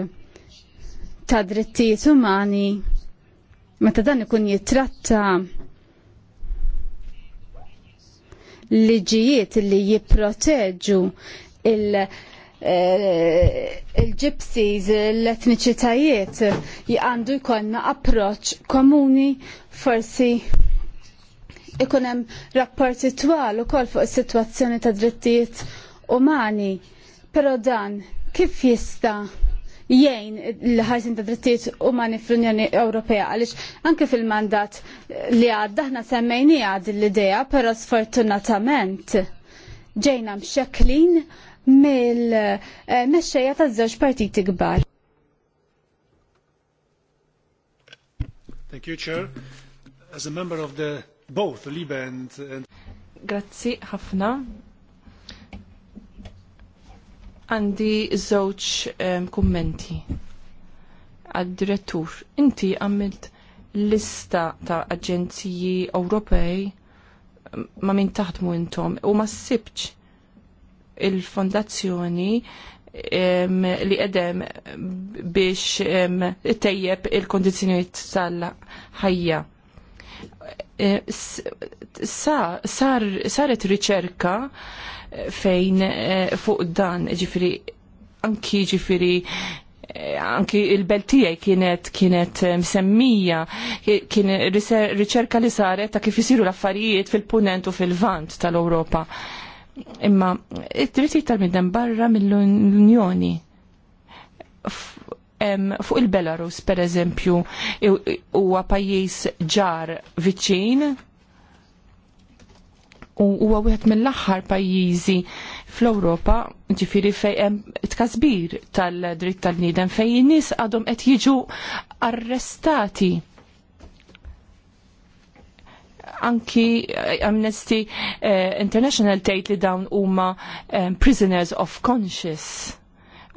ta' drittijiet umani meta dan ikun jitratta liġijiet li jipproteġu il- eh, il-gypsies, l-etniċitajiet għandu jkollna approċ komuni forsi ikun hemm rapporti twal ukoll fuq is-sitwazzjoni ta' drittijiet umani. Però dan kif jista' jgħin l ħajsin ta' drittijiet umani fl-Unjoni Ewropea għaliex anke fil-mandat li għadda ħna semmejni għad l-idea però sfortunatament ġejna mxekklin mill-mexxejja eh, ta' żewġ partiti kbar. Thank you, Chair. As a member of the both Libe and, and... Grazzi ħafna Għandi żewġ ehm, kummenti għad-direttur. Inti għamilt lista ta' aġenziji Ewropej ehm, ma' min taħdmu intom u ma' sibċ il-fondazzjoni ehm, li edem biex tejjeb il-kondizjoniet tal-ħajja Eh, sa, sar, saret riċerka eh, fejn eh, fuq dan ġifiri anki ġifiri anki il-beltijaj kienet kienet msemmija kien riċerka li saret ta' kif isiru l-affarijiet fil-punent u fil-vant tal-Ewropa. Imma it-dritti tal-midden barra mill-Unjoni fuq il-Belarus per eżempju huwa pajjiż ġar viċin u huwa wieħed mill-aħħar pajjiżi fl-Ewropa ġifiri fej hemm tkasbir tal-dritt tal-niedem fejn in-nies għadhom qed jiġu arrestati anki Amnesty eh, International tgħid li dawn huma eh, prisoners of conscience.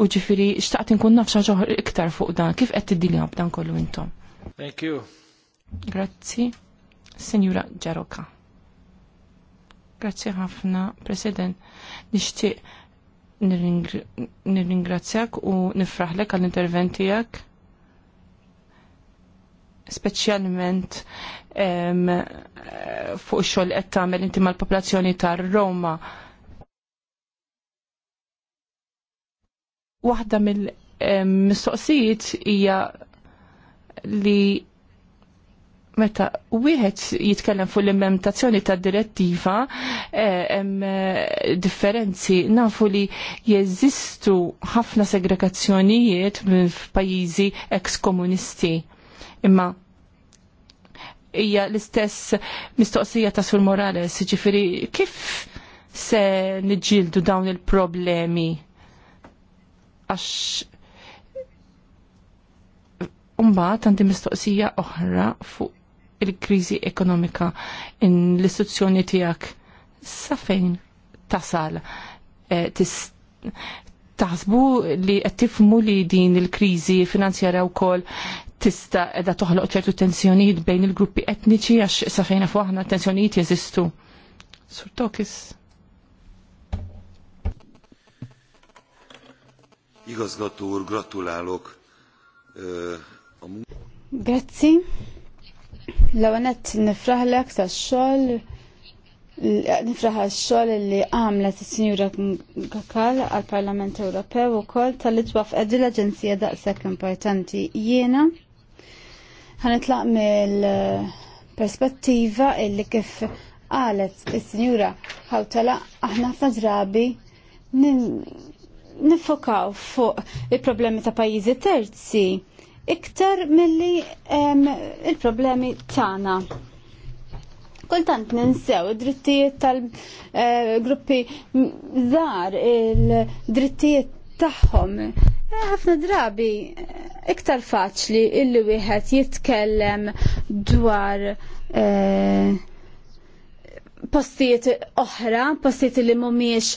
U ġifiri, xtaqt nkun nafxa ġoħor iktar fuq dan, kif qed tiddilja b'dan kollu intom? Thank you. Grazzi, Signora Ġaroka. Grazzi ħafna, President. Nixtieq nirringrazzjak u nifraħlek għall-intervent tiegħek. Speċjalment eh, fuq ix-xogħol qed tagħmel inti mal-popolazzjoni tar-Roma Waħda mill-mistoqsijiet hija li meta wieħed jitkellem fuq l-implementazzjoni tad direttiva hemm eh, eh, differenzi nafu li jeżistu ħafna segregazzjonijiet f'pajjiżi ex-komunisti. Imma hija l-istess mistoqsija ta' Sur Morales, ġifieri kif se niġġieldu dawn il-problemi? għax umbat għandi mistoqsija oħra fuq il-krizi ekonomika in l-istituzzjoni tijak safejn tasal eh, taħsbu li qed tifmu li din il-kriżi finanzjarja wkoll tista' qiegħda toħloq ċertu tensjonijiet bejn il-gruppi etniċi għax sa fejna tensjonijiet jeżistu. Sur Tokis. Igazgató úr, gratulálok. Grazzi. L-għanet nifraħlek ta' xol, nifraħ xol li għamlet il-Sinjura Gakal għal-Parlament Ewropew u kol tal-li twaf l-Aġenzija daqshekk importanti jiena. Ħanitlaq mill-perspettiva illi kif qalet il-Sinjura ħawtala aħna f'drabi drabi nifokaw fuq il-problemi ta' pajjiżi terzi iktar milli il-problemi tagħna. Kultant ninsew id-drittijiet tal-gruppi zar il-drittijiet tagħhom. E, ħafna drabi iktar faċli illi wieħed jitkellem dwar eh, postijiet oħra, postijiet li mumiex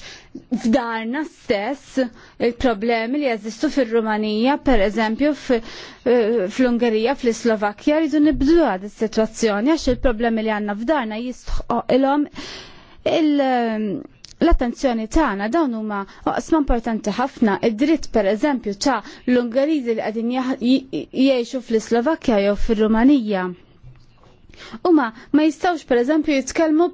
f'darna stess, il-problemi li jazistu fil-Rumanija, per eżempju, fl-Ungerija, fl-Slovakkja, rridu nibdu għad il-situazzjoni, għax il-problemi li għanna f'darna jistħu il-om il- l-attenzjoni tagħna dawn huma oqsma importanti ħafna id-dritt pereżempju ta' l-Ungariżi li qegħdin jgħixu fl-Slovakkja jew fir-Rumanija. Uma ma jistgħux pereżempju jitkellmu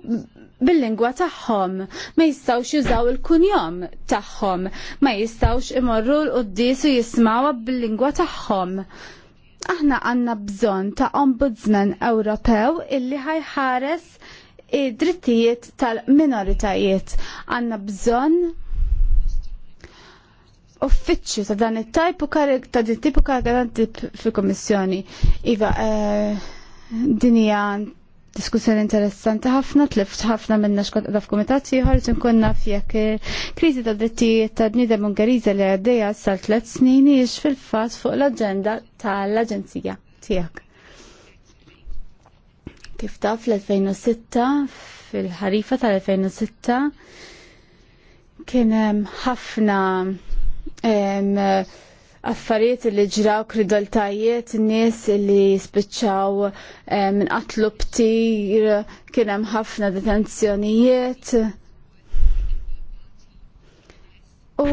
bil-lingwa tagħhom, ma jistgħux jużaw il-kunjom tagħhom, ma jistgħux imorru l-qoddis u jismawa bil-lingwa tagħhom. Aħna għandna bżonn ta' Ombudsman Ewropew illi ħajħares id-drittijiet tal-minoritajiet. Għandna bżonn uffiċċju ta' dan it-tajpu ta' din tipu karakterizzati fil-Kommissjoni. Iva, eh, Dinija diskussjoni interessanti ħafna, tlift ħafna minna xkont għadha f'kumitat ieħor inkun naf kriżi ta' drittijiet ta' bniedem Ungeriża li għaddejja sal tliet snin hijiex fil-fatt fuq l-aġenda tal-Aġenzija tiegħek. Kif taf fl-2006 fil-ħarifa tal-2006 kien hemm ħafna affarijiet li ġraw kridoltajiet, nies li spiċċaw eh, minn qatlu ptir, kien hemm ħafna detenzjonijiet. U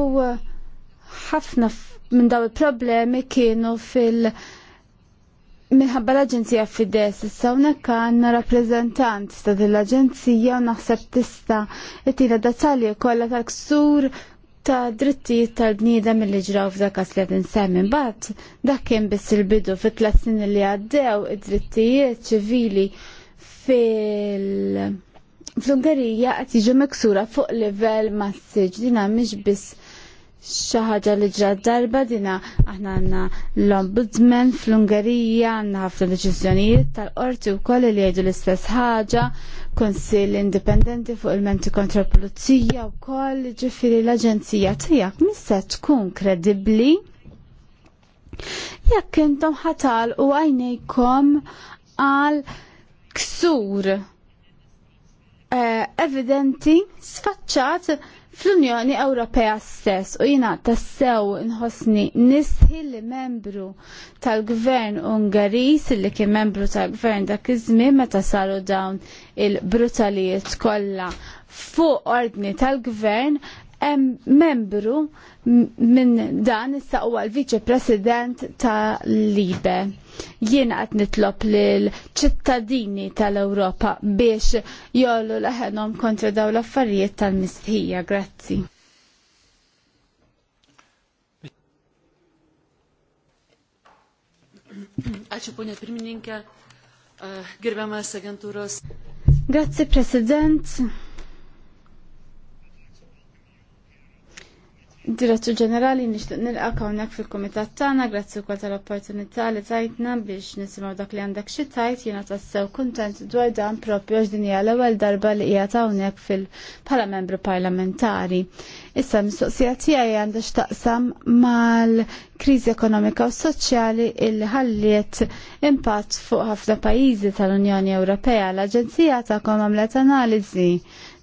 ħafna minn daw il-problemi kienu fil- Minħabba l-Aġenzija Fides, issa hawnhekk għandna rappreżentant ta' din l-Aġenzija u naħseb tista' tira dettalji kollha tal-ksur ta' dritti tal-bniedem li ġraw f'dakas li għadin semmin, Bat, dak kien biss il-bidu fit tlassin li għaddew id-drittijiet ċivili fil- fl-Ungerija qed jiġu meksura fuq livell massiġ dina mhix biss ħaġa li ġra darba dina aħna għandna l-ombudsman fl-Ungerija għandna ħafna deċiżjonijiet tal-qorti wkoll li jgħidu l-istess ħaġa, konsil indipendenti fuq il-menti kontra l-pulizija wkoll ġifiri l-aġenzija tiegħek mista tkun kredibbli jekk intom ħatal u għajnejkom għal ksur eh, evidenti sfaċċat fl-Unjoni Ewropea stess u jina tassew nħosni nisħi li membru tal-gvern Ungaris li kien membru tal-gvern dak iż-żmien meta saru dawn il-brutalijiet kollha fuq ordni tal-gvern membru minn dan issa huwa l-Viċe President ta' Libe. Jiena qed nitlob lill ċittadini tal-Ewropa biex jollu leħenhom kontra dawn l-affarijiet tal-mistħija. Grazzi. Ačiū, ponė Grazie, prezident. Direttur ġenerali nixtieq nilqa hawnhekk fil-kumitat tagħna grazzi wkoll tal-opportunità li tajtna biex nisimgħu dak li għandek xi tajt jiena tassew kuntent dwar dan propju għax hija l-ewwel darba li hija hawnhekk fil bħala membru parlamentari. Issa mistoqsija tiegħi għandha x'taqsam mal-kriżi ekonomika u soċjali illi ħalliet impatt fuq ħafna pajjiżi tal-Unjoni Ewropea. L-Aġenzija tagħkom għamlet analiżi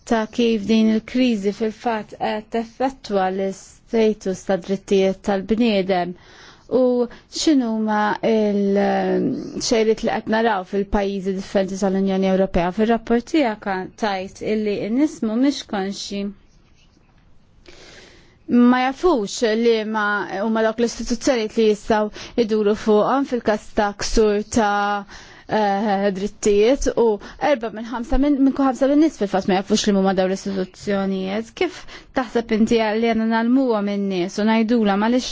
ta' kif din il-kriżi fil-fatt qed teffettwa l-istatus ta' drittijiet tal-bniedem u x'inhuma il xejrit li qed naraw fil-pajjiżi differenti tal-Unjoni Ewropea. Fir-rapport tajt illi n-nies mhumiex konxi ma jafux li ma huma dawk l istituzzjoni li jistgħu iduru fuqhom fil-każ ta' ksur ta' Eh, drittijiet u erba minn ħamsa minn ku ħamsa minn nis fil-fat ma jafux li mumma daw l-istituzzjonijiet. Kif taħseb inti li għanna nalmuwa minn nis u najdula malix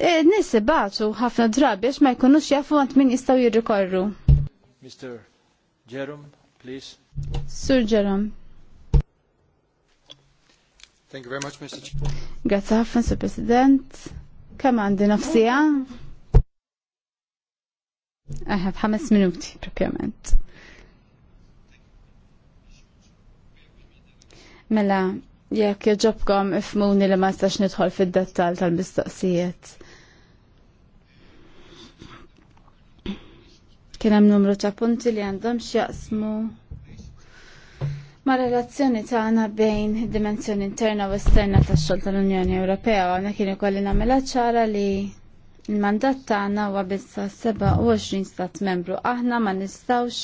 eh, nis baċu ħafna drabi ma jkunux jafu għant minn jistaw jirrikorru. Mr. Jerome, please. Sir Jerome. Thank you very much, Mr. Grazie ħafna, Sir President. Kemm għandi nofsija? I have ħames minuti propjament. Mela, jekk joġobkom ifmuni li ma stax nidħol fid-dettal tal-mistoqsijiet. Kien hemm numru ta' punti li għandhom x'jaqsmu Ma' relazzjoni tagħna bejn id-dimensjoni interna u esterna tax-xogħol tal-Unjoni Ewropea għandna kien ikolli nagħmilha ċara li Il-mandat tagħna huwa bissa 27 stat membru. Aħna ma nistgħux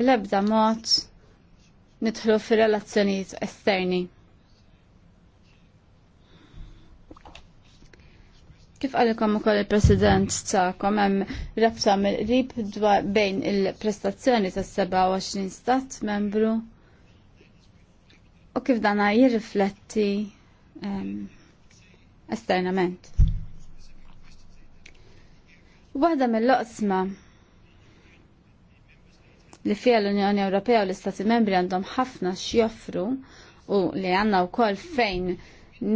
bl-ebda mod nidħlu fir-relazzjonijiet esterni. Kif għalikom ukoll il-President tagħkom hemm rabta mill-qrib bejn il-prestazzjoni ta' 27 stat membru u kif dana jirrifletti um, esternament. Waħda mill-loqsma li fija l-Unjoni Ewropea u l-Istati Membri għandhom ħafna x'joffru u li għandna wkoll fejn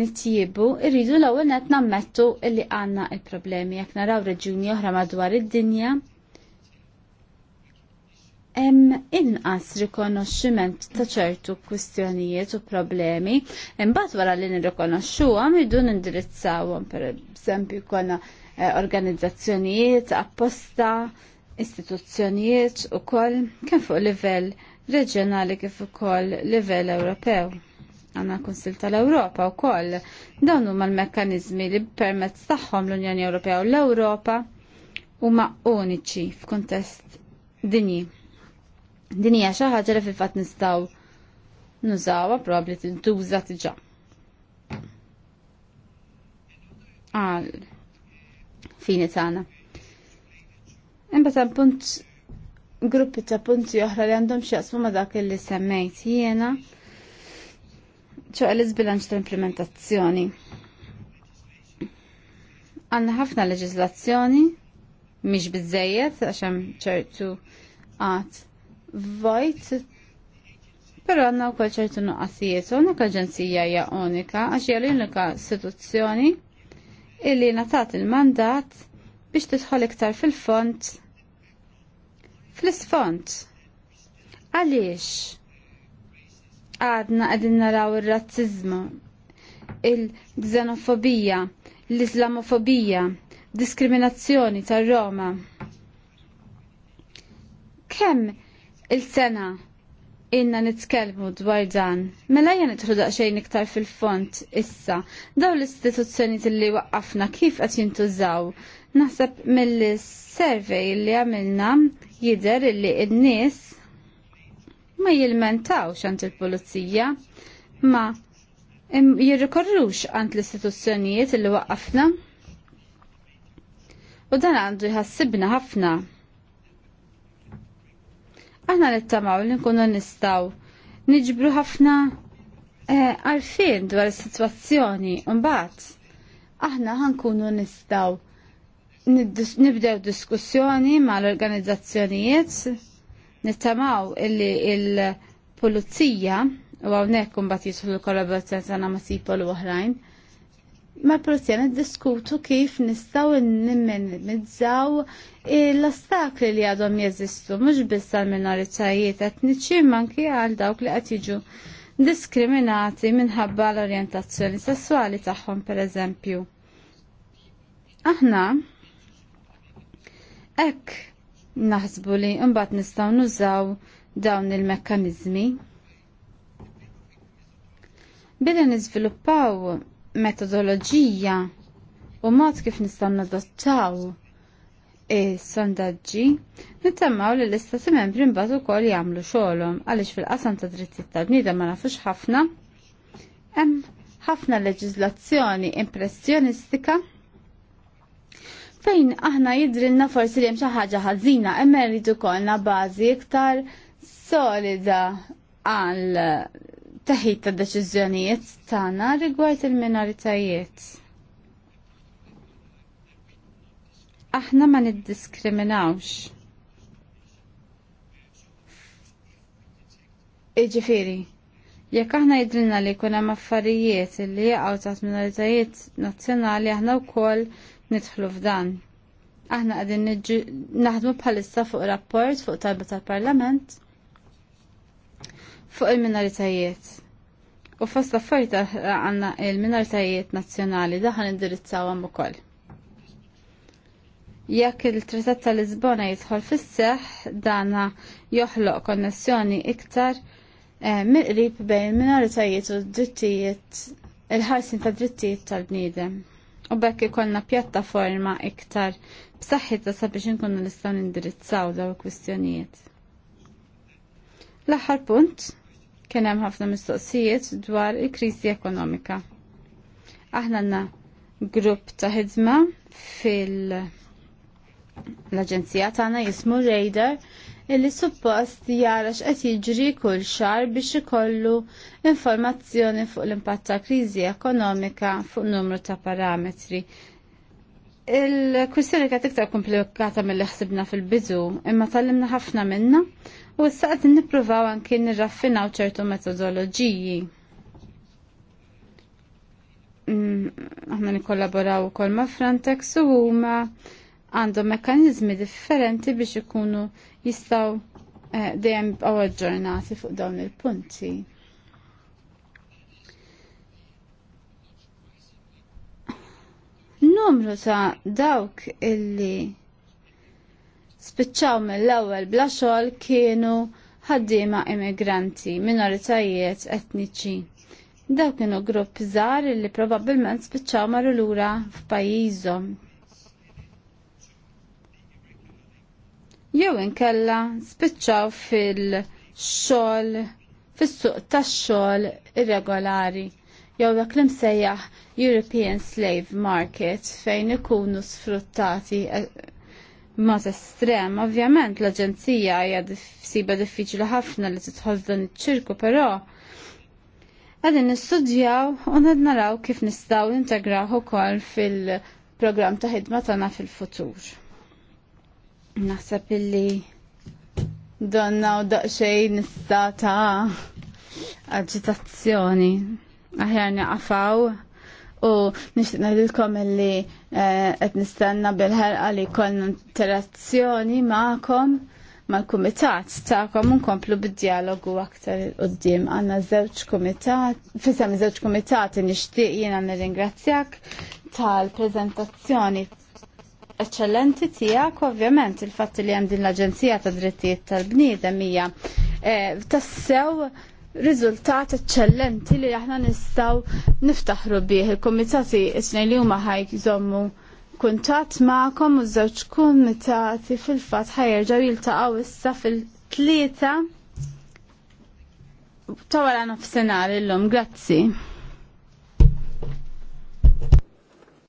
nitjibu, irridu l-ewwel qed nammettu li għandna il-problemi jekk naraw reġjuni oħra madwar id-dinja hemm inqas rikonoxximent ta' ċertu kwistjonijiet u problemi, imbagħad wara li nirrikonoxxuhom idu nindirizzawhom pereżempju konna Eh, organizzazzjonijiet apposta, istituzzjonijiet u koll kien fuq livell reġjonali kif ukoll livell Ewropew. Għanna Konsil tal-Ewropa u koll dawn huma l-mekkanizmi li permezz tagħhom l-Unjoni Ewropea u l-Ewropa huma uniċi f'kuntest dinji. Dinija xi ħaġa li fil-fatt nistgħu nużawha probabbli tintuża diġà Għal fini tagħna. ta' punt gruppi ta' punti oħra li għandhom x'jaqsmu ma' dak li semmejt jiena ċo l bilanċ tal-implementazzjoni. Għanna ħafna leġizlazzjoni, miex bizzejiet, għaxem ċertu għat vojt, pero għanna u kol ċertu nuqqasijiet, unika ġenzija ja unika, għax hija l-unika situzzjoni illi natat il-mandat biex tidħol iktar fil-font fl-isfont. Għaliex għadna għadin naraw ir-razzizmu, il-gżenofobija, l-islamofobija, diskriminazzjoni tar-Roma. Kemm il-sena inna nitkellmu dwar dan. Mela jien nitħu daqsxejn iktar fil-font issa. Daw l istituzzjonijiet li waqqafna kif qed jintużaw. Naħseb mill-survey li għamilna jider li n-nies ma jilmentawx għand il-pulizija, ma jirrikorrux għand l-istituzzjonijiet li waqqafna. U dan għandu jħassibna ħafna. Aħna nittamaw li nkunu nistaw niġbru ħafna eh, għarfien dwar is-sitwazzjoni mbagħad aħna ħankunu nistaw nibdew diskussjoni mal-organizzazzjonijiet nittamaw illi il-pulizija u għawnek kumbat jisħu l-kollaborazzjoni tagħna ma' sipol u oħrajn ma l diskutu kif nistaw nimmenimizzaw l-ostakli li għadhom jeżistu, mhux biss għal minoritajiet etniċi manki għal dawk li qed jiġu diskriminati minħabba l-orjentazzjoni sessuali tagħhom pereżempju. Aħna hekk naħsbu li mbagħad nistgħu nużaw dawn il-mekkaniżmi. Billi niżviluppaw metodoloġija u mod kif nistgħu nadottaw is-sondaġġi, nittemmaw li l-istati membri mbagħad ukoll jagħmlu xogħolhom għaliex fil-qasam ta' drittijiet tal-bniedem ma nafux ħafna hemm ħafna leġiżlazzjoni impressjonistika fejn aħna jidrilna forsi li hemm xi ħaġa ħażina hemm irid ukoll bażi iktar solida għal taħid ta' deċiżjonijiet tagħna rigward il-minoritajiet. Aħna ma niddiskriminawx. Iġifieri, jekk aħna jidrilna li jkun hemm affarijiet li jaqgħu taħt minoritajiet nazzjonali aħna wkoll nidħlu f'dan. Aħna qegħdin naħdmu bħalissa fuq rapport fuq talba tal-Parlament fuq il-minoritajiet. U fost affarijiet għanna il-minoritajiet nazzjonali daħan indirizzawhom ukoll. Jekk il-Trattat tal Lisbona jidħol fis-seħ, dana joħloq konnessjoni iktar miqrib eh, mill-qrib bejn il-minoritajiet u d-drittijiet il-ħarsin ta' drittijiet tal-bniedem. U bekk ikollna pjattaforma iktar b'saħħitha sabiex inkunu nistgħu nindirizzaw dawn il-kwistjonijiet. L-aħħar punt kien hemm ħafna mistoqsijiet dwar il-kriżi ekonomika. Aħna għandna grupp ta' ħidma fil- aġenzija tagħna jismu rader illi suppost jara x'qed jiġri kull xar biex ikollu informazzjoni fuq l-impatt ta' kriżi ekonomika fuq numru ta' parametri Il-kwistjoni kienet iktar komplikata mill-li ħsibna fil-bidu, imma tallimna ħafna minna u issa qed nippruvaw anki nirraffinaw ċertu metodologiji. Mm, aħna nikkollaboraw ukoll ma' Frontex u huma għandhom mekkanizmi differenti biex ikunu jistgħu eh, dejjem jibqgħu aġġornati fuq dawn il-punti. numru ta' dawk illi spiċċaw mill-ewwel bla xogħol kienu ħaddiema immigranti, minoritajiet etniċi. Dawk kienu grupp żgħar illi probabbilment spiċċaw marru lura f'pajjiżhom. Jew inkella spiċċaw fil-xogħol fis-suq tax-xogħol irregolari jew dak li msejjaħ European Slave Market fejn ikunu sfruttati eh, mod estrem. Ovvjament l-Aġenzija hija siba diffiċli ħafna li tidħol dan iċ-ċirku, però qegħdin nistudjaw u qed naraw kif nistgħu nintegrawh ukoll fil-programm ta' ħidma tagħna fil-futur. Naħseb illi donna u daqsxejn nista' ta' aġitazzjoni aħjar naqafaw u nishtiq ngħidilkom illi eh, qed nistenna bil-ħerqa li jkollna interazzjoni magħkom mal-kumitat tagħkom nkomplu bid-dialogu aktar il-qoddim. Għandna żewġ kumitat, fisem żewġ kumitati nixtieq jiena nirringrazzjak tal-preżentazzjoni eccellenti tiegħek ovvjament il-fatt li hemm din l-Aġenzija ta' Drittijiet tal-Bniedem hija eh, tassew riżultat eċċellenti li aħna nistgħu niftaħru bih. Il-kumitati isnej li huma jżommu kuntatt magħkom u żewġ kumitati fil-fatt ħajerġaw jiltaqgħu issa fil-tlieta tawara wara nofsinhar illum. Grazzi.